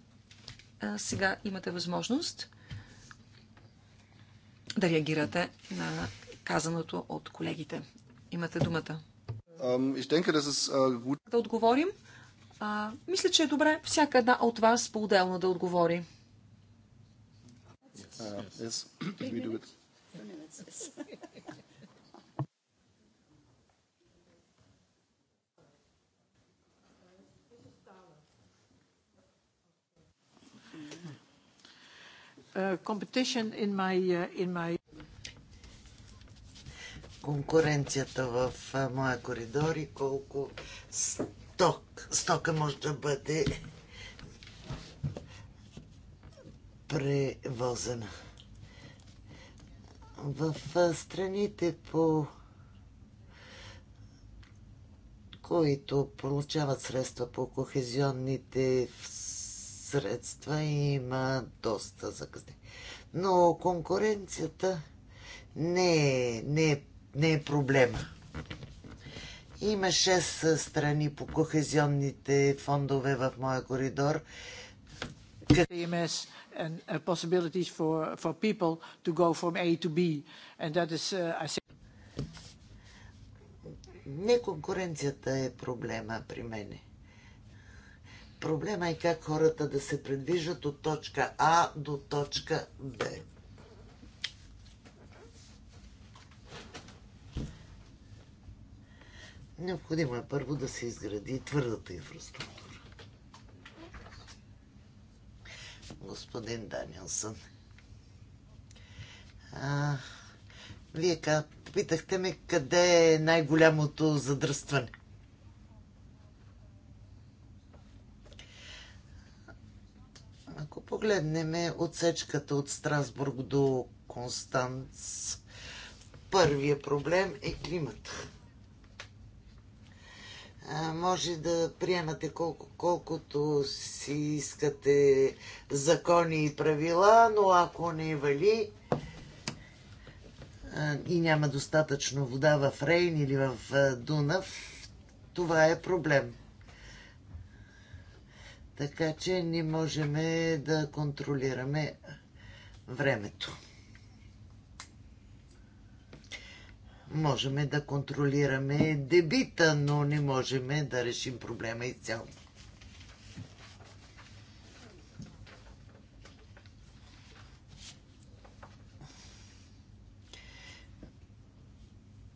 сега имате възможност да реагирате на казаното от колегите. Имате думата. Да отговорим. А, мисля, че е добре всяка една от вас по-отделно да отговори. Uh, Uh, competition in my, uh, in my конкуренцията в моя коридор и колко сток, стока може да бъде превозена. В страните по които получават средства по кохезионните средства има доста закъснение. Но конкуренцията не е, не е не е проблема. Има 6 страни по кохезионните фондове в моя коридор. Не конкуренцията е проблема при мене. Проблема е как хората да се предвижат от точка А до точка Б. Необходимо е първо да се изгради твърдата инфраструктура. Господин Данилсън. А, вие как, питахте ме къде е най-голямото задръстване. Ако погледнем отсечката от Страсбург до Констанц, първия проблем е климата може да приемате колко, колкото си искате закони и правила, но ако не вали и няма достатъчно вода в Рейн или в Дунав, това е проблем. Така че не можем да контролираме времето. можем да контролираме дебита, но не можем да решим проблема изцяло.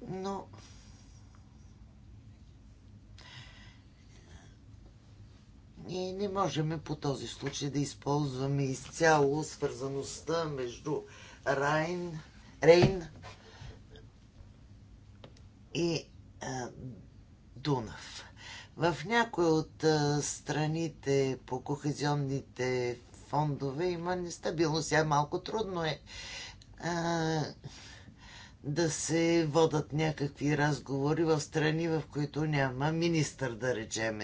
Но и не можем по този случай да използваме изцяло свързаността между Райн, Рейн и а, Дунав. В някои от а, страните по кохезионните фондове има нестабилност. Сега малко трудно е а, да се водат някакви разговори в страни, в които няма министър, да речем,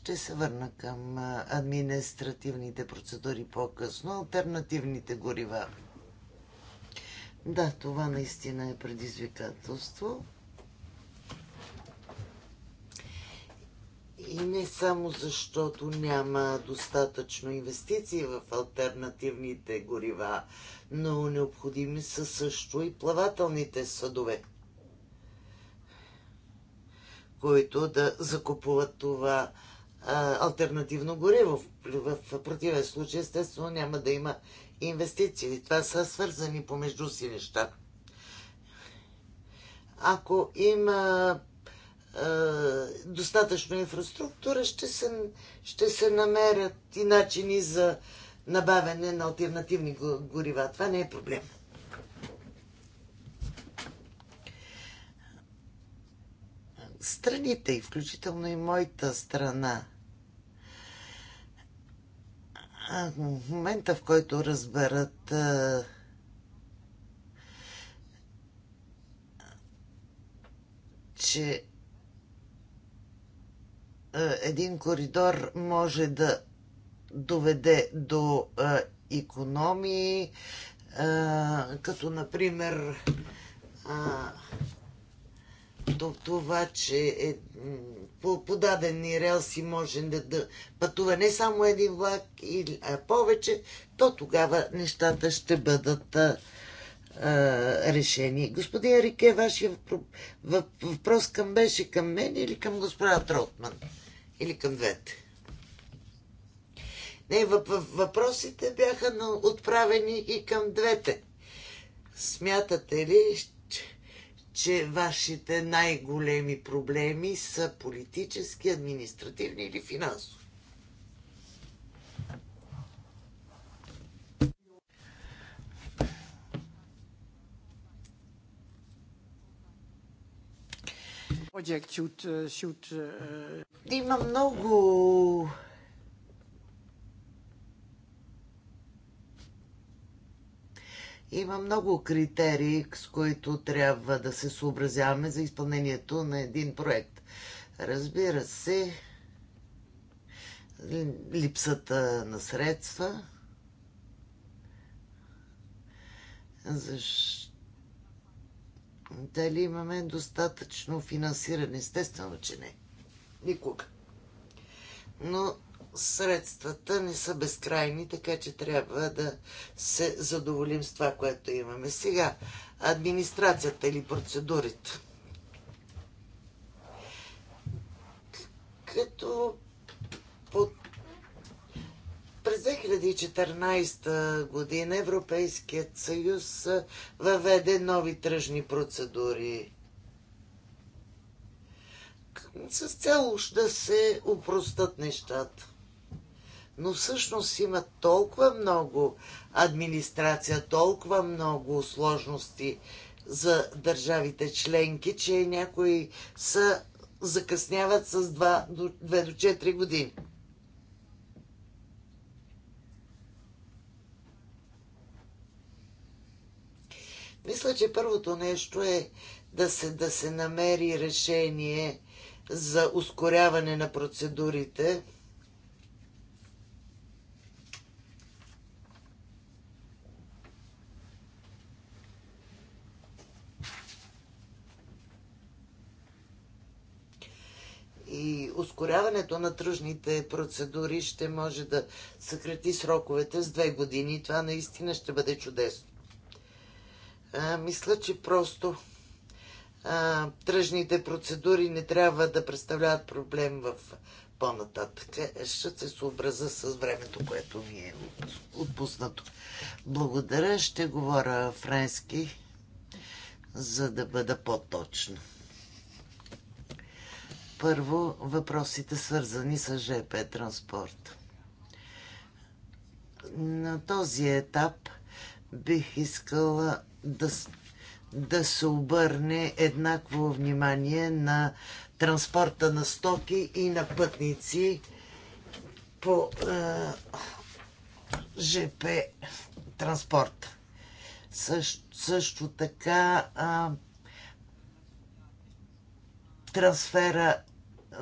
Ще се върна към административните процедури по-късно. Альтернативните горива. Да, това наистина е предизвикателство. И не само защото няма достатъчно инвестиции в альтернативните горива, но необходими са също и плавателните съдове, които да закупуват това альтернативно гориво. В, в противен случай, естествено, няма да има инвестиции. Това са свързани помежду си неща. Ако има достатъчно инфраструктура, ще се, ще се намерят и начини за набавяне на альтернативни горива. Това не е проблем. Страните, включително и моята страна, а, в момента, в който разберат а, че а, един коридор може да доведе до а, економии, а, като например а, това, че е, по подадени релси може да, да пътува не само един влак, а повече, то тогава нещата ще бъдат а, решени. Господин Рике, вашия въпрос към беше към мен или към госпожа Тротман? Или към двете? Не, въпросите бяха отправени и към двете. Смятате ли, че вашите най-големи проблеми са политически, административни или финансови. E, Има много Има много критерии, с които трябва да се съобразяваме за изпълнението на един проект. Разбира се, липсата на средства, защото дали имаме достатъчно финансиране? Естествено, че не. Никога. Но средствата не са безкрайни, така че трябва да се задоволим с това, което имаме. Сега, администрацията или процедурите. Като под... през 2014 година Европейският съюз въведе нови тръжни процедури с цел да се упростат нещата но всъщност има толкова много администрация, толкова много сложности за държавите членки, че някои са закъсняват с 2 до, 2 до 4 години. Мисля, че първото нещо е да се, да се намери решение за ускоряване на процедурите. и ускоряването на тръжните процедури ще може да съкрати сроковете с две години. Това наистина ще бъде чудесно. А, мисля, че просто а, тръжните процедури не трябва да представляват проблем в по-нататък. Ще се съобраза с времето, което ми е отпуснато. Благодаря, ще говоря френски, за да бъда по-точна. Първо, въпросите свързани с ЖП транспорт. На този етап бих искала да, да се обърне еднакво внимание на транспорта на стоки и на пътници по е, ЖП транспорт. Също, също така а, трансфера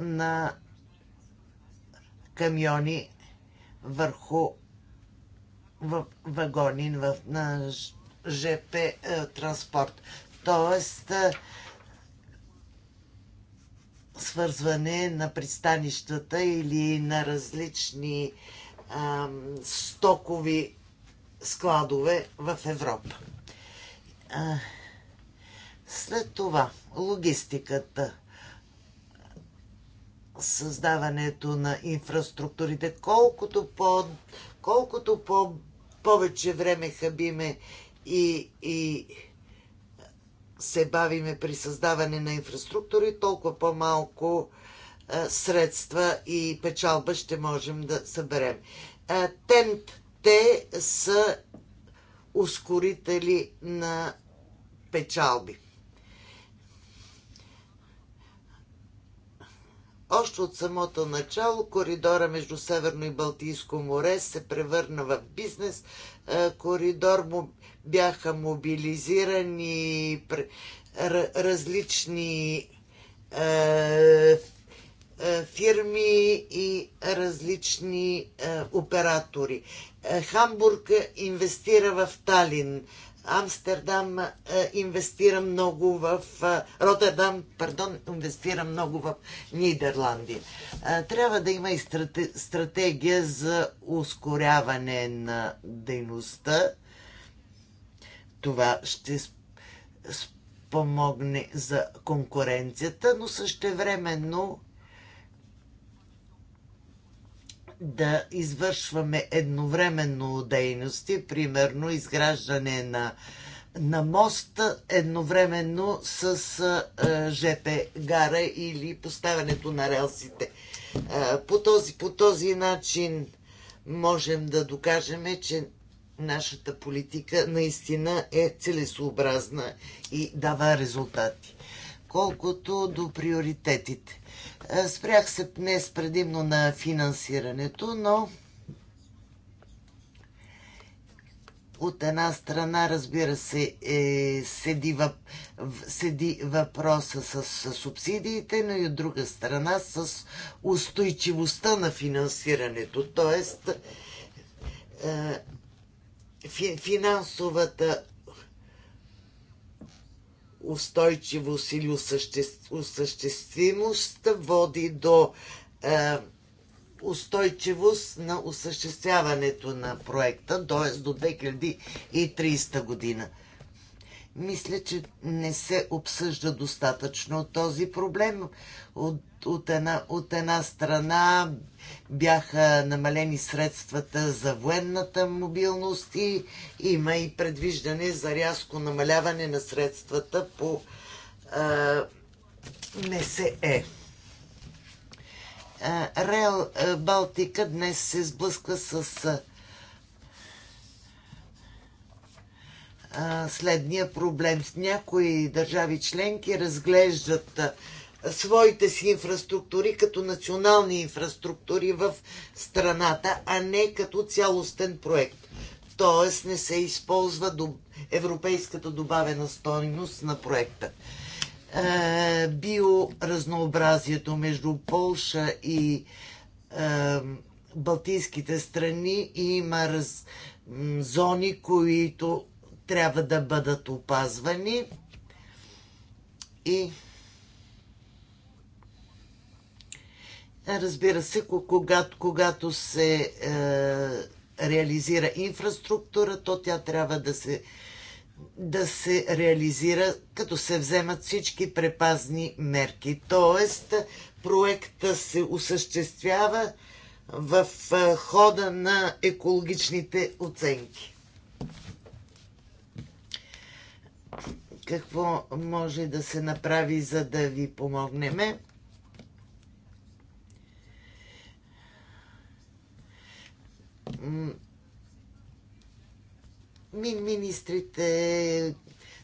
на камиони върху вагони в, на ЖП е, транспорт. Тоест, е, свързване на пристанищата или на различни е, стокови складове в Европа. След това, логистиката създаването на инфраструктурите. Колкото, по, колкото по, повече време хабиме и, и се бавиме при създаване на инфраструктури, толкова по-малко средства и печалба ще можем да съберем. Темп те са ускорители на печалби. Още от самото начало коридора между Северно и Балтийско море се превърна в бизнес. Е, коридор му бяха мобилизирани различни е, е, фирми и различни оператори. Хамбург инвестира в Талин. Амстердам е, инвестира много в... Е, Роттердам, пардон, инвестира много в Нидерландия. Е, трябва да има и стратегия за ускоряване на дейността. Това ще спомогне за конкуренцията, но същевременно да извършваме едновременно дейности, примерно изграждане на, на мост едновременно с а, ЖП гара или поставянето на релсите. А, по, този, по този начин можем да докажем, че нашата политика наистина е целесообразна и дава резултати. Колкото до приоритетите. Е, спрях се днес предимно на финансирането, но от една страна, разбира се, е, седи, въп, седи въпроса с, с субсидиите, но и от друга страна с устойчивостта на финансирането. Тоест, е, финансовата устойчивост или осъществимост води до е, устойчивост на осъществяването на проекта, т.е. до 2030 година мисля, че не се обсъжда достатъчно този проблем. От, от, една, от една страна бяха намалени средствата за военната мобилност и има и предвиждане за рязко намаляване на средствата по а, МСЕ. Рел Балтика днес се сблъсква с следния проблем. С някои държави членки разглеждат своите си инфраструктури като национални инфраструктури в страната, а не като цялостен проект. Тоест не се използва до европейската добавена стойност на проекта. Е, биоразнообразието между Полша и е, Балтийските страни има раз, зони, които трябва да бъдат опазвани и разбира се, когато, когато се е, реализира инфраструктура, то тя трябва да се, да се реализира, като се вземат всички препазни мерки. Тоест, проекта се осъществява в е, хода на екологичните оценки. какво може да се направи, за да ви помогнеме. Мин министрите,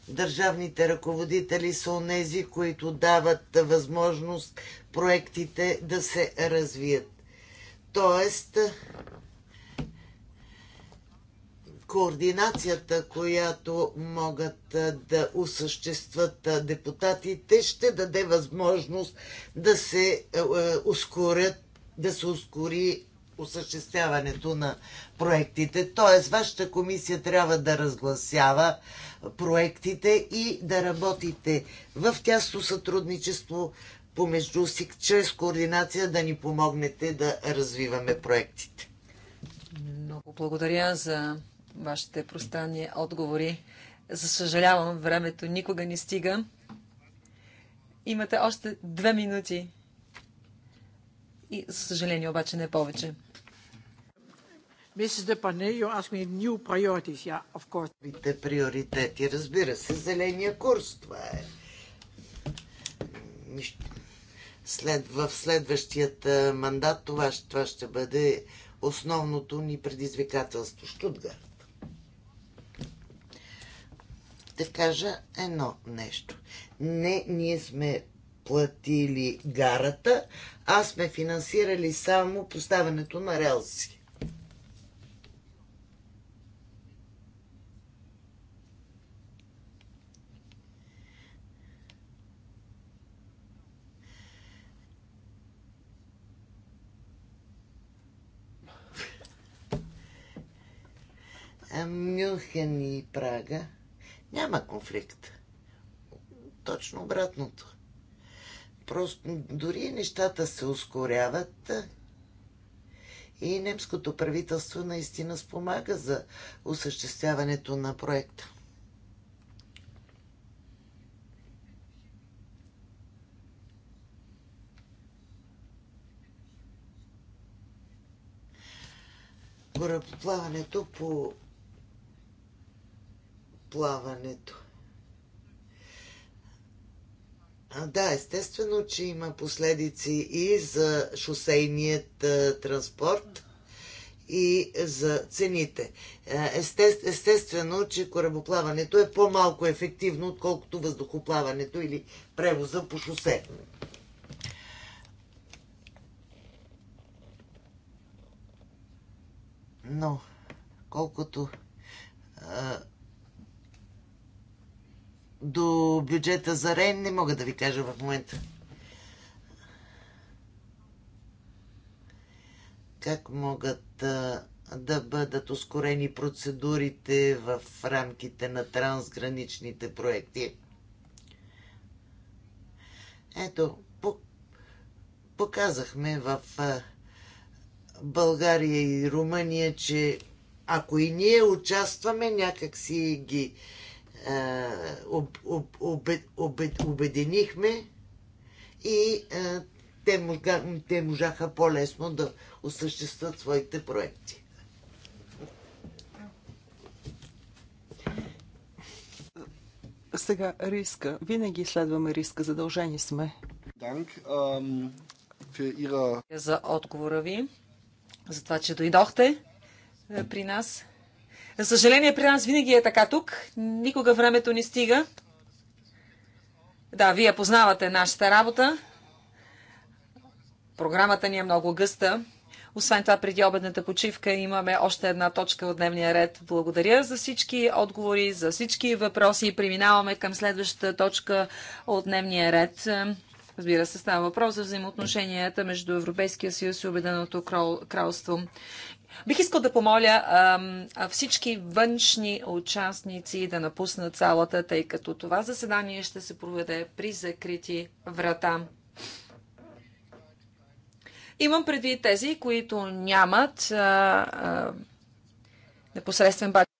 държавните ръководители са онези, които дават възможност проектите да се развият. Тоест, координацията, която могат да осъществят депутатите, ще даде възможност да се ускорят, да се ускори осъществяването на проектите. Тоест, вашата комисия трябва да разгласява проектите и да работите в тясно сътрудничество помежду си, чрез координация да ни помогнете да развиваме проектите. Много благодаря за вашите простани отговори. За съжалявам, времето никога не стига. Имате още две минути. И, за съжаление, обаче не повече. Mrs. Депане, you ask me new priorities. Yeah, of приоритети, разбира се, зеления курс, това е. След, в следващият мандат това, това ще бъде основното ни предизвикателство. Штутгарт ще кажа едно нещо. Не, ние сме платили гарата, а сме финансирали само поставянето на релси. Е, Мюнхен и Прага – няма конфликт. Точно обратното. Просто дори нещата се ускоряват и немското правителство наистина спомага за осъществяването на проекта. Корабоплаването по плаването. А, да, естествено, че има последици и за шосейният а, транспорт и за цените. Естествено, че корабоплаването е по-малко ефективно, отколкото въздухоплаването или превоза по шосе. Но, колкото а, до бюджета за Рен не мога да ви кажа в момента. Как могат да, да бъдат ускорени процедурите в рамките на трансграничните проекти? Ето, показахме в България и Румъния, че ако и ние участваме, някак си ги обединихме и а, те, можа, те можаха по-лесно да осъществят своите проекти. Сега риска. Винаги следваме риска. Задължени сме. За отговора ви, за това, че дойдохте е, при нас. За съжаление, при нас винаги е така тук. Никога времето не стига. Да, вие познавате нашата работа. Програмата ни е много гъста. Освен това, преди обедната почивка имаме още една точка от дневния ред. Благодаря за всички отговори, за всички въпроси. Преминаваме към следващата точка от дневния ред. Разбира се, става въпрос за взаимоотношенията между Европейския съюз и Обеденото кралство. Бих искал да помоля всички външни участници да напуснат залата, тъй като това заседание ще се проведе при закрити врата. Имам предвид тези, които нямат а, а, непосредствен бач.